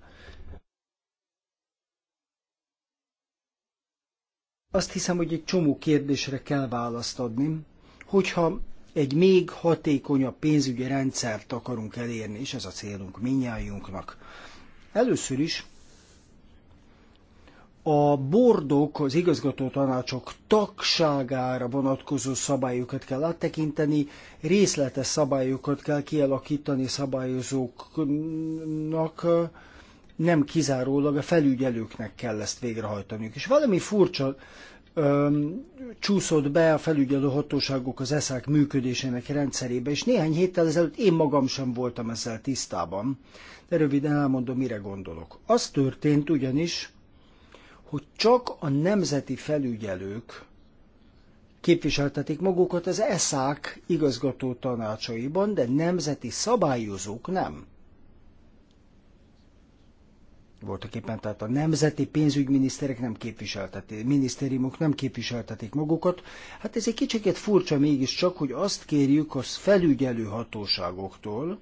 azt hiszem, hogy egy csomó kérdésre kell választ adni, hogyha egy még hatékonyabb pénzügyi rendszert akarunk elérni, és ez a célunk minnyájunknak. Először is a bordok, az igazgató tanácsok tagságára vonatkozó szabályokat kell áttekinteni, részletes szabályokat kell kialakítani szabályozóknak, nem kizárólag a felügyelőknek kell ezt végrehajtaniuk. És valami furcsa öm, csúszott be a felügyelő hatóságok az eszák működésének rendszerébe, és néhány héttel ezelőtt én magam sem voltam ezzel tisztában, de röviden elmondom, mire gondolok. Az történt ugyanis, hogy csak a nemzeti felügyelők képviseltetik magukat az eszák igazgató tanácsaiban, de nemzeti szabályozók nem voltak éppen, tehát a nemzeti pénzügyminiszterek nem képviseltetik, minisztériumok nem képviseltetik magukat. Hát ez egy kicsit furcsa mégiscsak, hogy azt kérjük az felügyelő hatóságoktól,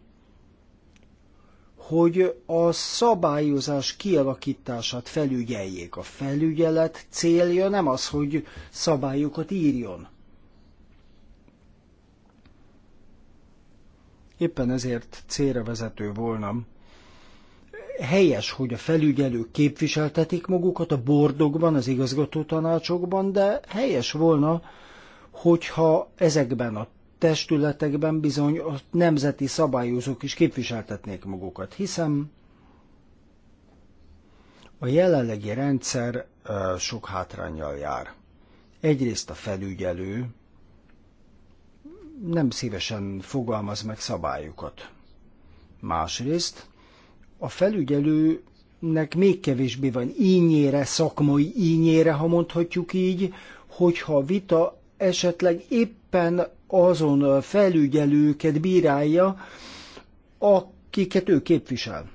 hogy a szabályozás kialakítását felügyeljék. A felügyelet célja nem az, hogy szabályokat írjon. Éppen ezért célra vezető volnam, helyes, hogy a felügyelők képviseltetik magukat a bordokban, az igazgató tanácsokban, de helyes volna, hogyha ezekben a testületekben bizony a nemzeti szabályozók is képviseltetnék magukat, hiszen a jelenlegi rendszer sok hátrányjal jár. Egyrészt a felügyelő nem szívesen fogalmaz meg szabályokat. Másrészt a felügyelőnek még kevésbé van ínyére, szakmai ínyére, ha mondhatjuk így, hogyha a vita esetleg éppen azon felügyelőket bírálja, akiket ő képvisel.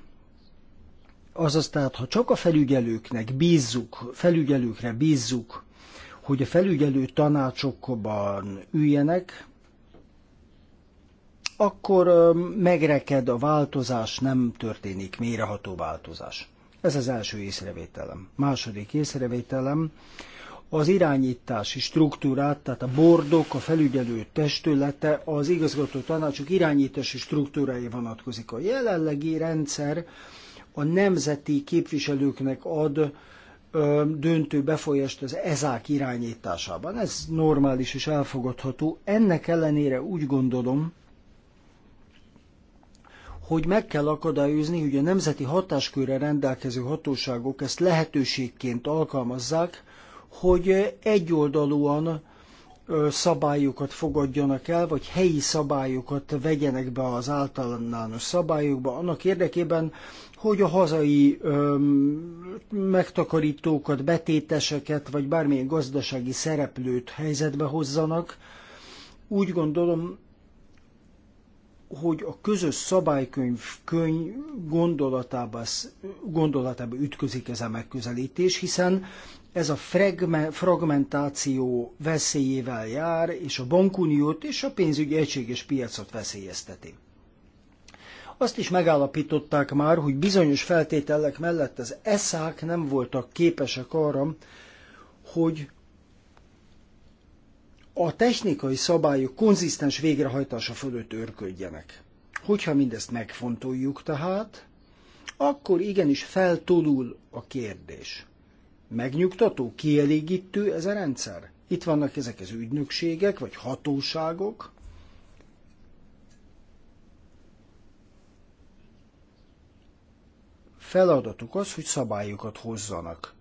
Azaz tehát, ha csak a felügyelőknek bízzuk, felügyelőkre bízzuk, hogy a felügyelő tanácsokban üljenek, akkor megreked a változás, nem történik mélyreható változás. Ez az első észrevételem. Második észrevételem, az irányítási struktúrát, tehát a bordok, a felügyelő testülete, az igazgató tanácsok irányítási struktúrája vonatkozik. A jelenlegi rendszer a nemzeti képviselőknek ad ö, döntő befolyást az ezák irányításában. Ez normális és elfogadható. Ennek ellenére úgy gondolom, hogy meg kell akadályozni, hogy a nemzeti hatáskörre rendelkező hatóságok ezt lehetőségként alkalmazzák, hogy egyoldalúan szabályokat fogadjanak el, vagy helyi szabályokat vegyenek be az általános szabályokba, annak érdekében, hogy a hazai öm, megtakarítókat, betéteseket, vagy bármilyen gazdasági szereplőt helyzetbe hozzanak. Úgy gondolom, hogy a közös szabálykönyv könyv gondolatába, gondolatába ütközik ez a megközelítés, hiszen ez a fragmentáció veszélyével jár, és a bankuniót és a pénzügyi egységes piacot veszélyezteti. Azt is megállapították már, hogy bizonyos feltételek mellett az eszák nem voltak képesek arra, hogy a technikai szabályok konzisztens végrehajtása fölött örködjenek. Hogyha mindezt megfontoljuk tehát, akkor igenis feltolul a kérdés. Megnyugtató, kielégítő ez a rendszer? Itt vannak ezek az ügynökségek, vagy hatóságok, feladatuk az, hogy szabályokat hozzanak,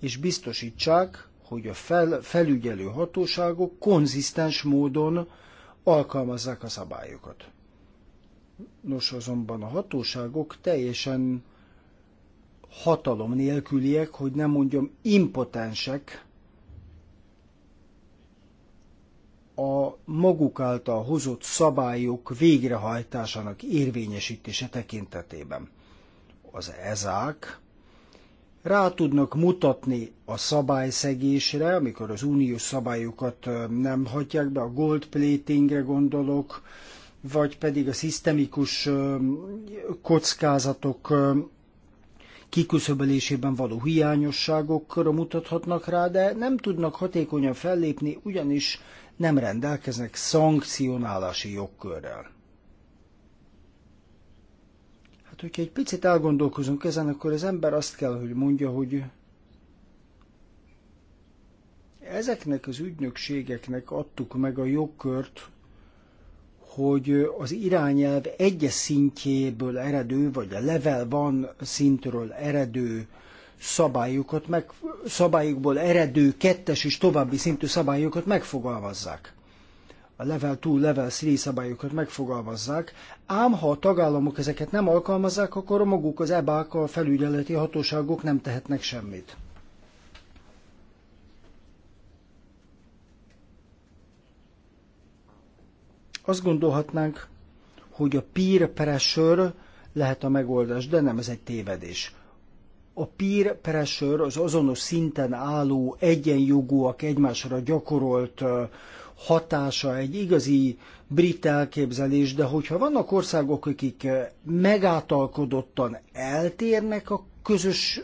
és biztosítsák, hogy a fel, felügyelő hatóságok konzisztens módon alkalmazzák a szabályokat. Nos, azonban a hatóságok teljesen hatalom nélküliek, hogy nem mondjam impotensek a maguk által hozott szabályok végrehajtásának érvényesítése tekintetében. Az ezák rá tudnak mutatni a szabályszegésre, amikor az uniós szabályokat nem hagyják be, a gold platingre gondolok, vagy pedig a szisztemikus kockázatok kiküszöbölésében való hiányosságokra mutathatnak rá, de nem tudnak hatékonyan fellépni, ugyanis nem rendelkeznek szankcionálási jogkörrel. Tehát, hogyha egy picit elgondolkozunk ezen, akkor az ember azt kell, hogy mondja, hogy ezeknek az ügynökségeknek adtuk meg a jogkört, hogy az irányelv egyes szintjéből eredő, vagy a level van szintről eredő szabályokat, meg, szabályokból eredő kettes és további szintű szabályokat megfogalmazzák a level 2, level 3 szabályokat megfogalmazzák, ám ha a tagállamok ezeket nem alkalmazzák, akkor maguk az EBA-k, a felügyeleti hatóságok nem tehetnek semmit. Azt gondolhatnánk, hogy a peer pressure lehet a megoldás, de nem, ez egy tévedés a peer pressure, az azonos szinten álló, egyenjogúak egymásra gyakorolt hatása egy igazi brit elképzelés, de hogyha vannak országok, akik eh, megátalkodottan eltérnek a közös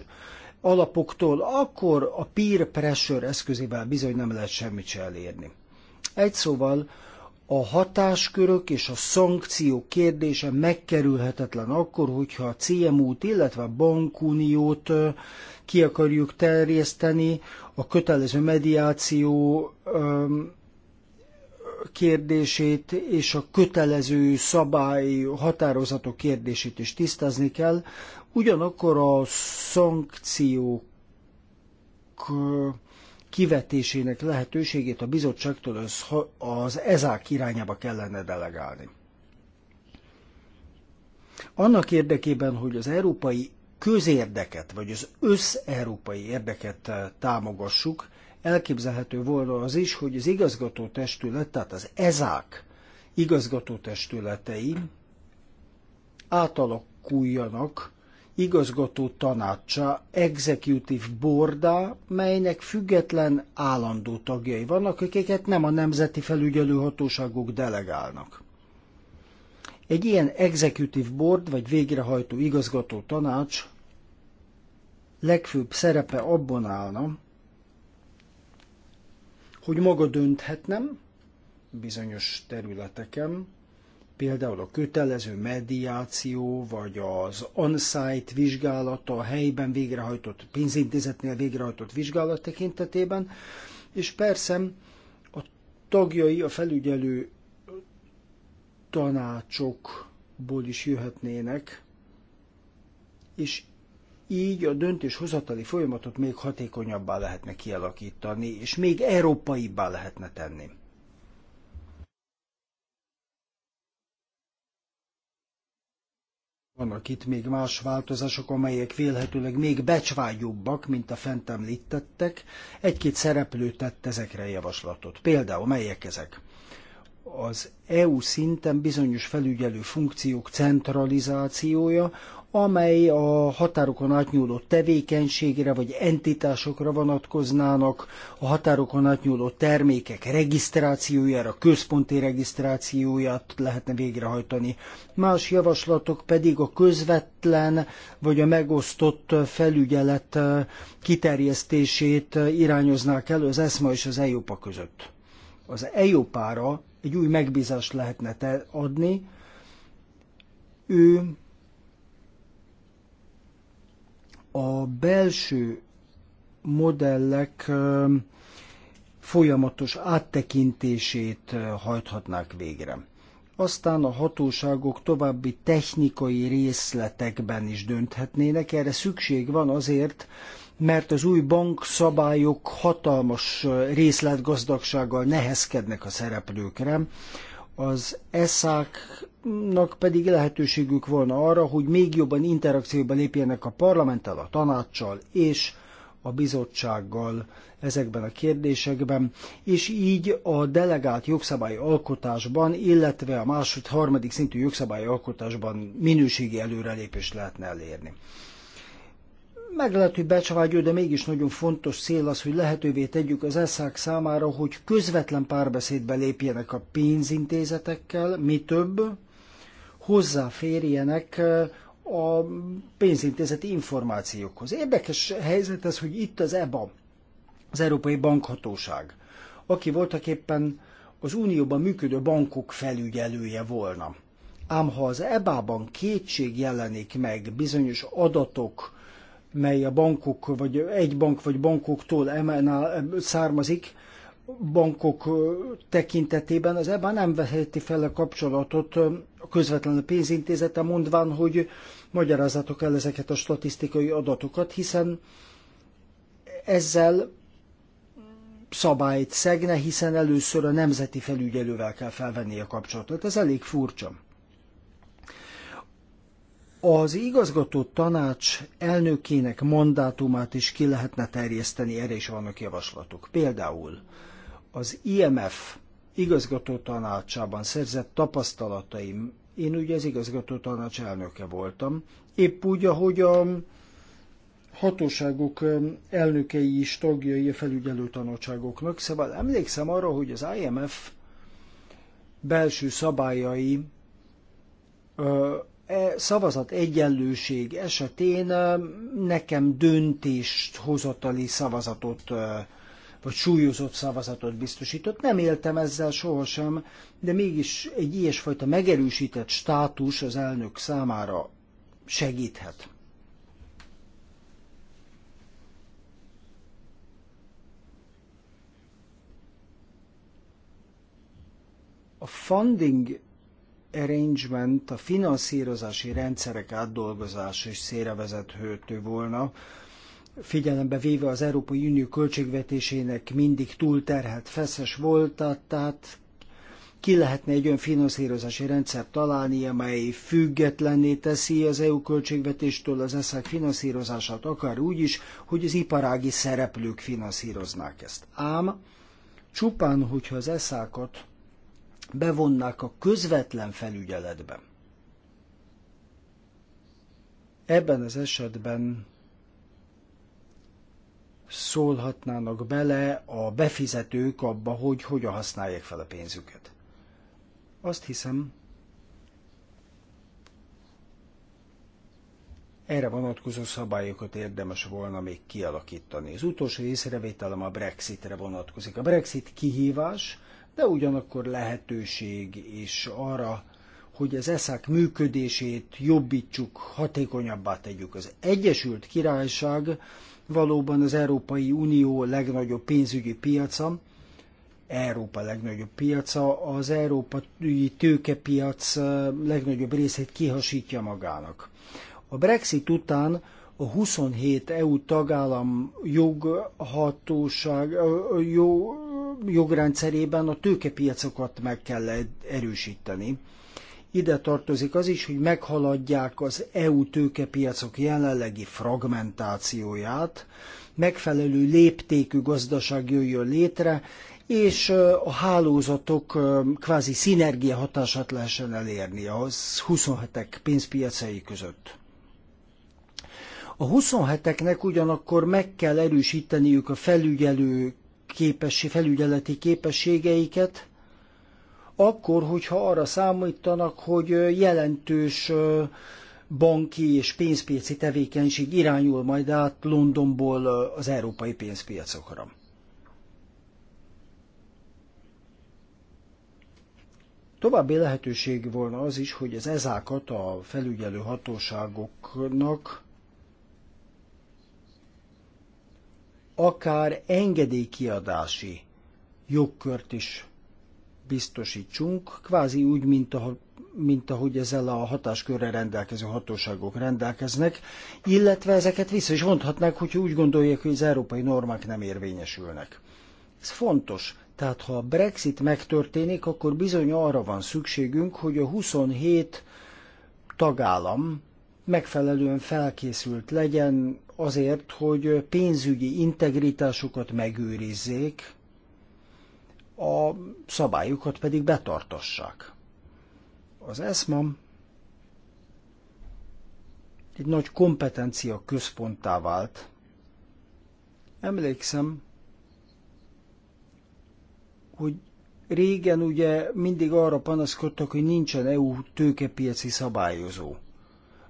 alapoktól, akkor a peer pressure eszközével bizony nem lehet semmit se elérni. Egy szóval a hatáskörök és a szankciók kérdése megkerülhetetlen akkor, hogyha a CMU-t, illetve a bankuniót eh, ki akarjuk terjeszteni, a kötelező mediáció eh, kérdését és a kötelező szabály határozatok kérdését is tisztázni kell, ugyanakkor a szankciók kivetésének lehetőségét a bizottságtól az, az ezák irányába kellene delegálni. Annak érdekében, hogy az európai közérdeket, vagy az összeurópai érdeket támogassuk, Elképzelhető volna az is, hogy az igazgató testület, tehát az ezák igazgató testületei átalakuljanak igazgató tanácsa, executive boarda, melynek független állandó tagjai vannak, akiket nem a nemzeti felügyelőhatóságok delegálnak. Egy ilyen executive board, vagy végrehajtó igazgató tanács legfőbb szerepe abban állna, hogy maga dönthetnem bizonyos területeken, például a kötelező mediáció, vagy az on-site vizsgálata, a helyben végrehajtott, pénzintézetnél végrehajtott vizsgálat tekintetében, és persze a tagjai, a felügyelő tanácsokból is jöhetnének, és így a döntéshozatali folyamatot még hatékonyabbá lehetne kialakítani, és még európaibbá lehetne tenni. Vannak itt még más változások, amelyek vélhetőleg még becsvágyóbbak, mint a fent említettek. Egy-két szereplő tett ezekre javaslatot. Például melyek ezek? az EU szinten bizonyos felügyelő funkciók centralizációja, amely a határokon átnyúló tevékenységre vagy entitásokra vonatkoznának, a határokon átnyúló termékek regisztrációjára, központi regisztrációját lehetne végrehajtani. Más javaslatok pedig a közvetlen vagy a megosztott felügyelet kiterjesztését irányoznák elő az ESMA és az EIOPA között. Az EIOPA-ra egy új megbízást lehetne adni. Ő a belső modellek folyamatos áttekintését hajthatnák végre. Aztán a hatóságok további technikai részletekben is dönthetnének, erre szükség van azért, mert az új bankszabályok hatalmas eh, részletgazdagsággal nehezkednek a szereplőkre, az ESZÁK-nak pedig lehetőségük volna arra, hogy még jobban interakcióba lépjenek a parlamenttel, a tanácssal és a bizottsággal ezekben a kérdésekben, és így a delegált jogszabály alkotásban, illetve a másod, harmadik szintű jogszabály alkotásban minőségi előrelépést lehetne elérni meg lehet, hogy becsavágyó, de mégis nagyon fontos cél az, hogy lehetővé tegyük az eszák számára, hogy közvetlen párbeszédbe lépjenek a pénzintézetekkel, mi több, hozzáférjenek eh, a pénzintézeti információkhoz. Érdekes helyzet ez, hogy itt az EBA, az Európai Bankhatóság, aki voltak éppen az Unióban működő bankok felügyelője volna. Ám ha az EBA-ban kétség jelenik meg bizonyos adatok, mely a bankok, vagy egy bank vagy bankoktól emelnál, származik, bankok tekintetében az ebben nem veheti fel a kapcsolatot a közvetlen pénzintézete, mondván, hogy magyarázatok el ezeket a statisztikai adatokat, hiszen ezzel szabályt szegne, hiszen először a nemzeti felügyelővel kell felvenni a kapcsolatot. Ez elég furcsa az igazgató tanács elnökének mandátumát is ki lehetne terjeszteni, erre is vannak javaslatok. Például az IMF igazgató tanácsában szerzett tapasztalataim, én ugye az igazgató tanács elnöke voltam, épp úgy, ahogy a hatóságok elnökei is tagjai a felügyelő tanácságoknak, szóval emlékszem arra, hogy az IMF belső szabályai E, szavazat egyenlőség esetén e, nekem döntést hozatali szavazatot e, vagy súlyozott szavazatot biztosított. Nem éltem ezzel sohasem, de mégis egy ilyesfajta megerősített státus az elnök számára segíthet. A funding arrangement, a finanszírozási rendszerek átdolgozása is szélrevezethető volna, figyelembe véve az Európai Unió költségvetésének mindig túlterhelt feszes voltát, tehát ki lehetne egy olyan finanszírozási rendszert találni, amely függetlenné teszi az EU költségvetéstől az eszek finanszírozását, akár úgy is, hogy az iparági szereplők finanszíroznák ezt. Ám csupán, hogyha az eszákat bevonnák a közvetlen felügyeletbe. Ebben az esetben szólhatnának bele a befizetők abba, hogy hogyan használják fel a pénzüket. Azt hiszem, erre vonatkozó szabályokat érdemes volna még kialakítani. Az utolsó észrevételem a Brexitre vonatkozik. A Brexit kihívás, de ugyanakkor lehetőség is arra, hogy az eszák működését jobbítsuk, hatékonyabbá tegyük. Az Egyesült Királyság valóban az Európai Unió legnagyobb pénzügyi piaca, Európa legnagyobb piaca, az európai tőkepiac legnagyobb részét kihasítja magának. A Brexit után a 27 EU tagállam joghatóság, jó jogrendszerében a tőkepiacokat meg kell erősíteni. Ide tartozik az is, hogy meghaladják az EU tőkepiacok jelenlegi fragmentációját, megfelelő léptékű gazdaság jöjjön létre, és a hálózatok kvázi szinergia hatását lehessen elérni a 27-ek pénzpiacai között. A 27-eknek ugyanakkor meg kell erősíteniük a felügyelő képesség, felügyeleti képességeiket, akkor, hogyha arra számítanak, hogy jelentős banki és pénzpiaci tevékenység irányul majd át Londonból az európai pénzpiacokra. További lehetőség volna az is, hogy az ezákat a felügyelő hatóságoknak akár engedélykiadási jogkört is biztosítsunk, kvázi úgy, mint, a, mint ahogy ezzel a hatáskörre rendelkező hatóságok rendelkeznek, illetve ezeket vissza is mondhatnák, hogyha úgy gondolják, hogy az európai normák nem érvényesülnek. Ez fontos. Tehát ha a Brexit megtörténik, akkor bizony arra van szükségünk, hogy a 27 tagállam megfelelően felkészült legyen azért, hogy pénzügyi integritásukat megőrizzék, a szabályukat pedig betartassák. Az ESMAM egy nagy kompetencia központtá vált. Emlékszem, hogy régen ugye mindig arra panaszkodtak, hogy nincsen EU tőkepiaci szabályozó.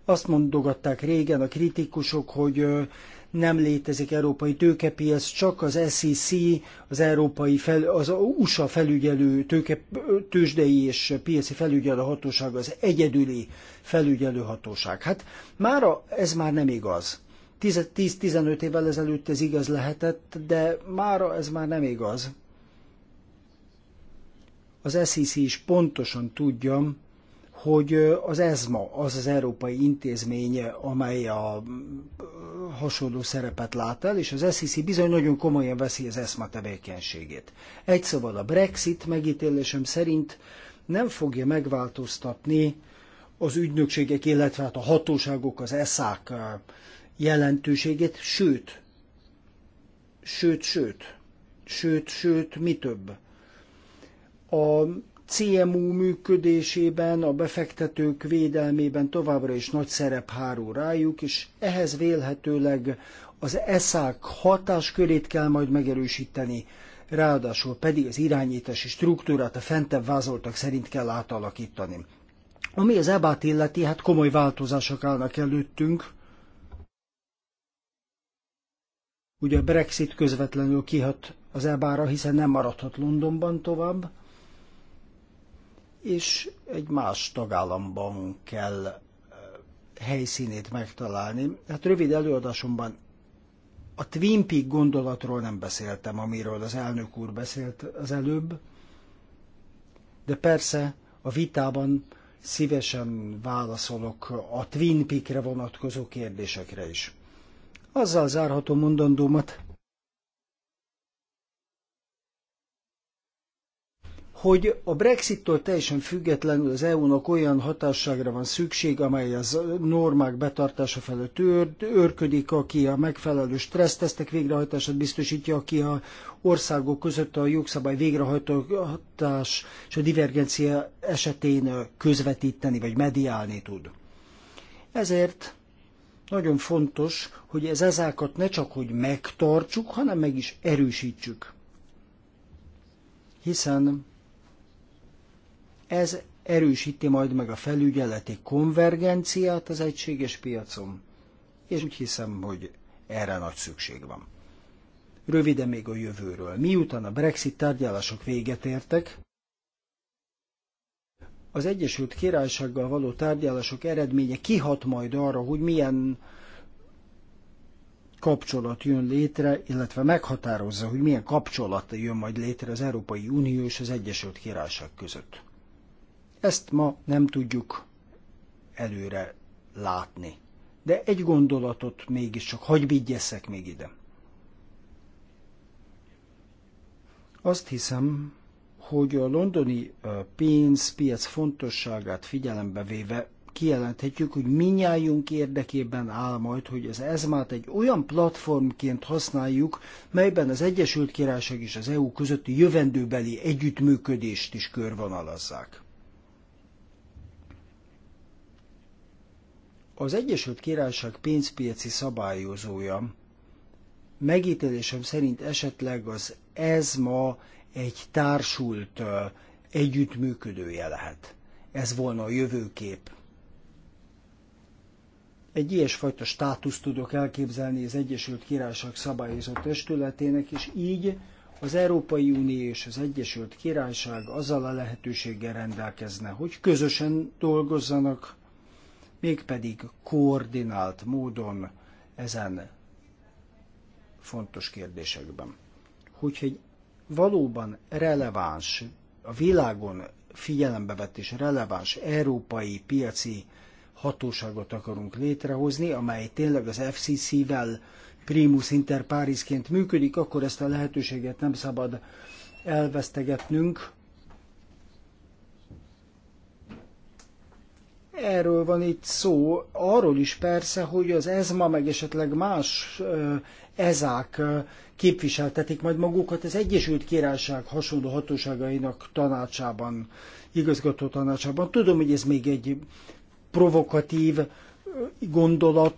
Azt mondogatták régen a kritikusok, hogy nem létezik európai tőkepiac, csak az SEC, az európai fel, az USA felügyelő tőke, tőzsdei és piaci felügyelő hatóság az egyedüli felügyelő hatóság. Hát mára ez már nem igaz. 10-15 évvel ezelőtt ez igaz lehetett, de mára ez már nem igaz. Az SEC is pontosan tudja, hogy az ESMA az az európai intézmény, amely a hasonló szerepet lát el, és az SEC bizony nagyon komolyan veszi az ESMA tevékenységét. Egy szóval a Brexit megítélésem szerint nem fogja megváltoztatni az ügynökségek, illetve hát a hatóságok, az eszák jelentőségét, sőt, sőt, sőt, sőt, sőt, mi több. A CMU működésében, a befektetők védelmében továbbra is nagy szerep hárul rájuk, és ehhez vélhetőleg az ESZÁK hatáskörét kell majd megerősíteni, ráadásul pedig az irányítási struktúrát a fentebb vázoltak szerint kell átalakítani. Ami az EBÁT illeti, hát komoly változások állnak előttünk. Ugye a Brexit közvetlenül kihat az EBÁ-ra, hiszen nem maradhat Londonban tovább és egy más tagállamban kell helyszínét megtalálni. Hát rövid előadásomban a Twin Peak gondolatról nem beszéltem, amiről az elnök úr beszélt az előbb, de persze a vitában szívesen válaszolok a Twin Peak-re vonatkozó kérdésekre is. Azzal zárható mondandómat, hogy a Brexittől teljesen függetlenül az EU-nak olyan hatásságra van szükség, amely az normák betartása felett őr, őrködik, aki a megfelelő stressztesztek végrehajtását biztosítja, aki a országok között a jogszabály végrehajtás és a divergencia esetén közvetíteni vagy mediálni tud. Ezért nagyon fontos, hogy ez ezákat ne csak hogy megtartsuk, hanem meg is erősítsük. Hiszen ez erősíti majd meg a felügyeleti konvergenciát az egységes piacon, és úgy hiszem, hogy erre nagy szükség van. Röviden még a jövőről. Miután a Brexit tárgyalások véget értek, az Egyesült Királysággal való tárgyalások eredménye kihat majd arra, hogy milyen kapcsolat jön létre, illetve meghatározza, hogy milyen kapcsolat jön majd létre az Európai Unió és az Egyesült Királyság között. Ezt ma nem tudjuk előre látni. De egy gondolatot mégiscsak, hagyj vigyeszek még ide. Azt hiszem, hogy a londoni pénzpiac fontosságát figyelembe véve kijelenthetjük, hogy minnyájunk érdekében áll majd, hogy az ezmát egy olyan platformként használjuk, melyben az Egyesült Királyság és az EU közötti jövendőbeli együttműködést is körvonalazzák. Az Egyesült Királyság pénzpiaci szabályozója megítélésem szerint esetleg az ESMA egy társult együttműködője lehet. Ez volna a jövőkép. Egy ilyesfajta státuszt tudok elképzelni az Egyesült Királyság szabályozó testületének, és így az Európai Unió és az Egyesült Királyság azzal a lehetőséggel rendelkezne, hogy közösen dolgozzanak mégpedig koordinált módon ezen fontos kérdésekben. Úgyhogy egy valóban releváns, a világon figyelembe vett és releváns európai piaci hatóságot akarunk létrehozni, amely tényleg az FCC-vel primus inter parisként működik, akkor ezt a lehetőséget nem szabad elvesztegetnünk, erről van itt szó, arról is persze, hogy az ESMA meg esetleg más ezák képviseltetik majd magukat az Egyesült Királyság hasonló hatóságainak tanácsában, igazgató tanácsában. Tudom, hogy ez még egy provokatív gondolat,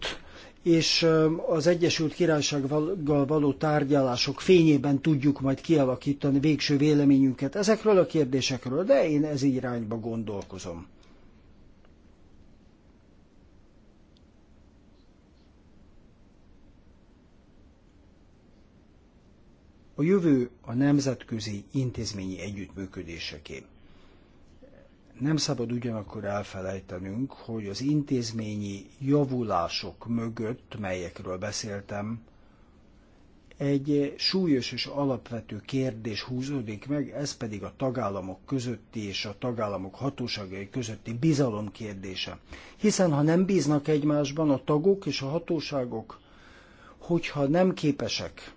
és az Egyesült Királysággal való tárgyalások fényében tudjuk majd kialakítani végső véleményünket ezekről a kérdésekről, de én ez irányba gondolkozom. A jövő a nemzetközi intézményi együttműködéseké. Nem szabad ugyanakkor elfelejtenünk, hogy az intézményi javulások mögött, melyekről beszéltem, egy súlyos és alapvető kérdés húzódik meg, ez pedig a tagállamok közötti és a tagállamok hatóságai közötti bizalom kérdése. Hiszen ha nem bíznak egymásban a tagok és a hatóságok, hogyha nem képesek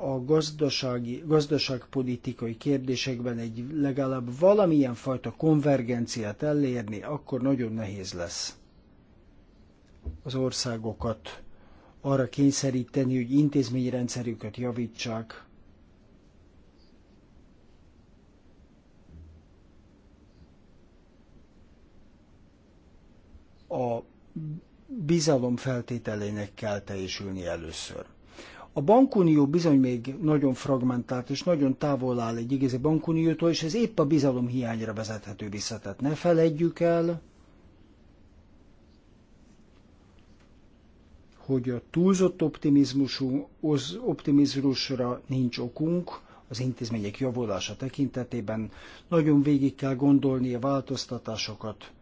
a gazdasági, gazdaságpolitikai kérdésekben egy legalább valamilyen fajta konvergenciát elérni, akkor nagyon nehéz lesz az országokat arra kényszeríteni, hogy intézményrendszerüket javítsák, a bizalom feltételének kell teljesülni először. A bankunió bizony még nagyon fragmentált és nagyon távol áll egy igazi bankuniótól, és ez épp a bizalom hiányra vezethető vissza. Tehát ne feledjük el, hogy a túlzott optimizmusú, az optimizmusra nincs okunk, az intézmények javulása tekintetében nagyon végig kell gondolni a változtatásokat,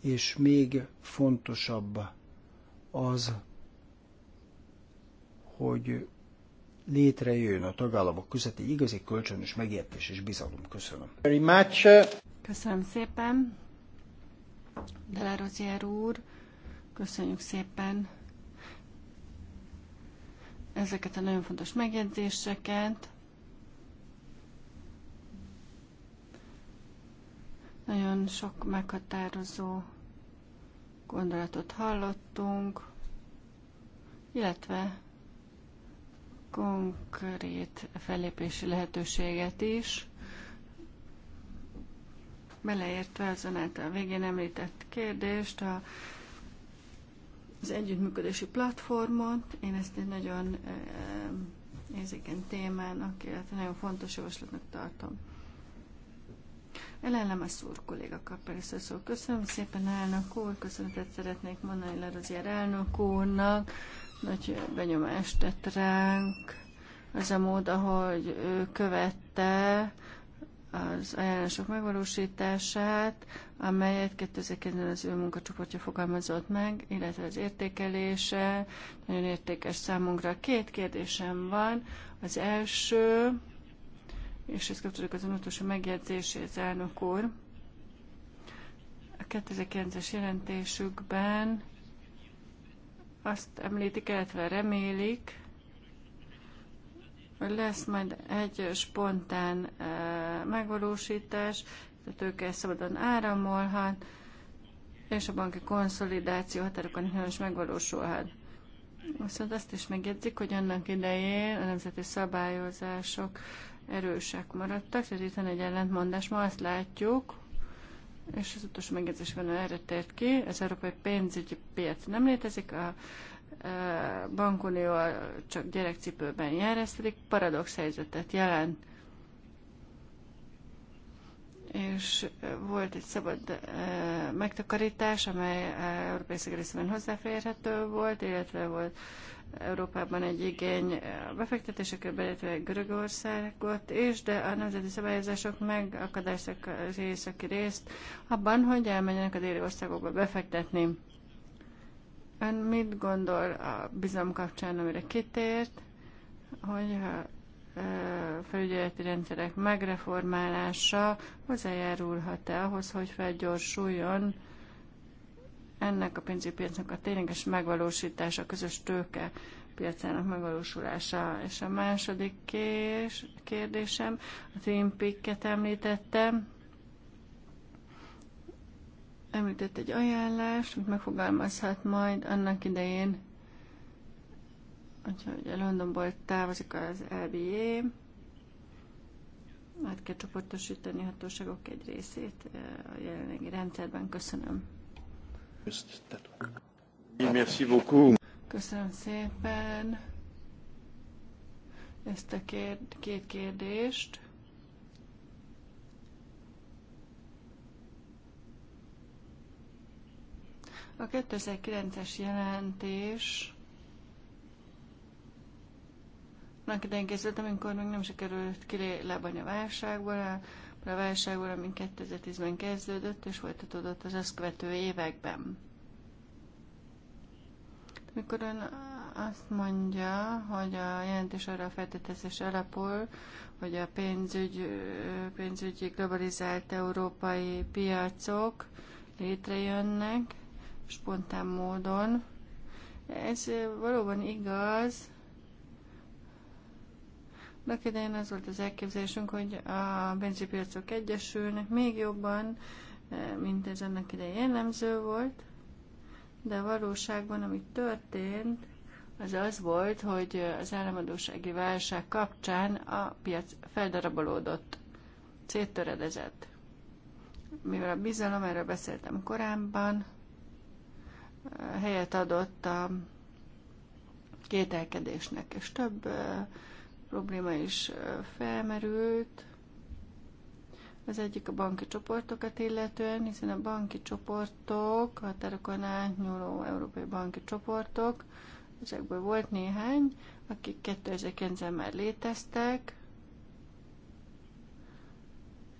és még fontosabb az, hogy létrejön a tagállamok közötti igazi kölcsönös megértés és bizalom. Köszönöm. Very much. Köszönöm szépen. Delarozier úr, köszönjük szépen ezeket a nagyon fontos megjegyzéseket. Nagyon sok meghatározó gondolatot hallottunk, illetve konkrét fellépési lehetőséget is, beleértve azon által végén említett kérdést, a, az együttműködési platformot. Én ezt egy nagyon e, érzékeny témának, illetve nagyon fontos javaslatnak tartom. Elellem a szúr kolléga kap először szó. Köszönöm szépen, elnök úr, köszönetet szeretnék mondani Lerozier elnök úrnak, nagy benyomást tett ránk az a mód, ahogy ő követte az ajánlások megvalósítását, amelyet 2009-ben az ő munkacsoportja fogalmazott meg, illetve az értékelése nagyon értékes számunkra. Két kérdésem van. Az első, és ez kapcsolódik az utolsó megjegyzéséhez, elnök úr. A 2009-es jelentésükben azt említik, illetve remélik, hogy lesz majd egy spontán megvalósítás, a tőke szabadon áramolhat, és a banki konszolidáció határokon is megvalósulhat. Viszont azt is megjegyzik, hogy annak idején a nemzeti szabályozások erősek maradtak, tehát itt van egy ellentmondás. Ma azt látjuk, és az utolsó megjegyzésben erre tért ki, az európai pénzügyi piac nem létezik, a bankunió csak gyerekcipőben jár, ez pedig paradox helyzetet jelent. És volt egy szabad megtakarítás, amely európai Szegedészben hozzáférhető volt, illetve volt Európában egy igény a befektetésekre, illetve Görögországot is, de a nemzeti szabályozások megakadályozzák az északi részt abban, hogy elmenjenek a déli országokba befektetni. Ön mit gondol a bizalom kapcsán, amire kitért, hogy a felügyeleti rendszerek megreformálása hozzájárulhat-e ahhoz, hogy felgyorsuljon ennek a pénzügyi piacnak a tényleges megvalósítása, a közös tőke piacának megvalósulása. És a második kés, kérdésem, a Twin Peak-et említettem, említett egy ajánlást, amit megfogalmazhat majd annak idején, hogyha ugye Londonból távozik az LBA, át kell csoportosítani hatóságok egy részét eh, a jelenlegi rendszerben. Köszönöm. Köszönöm szépen ezt a kér- két kérdést. A 2009-es jelentés annak idején készült, amikor még nem sikerült kilé lábani a válságból, a válságból, ami 2010-ben kezdődött és folytatódott az ezt követő években. Mikor ön azt mondja, hogy a jelentés arra a feltételezés alapul, hogy a pénzügy, pénzügyi globalizált európai piacok létrejönnek spontán módon, ez valóban igaz, annak idején az volt az elképzelésünk, hogy a benzinpiacok egyesülnek még jobban, eh, mint ez annak idején jellemző volt, de a valóságban, ami történt, az az volt, hogy az államadósági válság kapcsán a piac feldarabolódott, széttöredezett. Mivel a bizalom, erről beszéltem korábban, eh, helyet adott a kételkedésnek, és több eh, probléma is felmerült. Az egyik a banki csoportokat illetően, hiszen a banki csoportok, a határokon átnyúló európai banki csoportok, ezekből volt néhány, akik 2009-ben már léteztek,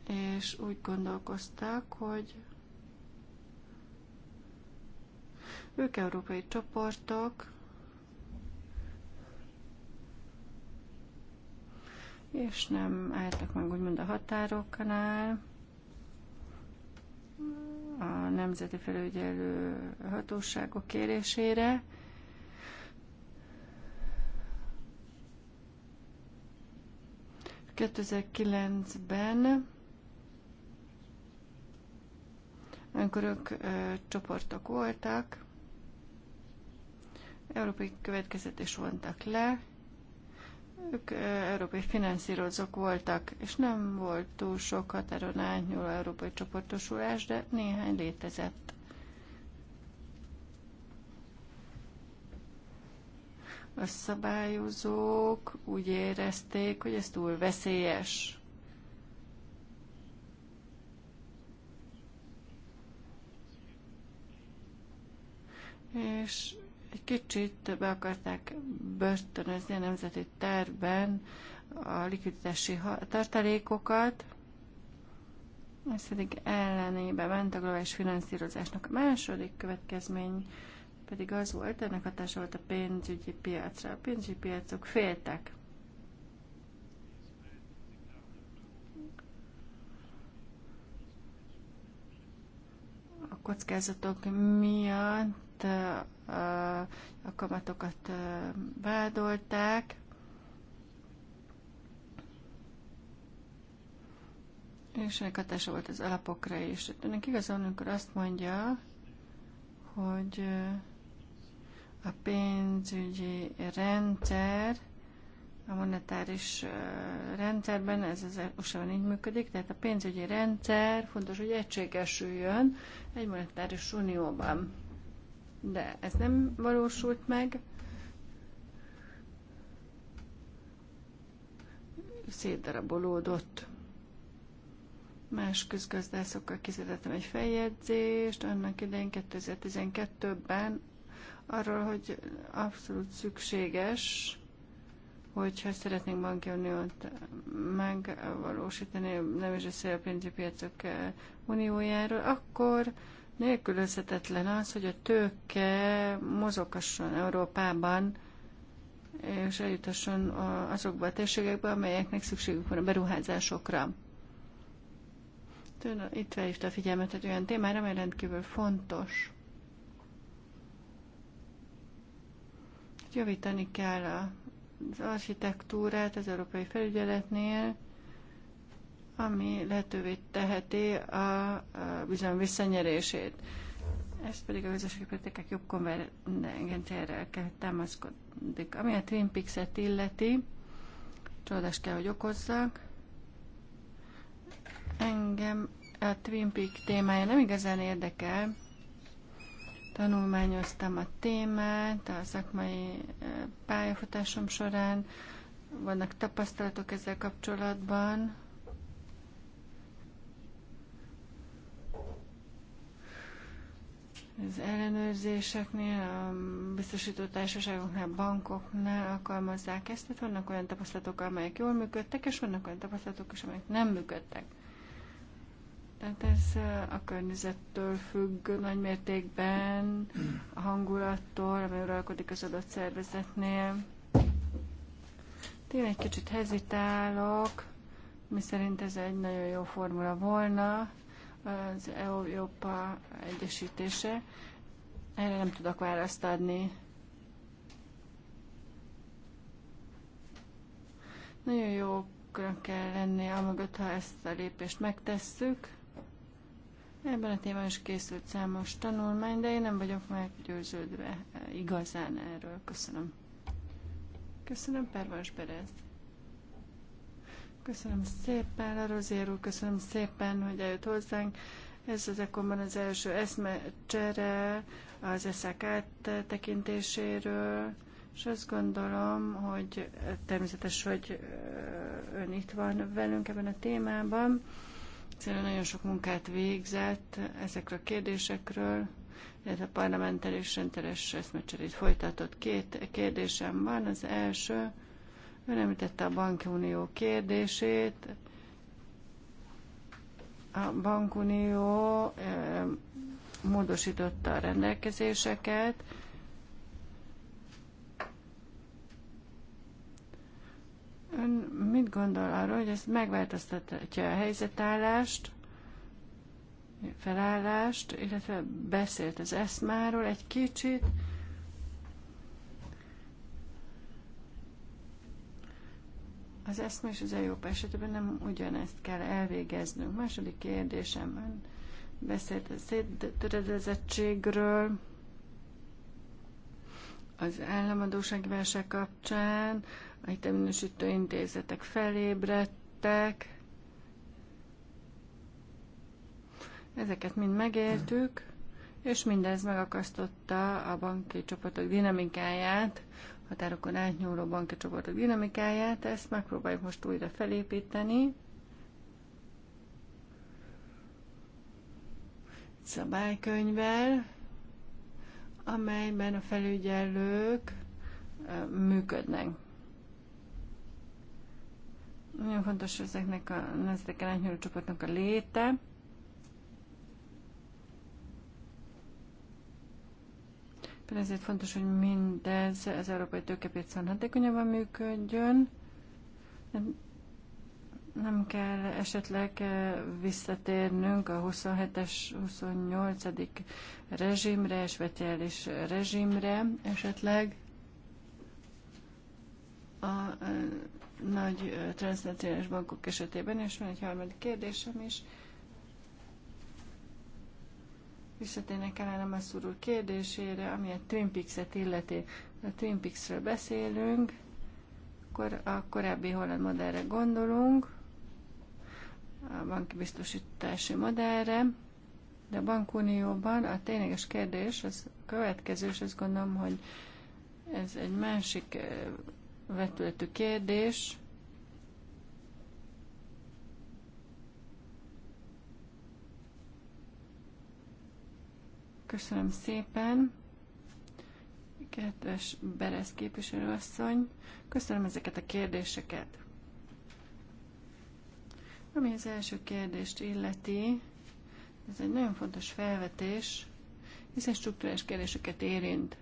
és úgy gondolkoztak, hogy ők európai csoportok, és nem álltak meg úgymond a határoknál. A Nemzeti Felügyelő Hatóságok kérésére. ...2009-ben ö, csoportok voltak, európai következetés vontak le, ők európai finanszírozók voltak, és nem volt túl sok határon átnyúló európai csoportosulás, de néhány létezett. A szabályozók úgy érezték, hogy ez túl veszélyes. És egy kicsit be akarták börtönözni a nemzeti tervben a likviditási tartalékokat, ez pedig ellenébe ment a globális finanszírozásnak. A második következmény pedig az volt, ennek hatása volt a pénzügyi piacra. A pénzügyi piacok féltek. A kockázatok miatt a kamatokat vádolták. És ennek hatása volt az alapokra is. Önnek igazán, amikor azt mondja, hogy a pénzügyi rendszer, a monetáris rendszerben, ez az USA-ban így működik, tehát a pénzügyi rendszer fontos, hogy egységesüljön egy monetáris unióban de ez nem valósult meg. Szétdarabolódott. Más közgazdászokkal kizetettem egy feljegyzést, annak idején 2012-ben arról, hogy abszolút szükséges, hogyha szeretnénk banki uniót megvalósítani, nem is a szélpénzi piacok uniójáról, akkor Nélkülözhetetlen az, hogy a tőke mozogasson Európában, és eljutasson azokba a térségekbe, amelyeknek szükségük van a beruházásokra. Itt felhívta a figyelmet egy olyan témára, amely rendkívül fontos. Javítani kell az architektúrát az európai felügyeletnél, ami lehetővé teheti a, a visszanyerését. Ez pedig a politikák jobb konvergenciára kell támaszkodik. Ami a Twin Peaks-et illeti, csodás kell, hogy okozzak. Engem a Twin Peaks témája nem igazán érdekel. Tanulmányoztam a témát a szakmai e, pályafutásom során, vannak tapasztalatok ezzel kapcsolatban, az ellenőrzéseknél, a biztosító társaságoknál, bankoknál alkalmazzák ezt, tehát vannak olyan tapasztalatok, amelyek jól működtek, és vannak olyan tapasztalatok is, amelyek nem működtek. Tehát ez a környezettől függ nagy mértékben, a hangulattól, amely uralkodik az adott szervezetnél. Tényleg egy kicsit hezitálok, mi szerint ez egy nagyon jó formula volna, az Európa egyesítése. Erre nem tudok választ adni. Nagyon jó kell lenni, amögött, ha ezt a lépést megtesszük. Ebben a témában is készült számos tanulmány, de én nem vagyok meggyőződve igazán erről. Köszönöm. Köszönöm, Pervas Berez. Köszönöm szépen, Larozér úr, köszönöm szépen, hogy eljött hozzánk. Ez az ekkorban az első eszmecsere az eszek tekintéséről, és azt gondolom, hogy természetes, hogy ön itt van velünk ebben a témában. Egyszerűen nagyon sok munkát végzett ezekről a kérdésekről, illetve a parlamentális rendszeres eszmecserét folytatott. Két kérdésem van. Az első, Ön említette a bankunió kérdését. A bankunió eh, módosította a rendelkezéseket, Ön mit gondol arról, hogy ez megváltoztatja a helyzetállást, felállást, illetve beszélt az eszmáról egy kicsit, Az eszme és az Európa esetében nem ugyanezt kell elvégeznünk. Második kérdésem, ön beszélt a széttöredezettségről, az államadósági válság kapcsán, a hitelminősítő intézetek felébredtek, Ezeket mind megéltük, és mindez megakasztotta a banki csoportok dinamikáját, határokon átnyúló banki csoportok dinamikáját, ezt megpróbáljuk most újra felépíteni. Szabálykönyvvel, amelyben a felügyelők működnek. Nagyon fontos ezeknek a nemzeteken átnyúló csoportnak a léte, Ezért fontos, hogy mindez az európai tőkepiacon hatékonyabban működjön. Nem, nem kell esetleg eh, visszatérnünk a 27-es, 28. rezsimre, speciális rezsimre esetleg. A eh, nagy eh, transznacionális bankok esetében, és van egy harmadik kérdésem is. Visszatérnek el a úr kérdésére, ami a Twin Peaks-et illeti. A Twin Peaks-ről beszélünk, akkor a korábbi holland modellre gondolunk, a banki biztosítási modellre, de a bankunióban a tényleges kérdés az következő, és azt gondolom, hogy ez egy másik eh, vetületű kérdés, Köszönöm szépen. Kedves Berez képviselőasszony, köszönöm ezeket a kérdéseket. Ami az első kérdést illeti, ez egy nagyon fontos felvetés, hiszen struktúrás kérdéseket érint.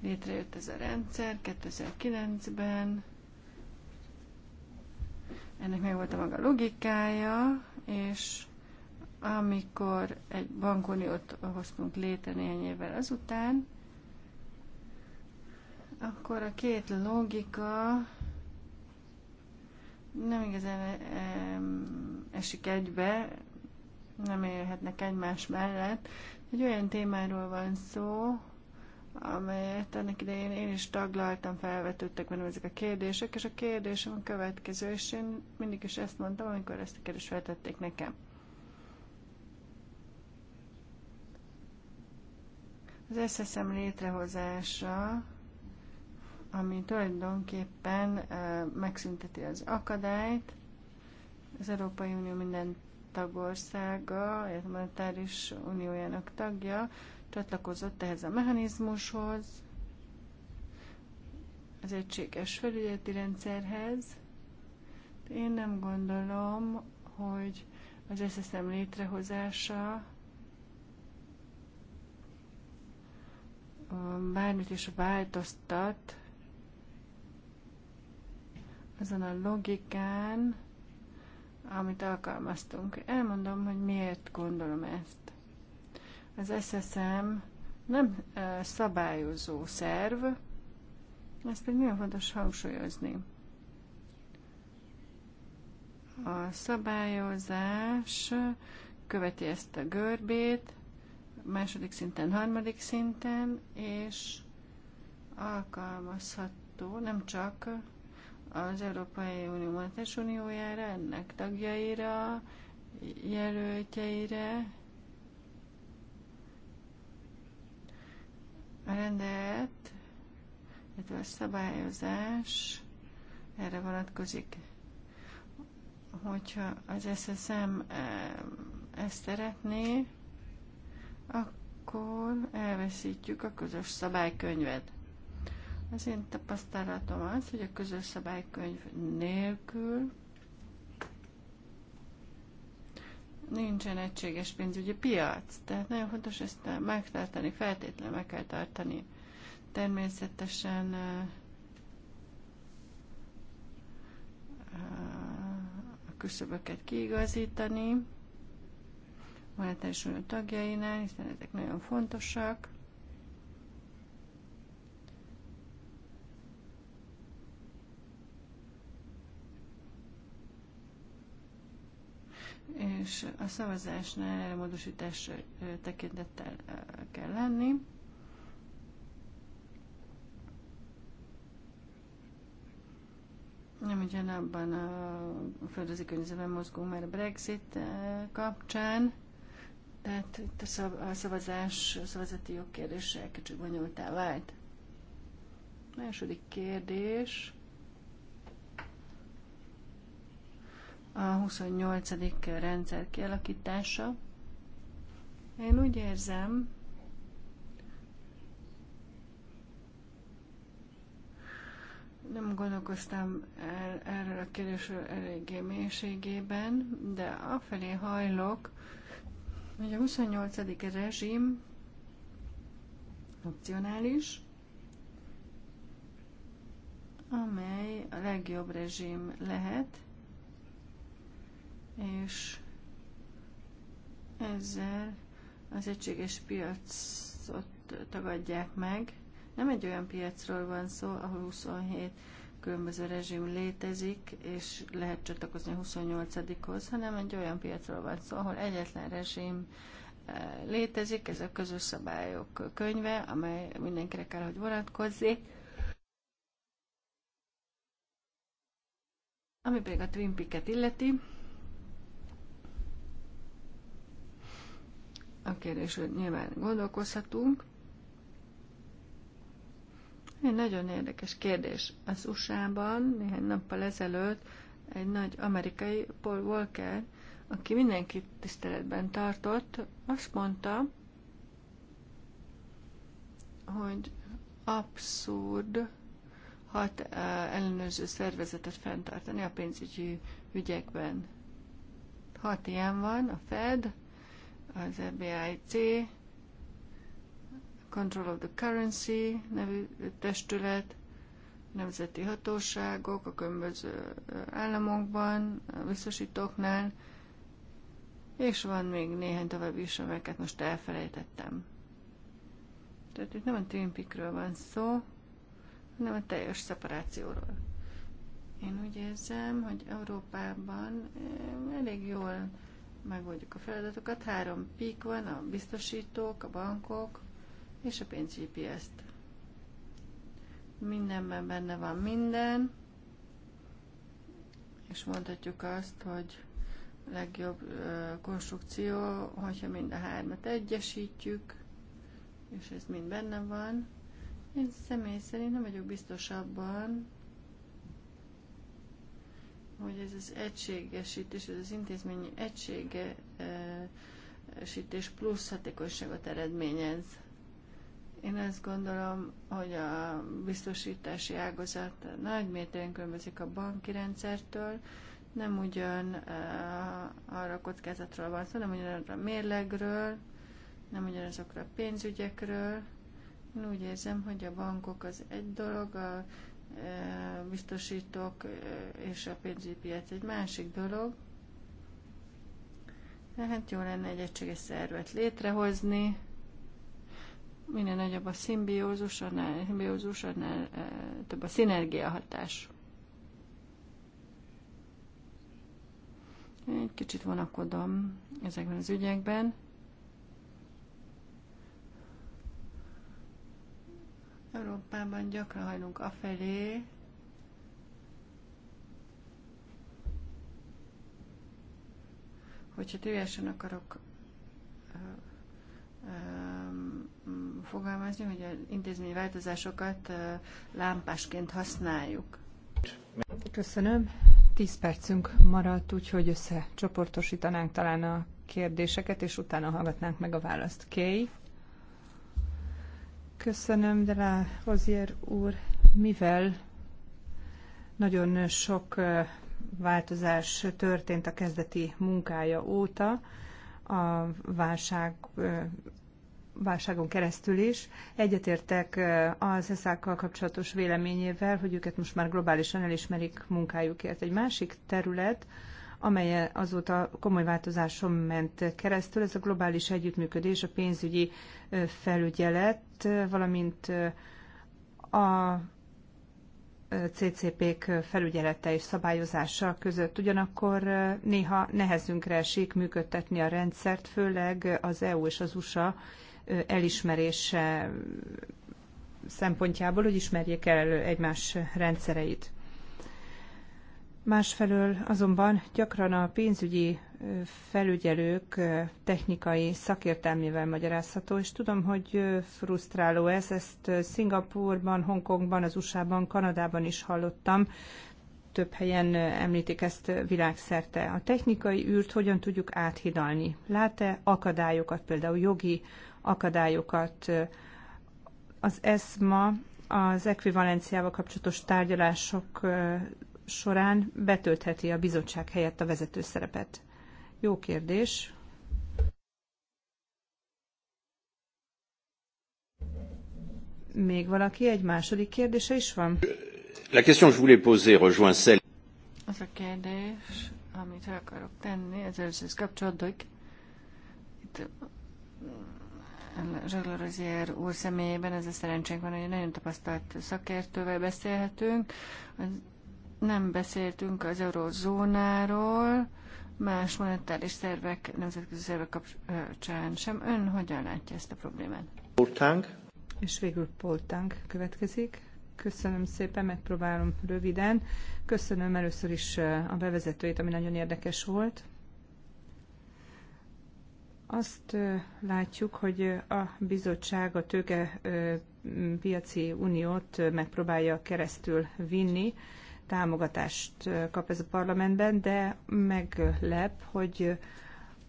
Létrejött ez a rendszer 2009-ben, ennek meg volt a maga logikája, és amikor egy bankuniót hoztunk létre néhány évvel azután, akkor a két logika nem igazán esik egybe, nem élhetnek egymás mellett. Egy olyan témáról van szó, amelyet annak idején én is taglaltam, felvetődtek benne ezek a kérdések, és a kérdésem a következő, és én mindig is ezt mondtam, amikor ezt a kérdést feltették nekem. Az összeszem létrehozása, ami tulajdonképpen megszünteti az akadályt, az Európai Unió minden tagországa, a monetáris uniójának tagja csatlakozott ehhez a mechanizmushoz, az egységes felügyeleti rendszerhez. Én nem gondolom, hogy az SSM létrehozása bármit is változtat azon a logikán, amit alkalmaztunk. Elmondom, hogy miért gondolom ezt. Az SSM nem szabályozó szerv, ezt pedig nagyon fontos hangsúlyozni. A szabályozás követi ezt a görbét, második szinten, harmadik szinten, és alkalmazható nem csak az Európai Unió Monetáris Uniójára, ennek tagjaira, jelöltjeire. A rendelet, illetve a szabályozás erre vonatkozik. Hogyha az SSM eh, ezt szeretné, akkor elveszítjük a közös szabálykönyvet. Az én tapasztalatom az, hogy a közös szabálykönyv nélkül nincsen egységes pénzügyi piac. Tehát nagyon fontos ezt megtartani, feltétlenül meg kell tartani. Természetesen a küszöböket kiigazítani, monetáris unió tagjainál, hiszen ezek nagyon fontosak. és a szavazásnál erre módosítás tekintettel kell lenni. Nem ugyanabban a földrajzi környezetben mozgunk már a Brexit kapcsán. Tehát itt a, szav, a szavazás, a szavazati jogkérdése kicsit bonyolultá vált. Második kérdés. A 28. rendszer kialakítása. Én úgy érzem, nem gondolkoztam el, erről a kérdésről eléggé mélységében, de afelé hajlok, hogy a 28. rezsim opcionális, amely a legjobb rezsim lehet, és ezzel az egységes piacot tagadják meg. Nem egy olyan piacról van szó, ahol 27 különböző rezsim létezik, és lehet csatlakozni a 28-hoz, hanem egy olyan piacról van szó, ahol egyetlen rezsim eh, létezik, ez a közös szabályok könyve, amely mindenkire kell, hogy vonatkozzék. Ami pedig a Twin Peak-et illeti, a kérdés, hogy nyilván gondolkozhatunk, egy nagyon érdekes kérdés. Az USA-ban néhány nappal ezelőtt egy nagy amerikai Paul Walker, aki mindenkit tiszteletben tartott, azt mondta, hogy abszurd hat eh, ellenőrző szervezetet fenntartani a pénzügyi ügyekben. Hat ilyen van, a Fed, az FBIC, Control of the Currency nevű testület, nemzeti hatóságok a különböző államokban, a biztosítóknál, és van még néhány további is, amelyeket most elfelejtettem. Tehát itt nem a Twin van szó, hanem a teljes szeparációról. Én úgy érzem, hogy Európában eh, elég jól megoldjuk a feladatokat. Három pik van, a biztosítók, a bankok, és a gps t Mindenben benne van minden, és mondhatjuk azt, hogy a legjobb konstrukció, hogyha mind a hármat egyesítjük, és ez mind benne van. Én személy szerint nem vagyok biztos abban, hogy ez az egységesítés, ez az intézményi egységesítés plusz hatékonyságot eredményez. Én azt gondolom, hogy a biztosítási ágazat nagy mértékben különbözik a banki rendszertől, nem ugyan eh, arra a kockázatról van szó, nem ugyan arra a mérlegről, nem ugyan azokra a pénzügyekről. Én úgy érzem, hogy a bankok az egy dolog, a eh, biztosítók eh, és a pénzügyi piac egy másik dolog. hát jó lenne egy egységes szervet létrehozni, minél nagyobb a szimbiózus, annál, szimbiózus, annál több a szinergia hatás. Egy kicsit vonakodom ezekben az ügyekben. Európában gyakran hajlunk afelé, hogyha tűjesen akarok fogalmazni, hogy az intézmény változásokat lámpásként használjuk. Köszönöm. Tíz percünk maradt, úgyhogy összecsoportosítanánk talán a kérdéseket, és utána hallgatnánk meg a választ. Kay. Köszönöm, de lá, Hozier úr, mivel nagyon sok változás történt a kezdeti munkája óta, a válság válságon keresztül is. Egyetértek az eszákkal kapcsolatos véleményével, hogy őket most már globálisan elismerik munkájukért. Egy másik terület, amely azóta komoly változáson ment keresztül, ez a globális együttműködés, a pénzügyi felügyelet, valamint a CCP-k felügyelete és szabályozása között. Ugyanakkor néha nehezünkre esik működtetni a rendszert, főleg az EU és az USA elismerése szempontjából, hogy ismerjék el egymás rendszereit. Másfelől azonban gyakran a pénzügyi felügyelők technikai szakértelmével magyarázható, és tudom, hogy frusztráló ez, ezt Szingapurban, Hongkongban, az USA-ban, Kanadában is hallottam, több helyen említik ezt világszerte. A technikai űrt hogyan tudjuk áthidalni? Lát-e akadályokat, például jogi akadályokat? Az ESMA az ekvivalenciával kapcsolatos tárgyalások során betöltheti a bizottság helyett a vezető szerepet? Jó kérdés. Még valaki? Egy második kérdése is van? La question que je voulais poser rejoint celle... Az a kérdés, amit el akarok tenni, ez először kapcsolódik. Itt Zsagla mm, Rozier úr személyében ez a szerencsénk van, hogy nagyon tapasztalt szakértővel beszélhetünk. Az nem beszéltünk az eurozónáról, más monetáris szervek, nemzetközi szervek kapcsán sem. Ön hogyan látja ezt a problémát? Poltánk. És végül Poltánk következik. Köszönöm szépen, megpróbálom röviden. Köszönöm először is a bevezetőjét, ami nagyon érdekes volt. Azt látjuk, hogy a bizottság a tőke piaci uniót megpróbálja keresztül vinni támogatást kap ez a parlamentben, de meglep, hogy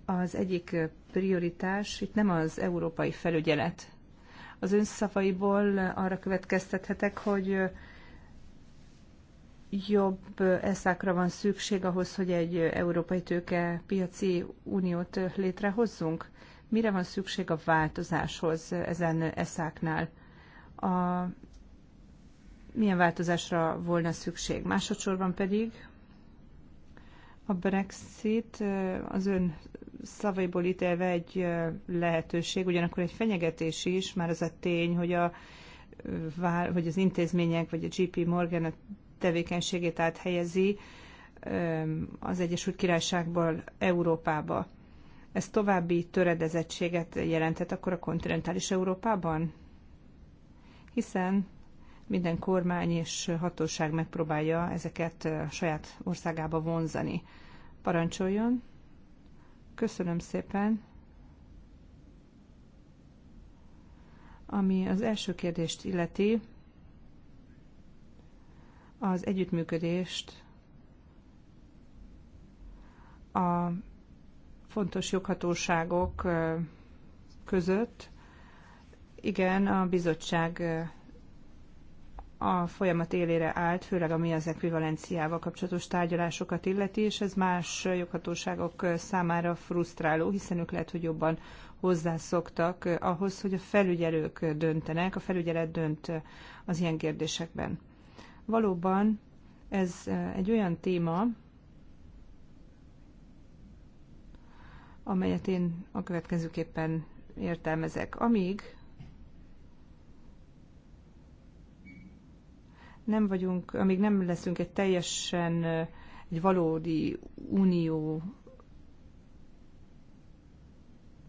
az egyik prioritás itt nem az európai felügyelet. Az ön szavaiból arra következtethetek, hogy jobb eszákra van szükség ahhoz, hogy egy európai tőke piaci uniót létrehozzunk? Mire van szükség a változáshoz ezen eszáknál? A milyen változásra volna szükség. Másodszorban pedig a Brexit az ön szavaiból ítélve egy lehetőség, ugyanakkor egy fenyegetés is, már az a tény, hogy, a, hogy az intézmények vagy a G.P. Morgan a tevékenységét áthelyezi az Egyesült Királyságból Európába. Ez további töredezettséget jelentett akkor a kontinentális Európában? Hiszen minden kormány és hatóság megpróbálja ezeket saját országába vonzani. Parancsoljon! Köszönöm szépen! Ami az első kérdést illeti, az együttműködést a fontos joghatóságok között. Igen, a bizottság a folyamat élére állt, főleg ami az ekvivalenciával kapcsolatos tárgyalásokat illeti, és ez más joghatóságok számára frusztráló, hiszen ők lehet, hogy jobban hozzászoktak ahhoz, hogy a felügyelők döntenek, a felügyelet dönt az ilyen kérdésekben. Valóban ez egy olyan téma, amelyet én a következőképpen értelmezek. Amíg nem vagyunk, amíg nem leszünk egy teljesen egy valódi unió,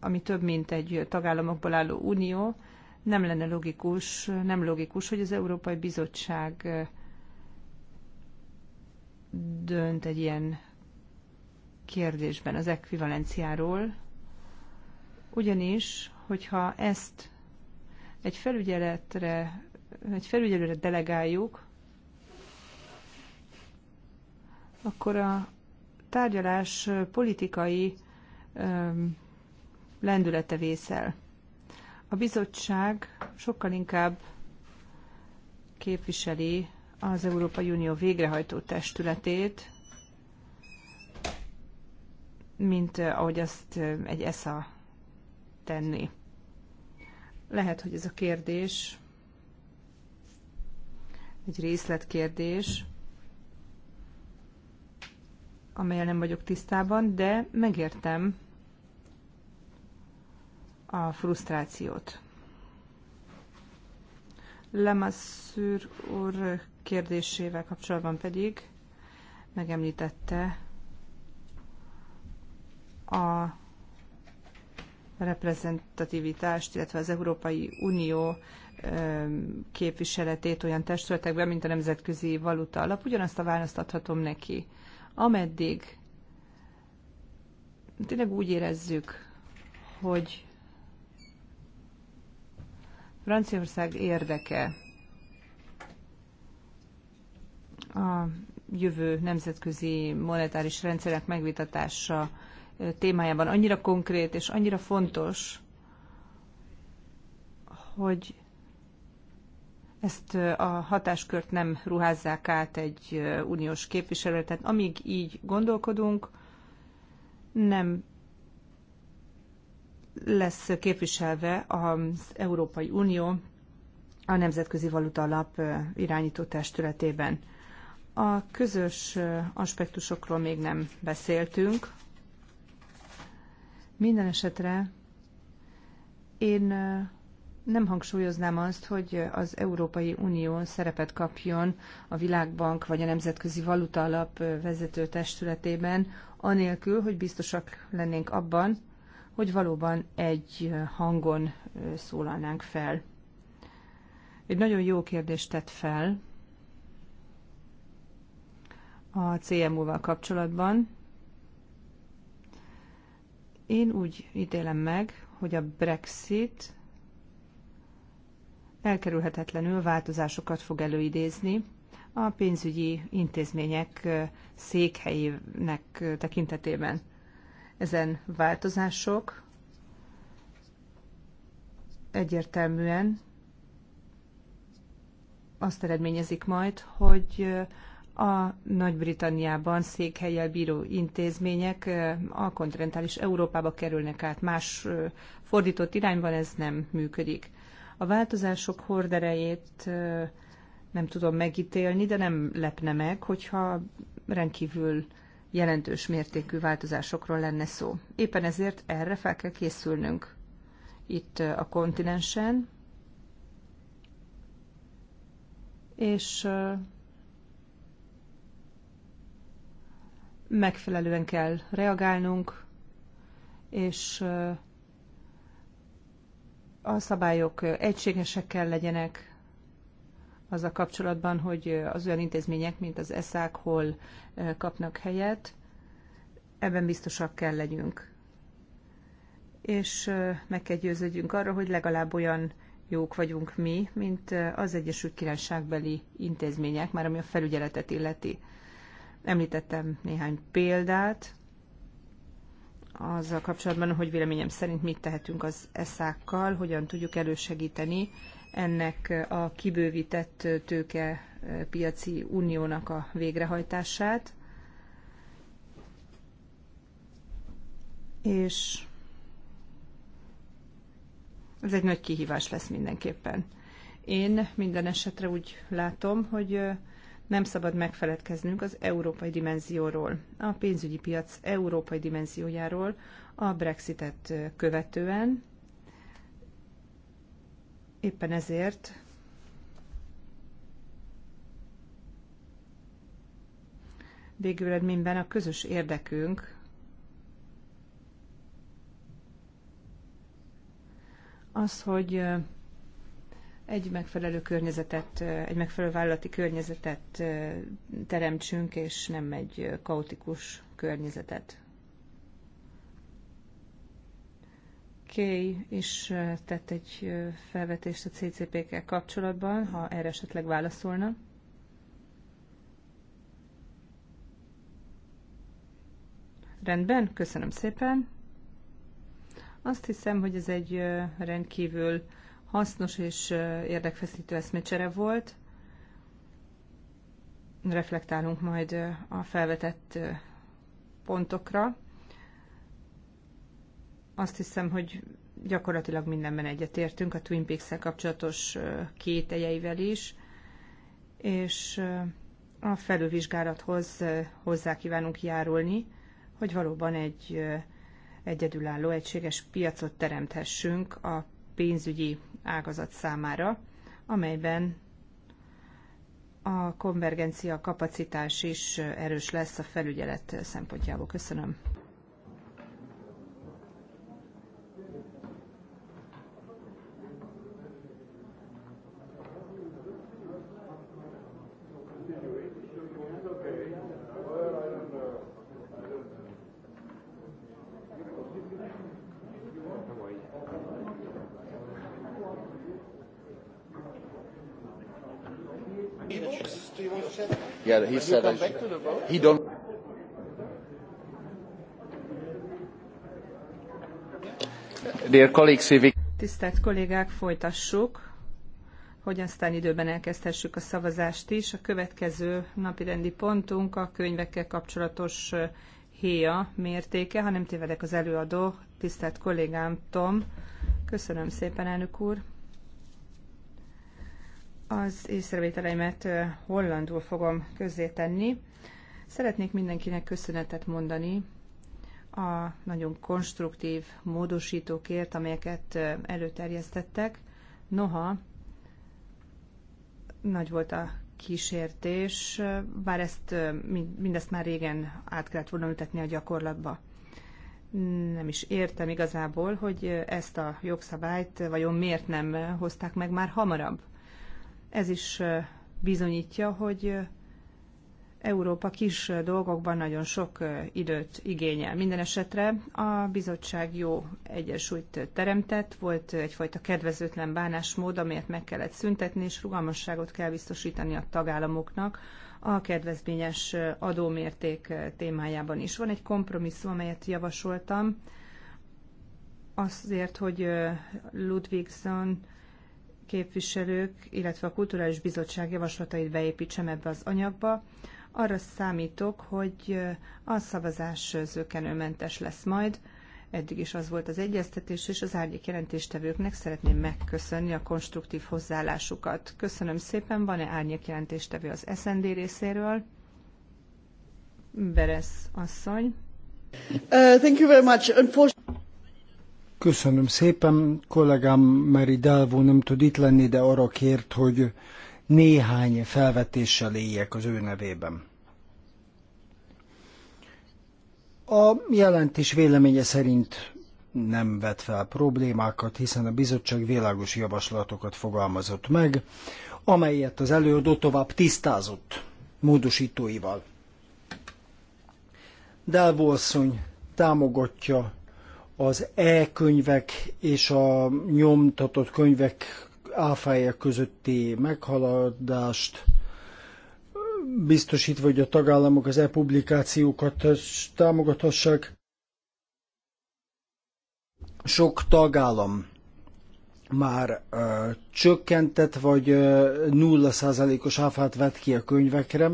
ami több, mint egy tagállamokból álló unió, nem lenne logikus, nem logikus, hogy az Európai Bizottság dönt egy ilyen kérdésben az ekvivalenciáról, ugyanis, hogyha ezt egy felügyeletre, egy felügyelőre delegáljuk, akkor a tárgyalás politikai lendülete vészel. A bizottság sokkal inkább képviseli az Európai Unió végrehajtó testületét, mint eh, ahogy azt eh, egy ESA tenni. Lehet, hogy ez a kérdés egy részletkérdés, amelyel nem vagyok tisztában, de megértem a frusztrációt. Lemasszűr úr kérdésével kapcsolatban pedig megemlítette a reprezentativitást, illetve az Európai Unió képviseletét olyan testületekben, mint a Nemzetközi Valuta Alap. Ugyanazt a választ adhatom neki. Ameddig tényleg úgy érezzük, hogy Franciaország érdeke a jövő nemzetközi monetáris rendszerek megvitatása témájában annyira konkrét és annyira fontos, hogy ezt a hatáskört nem ruházzák át egy uniós képviselő. Tehát amíg így gondolkodunk, nem lesz képviselve az Európai Unió a Nemzetközi Valuta Alap irányító testületében. A közös aspektusokról még nem beszéltünk. Minden esetre én nem hangsúlyoznám azt, hogy az Európai Unió szerepet kapjon a Világbank vagy a Nemzetközi Valuta Alap vezető testületében, anélkül, hogy biztosak lennénk abban, hogy valóban egy hangon szólalnánk fel. Egy nagyon jó kérdést tett fel a CMU-val kapcsolatban. Én úgy ítélem meg, hogy a Brexit elkerülhetetlenül változásokat fog előidézni a pénzügyi intézmények székhelyének tekintetében. Ezen változások egyértelműen azt eredményezik majd, hogy a Nagy-Britanniában székhelyel bíró intézmények a kontinentális Európába kerülnek át. Más fordított irányban ez nem működik. A változások horderejét nem tudom megítélni, de nem lepne meg, hogyha rendkívül jelentős mértékű változásokról lenne szó. Éppen ezért erre fel kell készülnünk itt a kontinensen, és megfelelően kell reagálnunk, és a szabályok egységesek kell legyenek az a kapcsolatban, hogy az olyan intézmények, mint az ESZÁK hol e, kapnak helyet, ebben biztosak kell legyünk. És e, meg kell győződjünk arra, hogy legalább olyan jók vagyunk mi, mint e, az Egyesült Királyságbeli intézmények, már ami a felügyeletet illeti. Említettem néhány példát, azzal kapcsolatban, hogy véleményem szerint mit tehetünk az eszákkal, hogyan tudjuk elősegíteni ennek a kibővített tőke eh, piaci uniónak a végrehajtását. És ez egy nagy kihívás lesz mindenképpen. Én minden esetre úgy látom, hogy eh, nem szabad megfeledkeznünk az európai dimenzióról, a pénzügyi piac európai dimenziójáról a Brexitet követően. Éppen ezért végüledményben a közös érdekünk az, hogy egy megfelelő környezetet, egy megfelelő vállalati környezetet teremtsünk, és nem egy kaotikus környezetet. Kay is tett egy felvetést a CCP-kkel kapcsolatban, ha erre esetleg válaszolna. Rendben, köszönöm szépen. Azt hiszem, hogy ez egy rendkívül hasznos és érdekfeszítő eszmecsere volt. Reflektálunk majd a felvetett pontokra. Azt hiszem, hogy gyakorlatilag mindenben egyetértünk a Twin peaks kapcsolatos kételjeivel is, és a felülvizsgálathoz hozzá kívánunk járulni, hogy valóban egy egyedülálló, egységes piacot teremthessünk a pénzügyi ágazat számára, amelyben a konvergencia kapacitás is erős lesz a felügyelet szempontjából. Köszönöm. he said He don't. Dear colleagues, we... Tisztelt kollégák, folytassuk, hogy aztán időben elkezdhessük a szavazást is. A következő napirendi pontunk a könyvekkel kapcsolatos héja mértéke, ha nem tévedek az előadó, tisztelt kollégám Tom. Köszönöm szépen, elnök úr. Az észrevételeimet hollandul fogom közzétenni. Szeretnék mindenkinek köszönetet mondani a nagyon konstruktív módosítókért, amelyeket előterjesztettek. Noha nagy volt a kísértés, bár ezt mindezt már régen át kellett volna ültetni a gyakorlatba. Nem is értem igazából, hogy ezt a jogszabályt vajon miért nem hozták meg már hamarabb. Ez is bizonyítja, hogy Európa kis dolgokban nagyon sok időt igényel. Minden esetre a bizottság jó egyensúlyt teremtett, volt egyfajta kedvezőtlen bánásmód, amelyet meg kellett szüntetni, és rugalmasságot kell biztosítani a tagállamoknak a kedvezményes adómérték témájában is. Van egy kompromisszum, amelyet javasoltam, azért, hogy Ludwigson képviselők, illetve a Kulturális Bizottság javaslatait beépítsem ebbe az anyagba. Arra számítok, hogy a szavazás zökenőmentes lesz majd. Eddig is az volt az egyeztetés, és az árnyék jelentéstevőknek szeretném megköszönni a konstruktív hozzáállásukat. Köszönöm szépen, van-e árnyék jelentéstevő az SND részéről? Beres asszony. Uh, thank you very much. Unfortunately... Köszönöm szépen, kollégám Mary Delvo nem tud itt lenni, de arra kért, hogy néhány felvetéssel éljek az ő nevében. A jelentés véleménye szerint nem vet fel problémákat, hiszen a bizottság világos javaslatokat fogalmazott meg, amelyet az előadó tovább tisztázott módosítóival. Delvo asszony támogatja az e-könyvek és a nyomtatott könyvek áfája közötti meghaladást, biztosítva, hogy a tagállamok az e-publikációkat támogathassák. Sok tagállam már ö, csökkentett, vagy nulla százalékos áfát vett ki a könyvekre.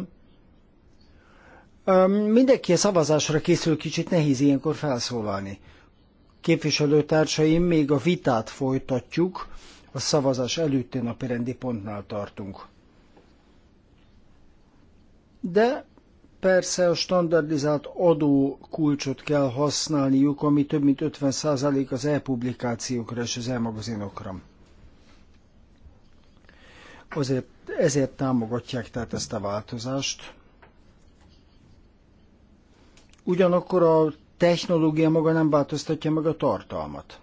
Ö, mindenki a szavazásra készül, kicsit nehéz ilyenkor felszólalni képviselőtársaim, még a vitát folytatjuk, a szavazás előtti napi rendi pontnál tartunk. De persze a standardizált adó kulcsot kell használniuk, ami több mint 50% az e-publikációkra és az e-magazinokra. Azért, ezért támogatják tehát ezt a változást. Ugyanakkor a technológia maga nem változtatja meg a tartalmat.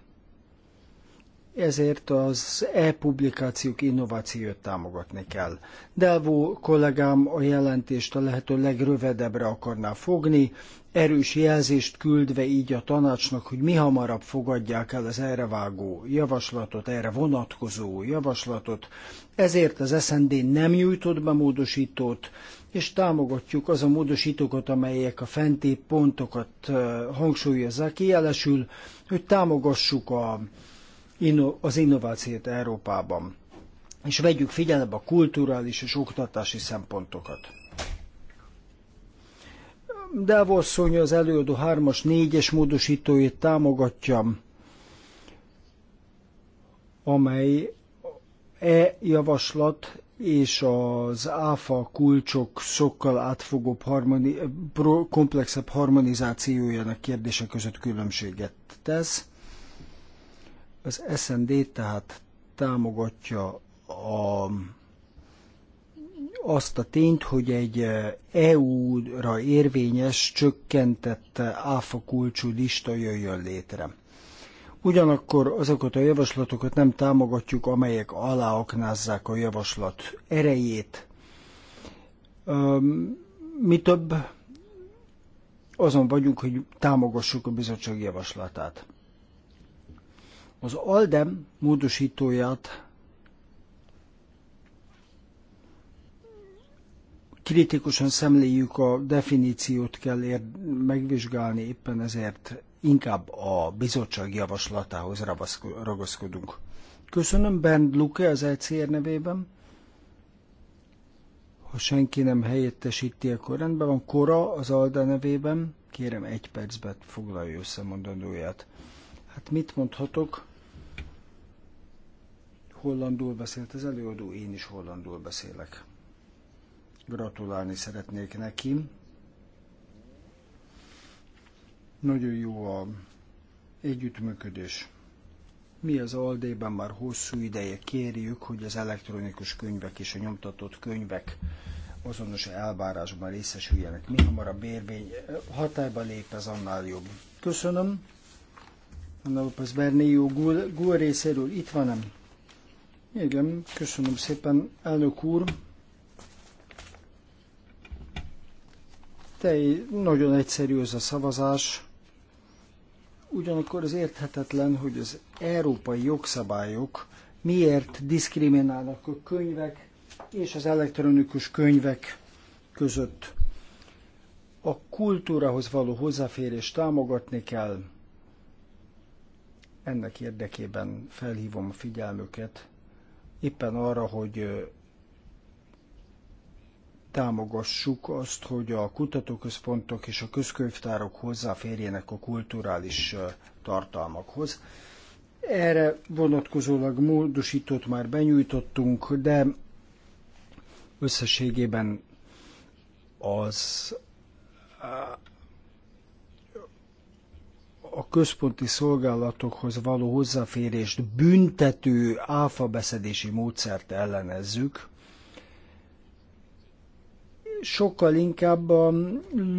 Ezért az e-publikációk innovációt támogatni kell. Delvó kollégám a jelentést a lehető legrövedebbre akarná fogni, erős jelzést küldve így a tanácsnak, hogy mi hamarabb fogadják el az erre vágó javaslatot, erre vonatkozó javaslatot. Ezért az SND nem nyújtott be módosítót, és támogatjuk az a módosítókat, amelyek a fenti pontokat hangsúlyozzák, kijelesül, hogy támogassuk a, az innovációt Európában, és vegyük figyelembe a kulturális és oktatási szempontokat. Delvosszony az előadó 3-as, 4-es módosítóit támogatja, amely e javaslat és az áfa kulcsok sokkal átfogóbb, harmoni, komplexebb harmonizációjának kérdése között különbséget tesz. Az SND tehát támogatja a, azt a tényt, hogy egy EU-ra érvényes, csökkentett áfa kulcsú lista jöjjön létre. Ugyanakkor azokat a javaslatokat nem támogatjuk, amelyek aláaknázzák a javaslat erejét. Mi több, azon vagyunk, hogy támogassuk a bizottság javaslatát. Az ALDEM módosítóját kritikusan szemléljük, a definíciót kell ér- megvizsgálni, éppen ezért inkább a bizottság javaslatához ragaszkodunk. Köszönöm Bernd Luke az ECR nevében. Ha senki nem helyettesíti, akkor rendben van. Kora az Alda nevében. Kérem, egy percben foglalja össze mondandóját. Hát mit mondhatok? Hollandul beszélt az előadó, én is hollandul beszélek. Gratulálni szeretnék neki nagyon jó a együttműködés. Mi az Aldében már hosszú ideje kérjük, hogy az elektronikus könyvek és a nyomtatott könyvek azonos elvárásban részesüljenek. Mi hamar a bérvény hatályba lép, ez annál jobb. Köszönöm. az Berné jó gul, gul részéről itt van Igen, köszönöm szépen, elnök úr. Te, nagyon egyszerű ez a szavazás. Ugyanakkor az érthetetlen, hogy az európai jogszabályok miért diszkriminálnak a könyvek és az elektronikus könyvek között. A kultúrahoz való hozzáférést támogatni kell. Ennek érdekében felhívom a figyelmüket éppen arra, hogy támogassuk azt, hogy a kutatóközpontok és a közkönyvtárok hozzáférjenek a kulturális tartalmakhoz. Erre vonatkozólag módosított már benyújtottunk, de összességében az a központi szolgálatokhoz való hozzáférést büntető áfabeszedési módszert ellenezzük, sokkal inkább a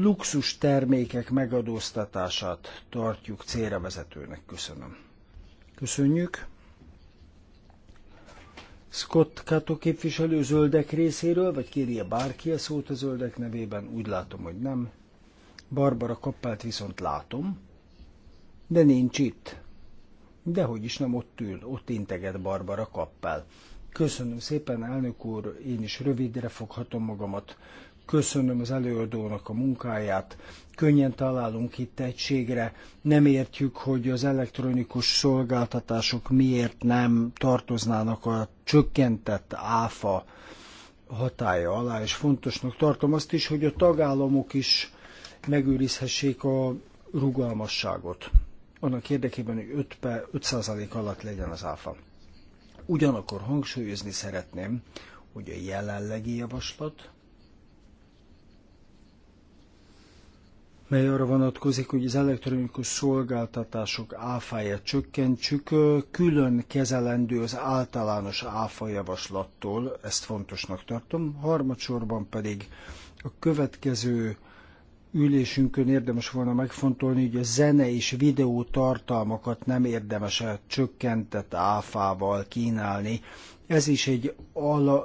luxus termékek megadóztatását tartjuk célra vezetőnek. Köszönöm. Köszönjük. Scott Kato képviselő zöldek részéről, vagy kérje bárki a szót a zöldek nevében? Úgy látom, hogy nem. Barbara Kappelt viszont látom, de nincs itt. Dehogy is nem ott ül, ott integet Barbara Kappel. Köszönöm szépen, elnök úr, én is rövidre foghatom magamat. Köszönöm az előadónak a munkáját. Könnyen találunk itt egységre. Nem értjük, hogy az elektronikus szolgáltatások miért nem tartoznának a csökkentett áfa hatája alá, és fontosnak tartom azt is, hogy a tagállamok is megőrizhessék a rugalmasságot. Annak érdekében, hogy 5, alatt legyen az áfa. Ugyanakkor hangsúlyozni szeretném, hogy a jelenlegi javaslat mely arra vonatkozik, hogy az elektronikus szolgáltatások áfáját csökkentsük, külön kezelendő az általános áfa javaslattól, ezt fontosnak tartom, harmadsorban pedig a következő ülésünkön érdemes volna megfontolni, hogy a zene és videó tartalmakat nem érdemes -e csökkentett áfával kínálni, ez is egy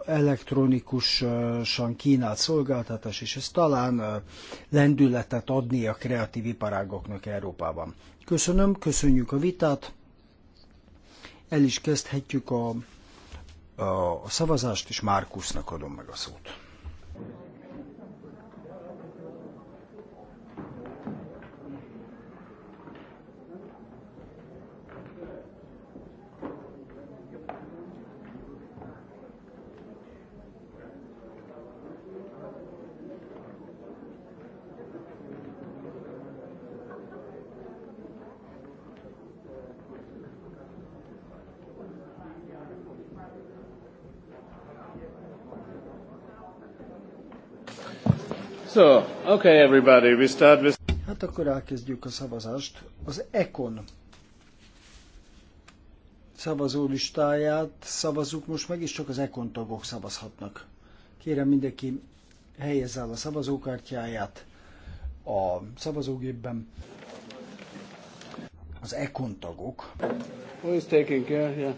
elektronikusan kínált szolgáltatás, és ez talán lendületet adni a kreatív iparágoknak Európában. Köszönöm, köszönjük a vitát. El is kezdhetjük a, a, szavazást, és Márkusznak adom meg a szót. So, okay everybody, we start with... Hát akkor elkezdjük a szavazást. Az Econ szavazó listáját szavazzuk most meg, és csak az Econ tagok szavazhatnak. Kérem mindenki helyezze el a szavazókártyáját a szavazógépben. Az Econ tagok. Who is taking care? Yeah.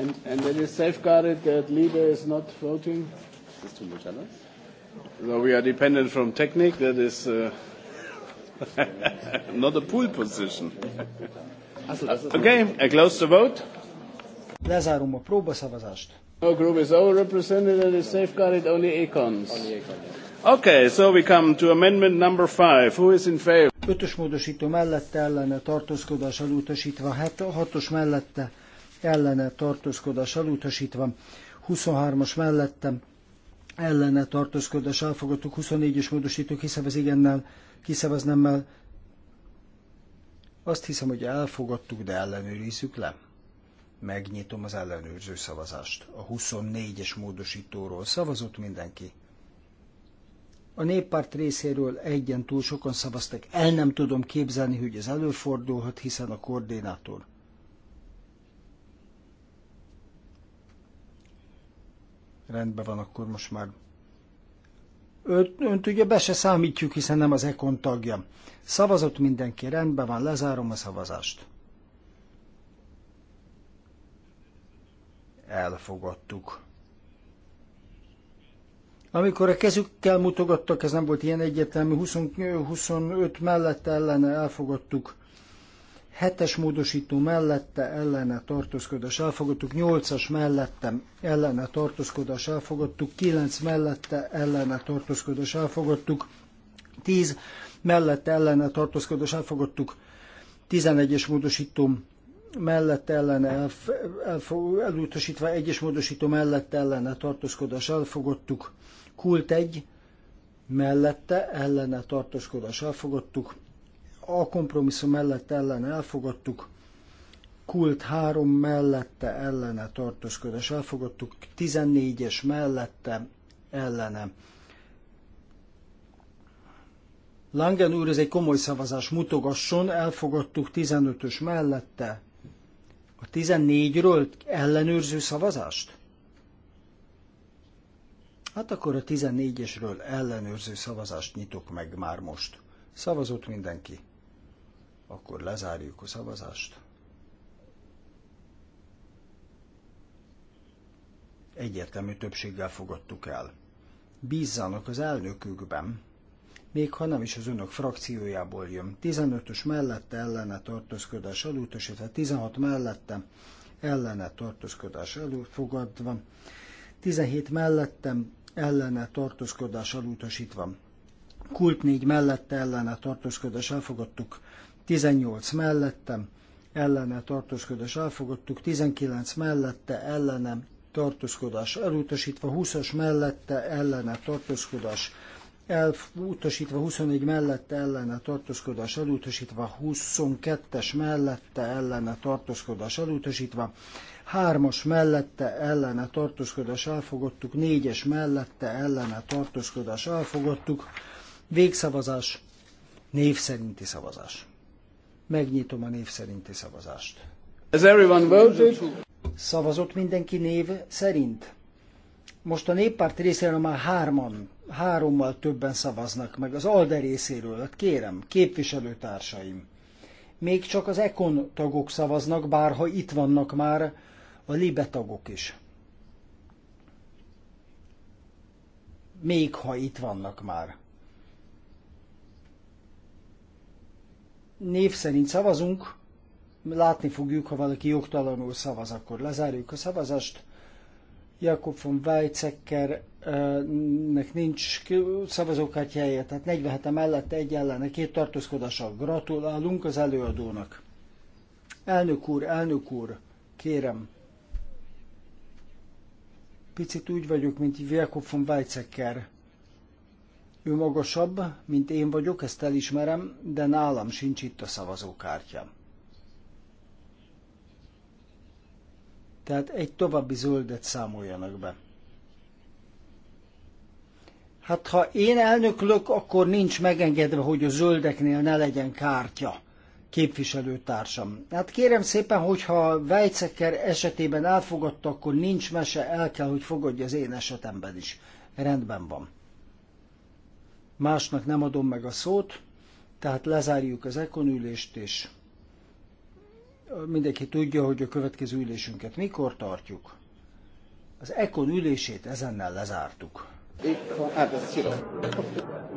And, and then it's safeguarded that leader is not voting? Is too much, So we are dependent from technique. That is uh, (laughs) not a pool position. okay, I close the vote. Lezárom a próbaszavazást. No group is overrepresented and is safeguarded only econs. Okay, so we come to amendment number five. Who is in favor? Ötös módosító mellette ellene tartózkodás elutasítva, hatos mellette ellene tartózkodás elutasítva, 23-as mellettem ellene tartózkodás elfogadtuk, 24-es módosító kiszavaz igennel, kiszavaz nemmel. Azt hiszem, hogy elfogadtuk, de ellenőrizzük le. Megnyitom az ellenőrző szavazást. A 24-es módosítóról szavazott mindenki. A néppárt részéről egyen túl sokan szavaztak. El nem tudom képzelni, hogy ez előfordulhat, hiszen a koordinátor Rendben van, akkor most már Önt, önt ugye be se számítjuk, hiszen nem az EKON tagja. Szavazott mindenki, rendben van, lezárom a szavazást. Elfogadtuk. Amikor a kezükkel mutogattak, ez nem volt ilyen egyetemű, 20, 25 mellett ellene elfogadtuk, Hetes es módosító mellette ellene tartózkodás elfogadtuk, 8-as mellette ellene tartózkodás elfogadtuk, 9 mellette ellene tartózkodás elfogadtuk, 10 mellette ellene tartózkodás elfogadtuk, 11-es módosítom mellette, ellene elf, elf, elutasítva, egyes módosító mellette, ellene tartózkodás elfogadtuk, kult egy mellette ellene tartózkodás elfogadtuk, a kompromisszum mellett ellen elfogadtuk, kult három mellette ellene tartózkodás elfogadtuk, 14-es mellette ellene. Langen úr, ez egy komoly szavazás, mutogasson, elfogadtuk 15-ös mellette a 14-ről ellenőrző szavazást? Hát akkor a 14-esről ellenőrző szavazást nyitok meg már most. Szavazott mindenki. Akkor lezárjuk a szavazást. Egyértelmű többséggel fogadtuk el. Bízzanak az elnökükben, még ha nem is az önök frakciójából jön. 15-ös mellette ellene tartózkodás elutasítva, 16 mellette ellene tartózkodás elfogadva, 17 mellettem ellene tartózkodás elutasítva. Kult 4 mellette ellene tartózkodás elfogadtuk, 18 mellettem, ellene tartózkodás elfogadtuk, 19 mellette, ellenem tartózkodás elutasítva, 20-as mellette, ellene tartózkodás elutasítva, 21 mellette, ellene tartózkodás elutasítva, 22-es mellette, ellene tartózkodás elutasítva, 3-as mellette, ellene tartózkodás elfogadtuk, 4-es mellette, ellene tartózkodás elfogadtuk, végszavazás, név szerinti szavazás. Megnyitom a név szerinti szavazást. Has everyone voted? Szavazott mindenki név szerint. Most a néppárt részéről már hárman, hárommal többen szavaznak meg. Az ALDE részéről, hát kérem, képviselőtársaim. Még csak az EKON tagok szavaznak, bárha itt vannak már a LIBE tagok is. Még ha itt vannak már. név szerint szavazunk, látni fogjuk, ha valaki jogtalanul szavaz, akkor lezárjuk a szavazást. Jakob von Weizsäcker nek nincs szavazókártyája, tehát 47 mellette egy ellene, két tartózkodással gratulálunk az előadónak. Elnök úr, elnök úr, kérem, picit úgy vagyok, mint Jakob von Weizsäcker ő magasabb, mint én vagyok, ezt elismerem, de nálam sincs itt a szavazókártyám. Tehát egy további zöldet számoljanak be. Hát ha én elnöklök, akkor nincs megengedve, hogy a zöldeknél ne legyen kártya képviselőtársam. Hát kérem szépen, hogyha Weizsäcker esetében elfogadta, akkor nincs mese, el kell, hogy fogadja az én esetemben is. Rendben van. Másnak nem adom meg a szót, tehát lezárjuk az ekonülést, és mindenki tudja, hogy a következő ülésünket mikor tartjuk. Az ekon ülését ezennel lezártuk. van, hát ez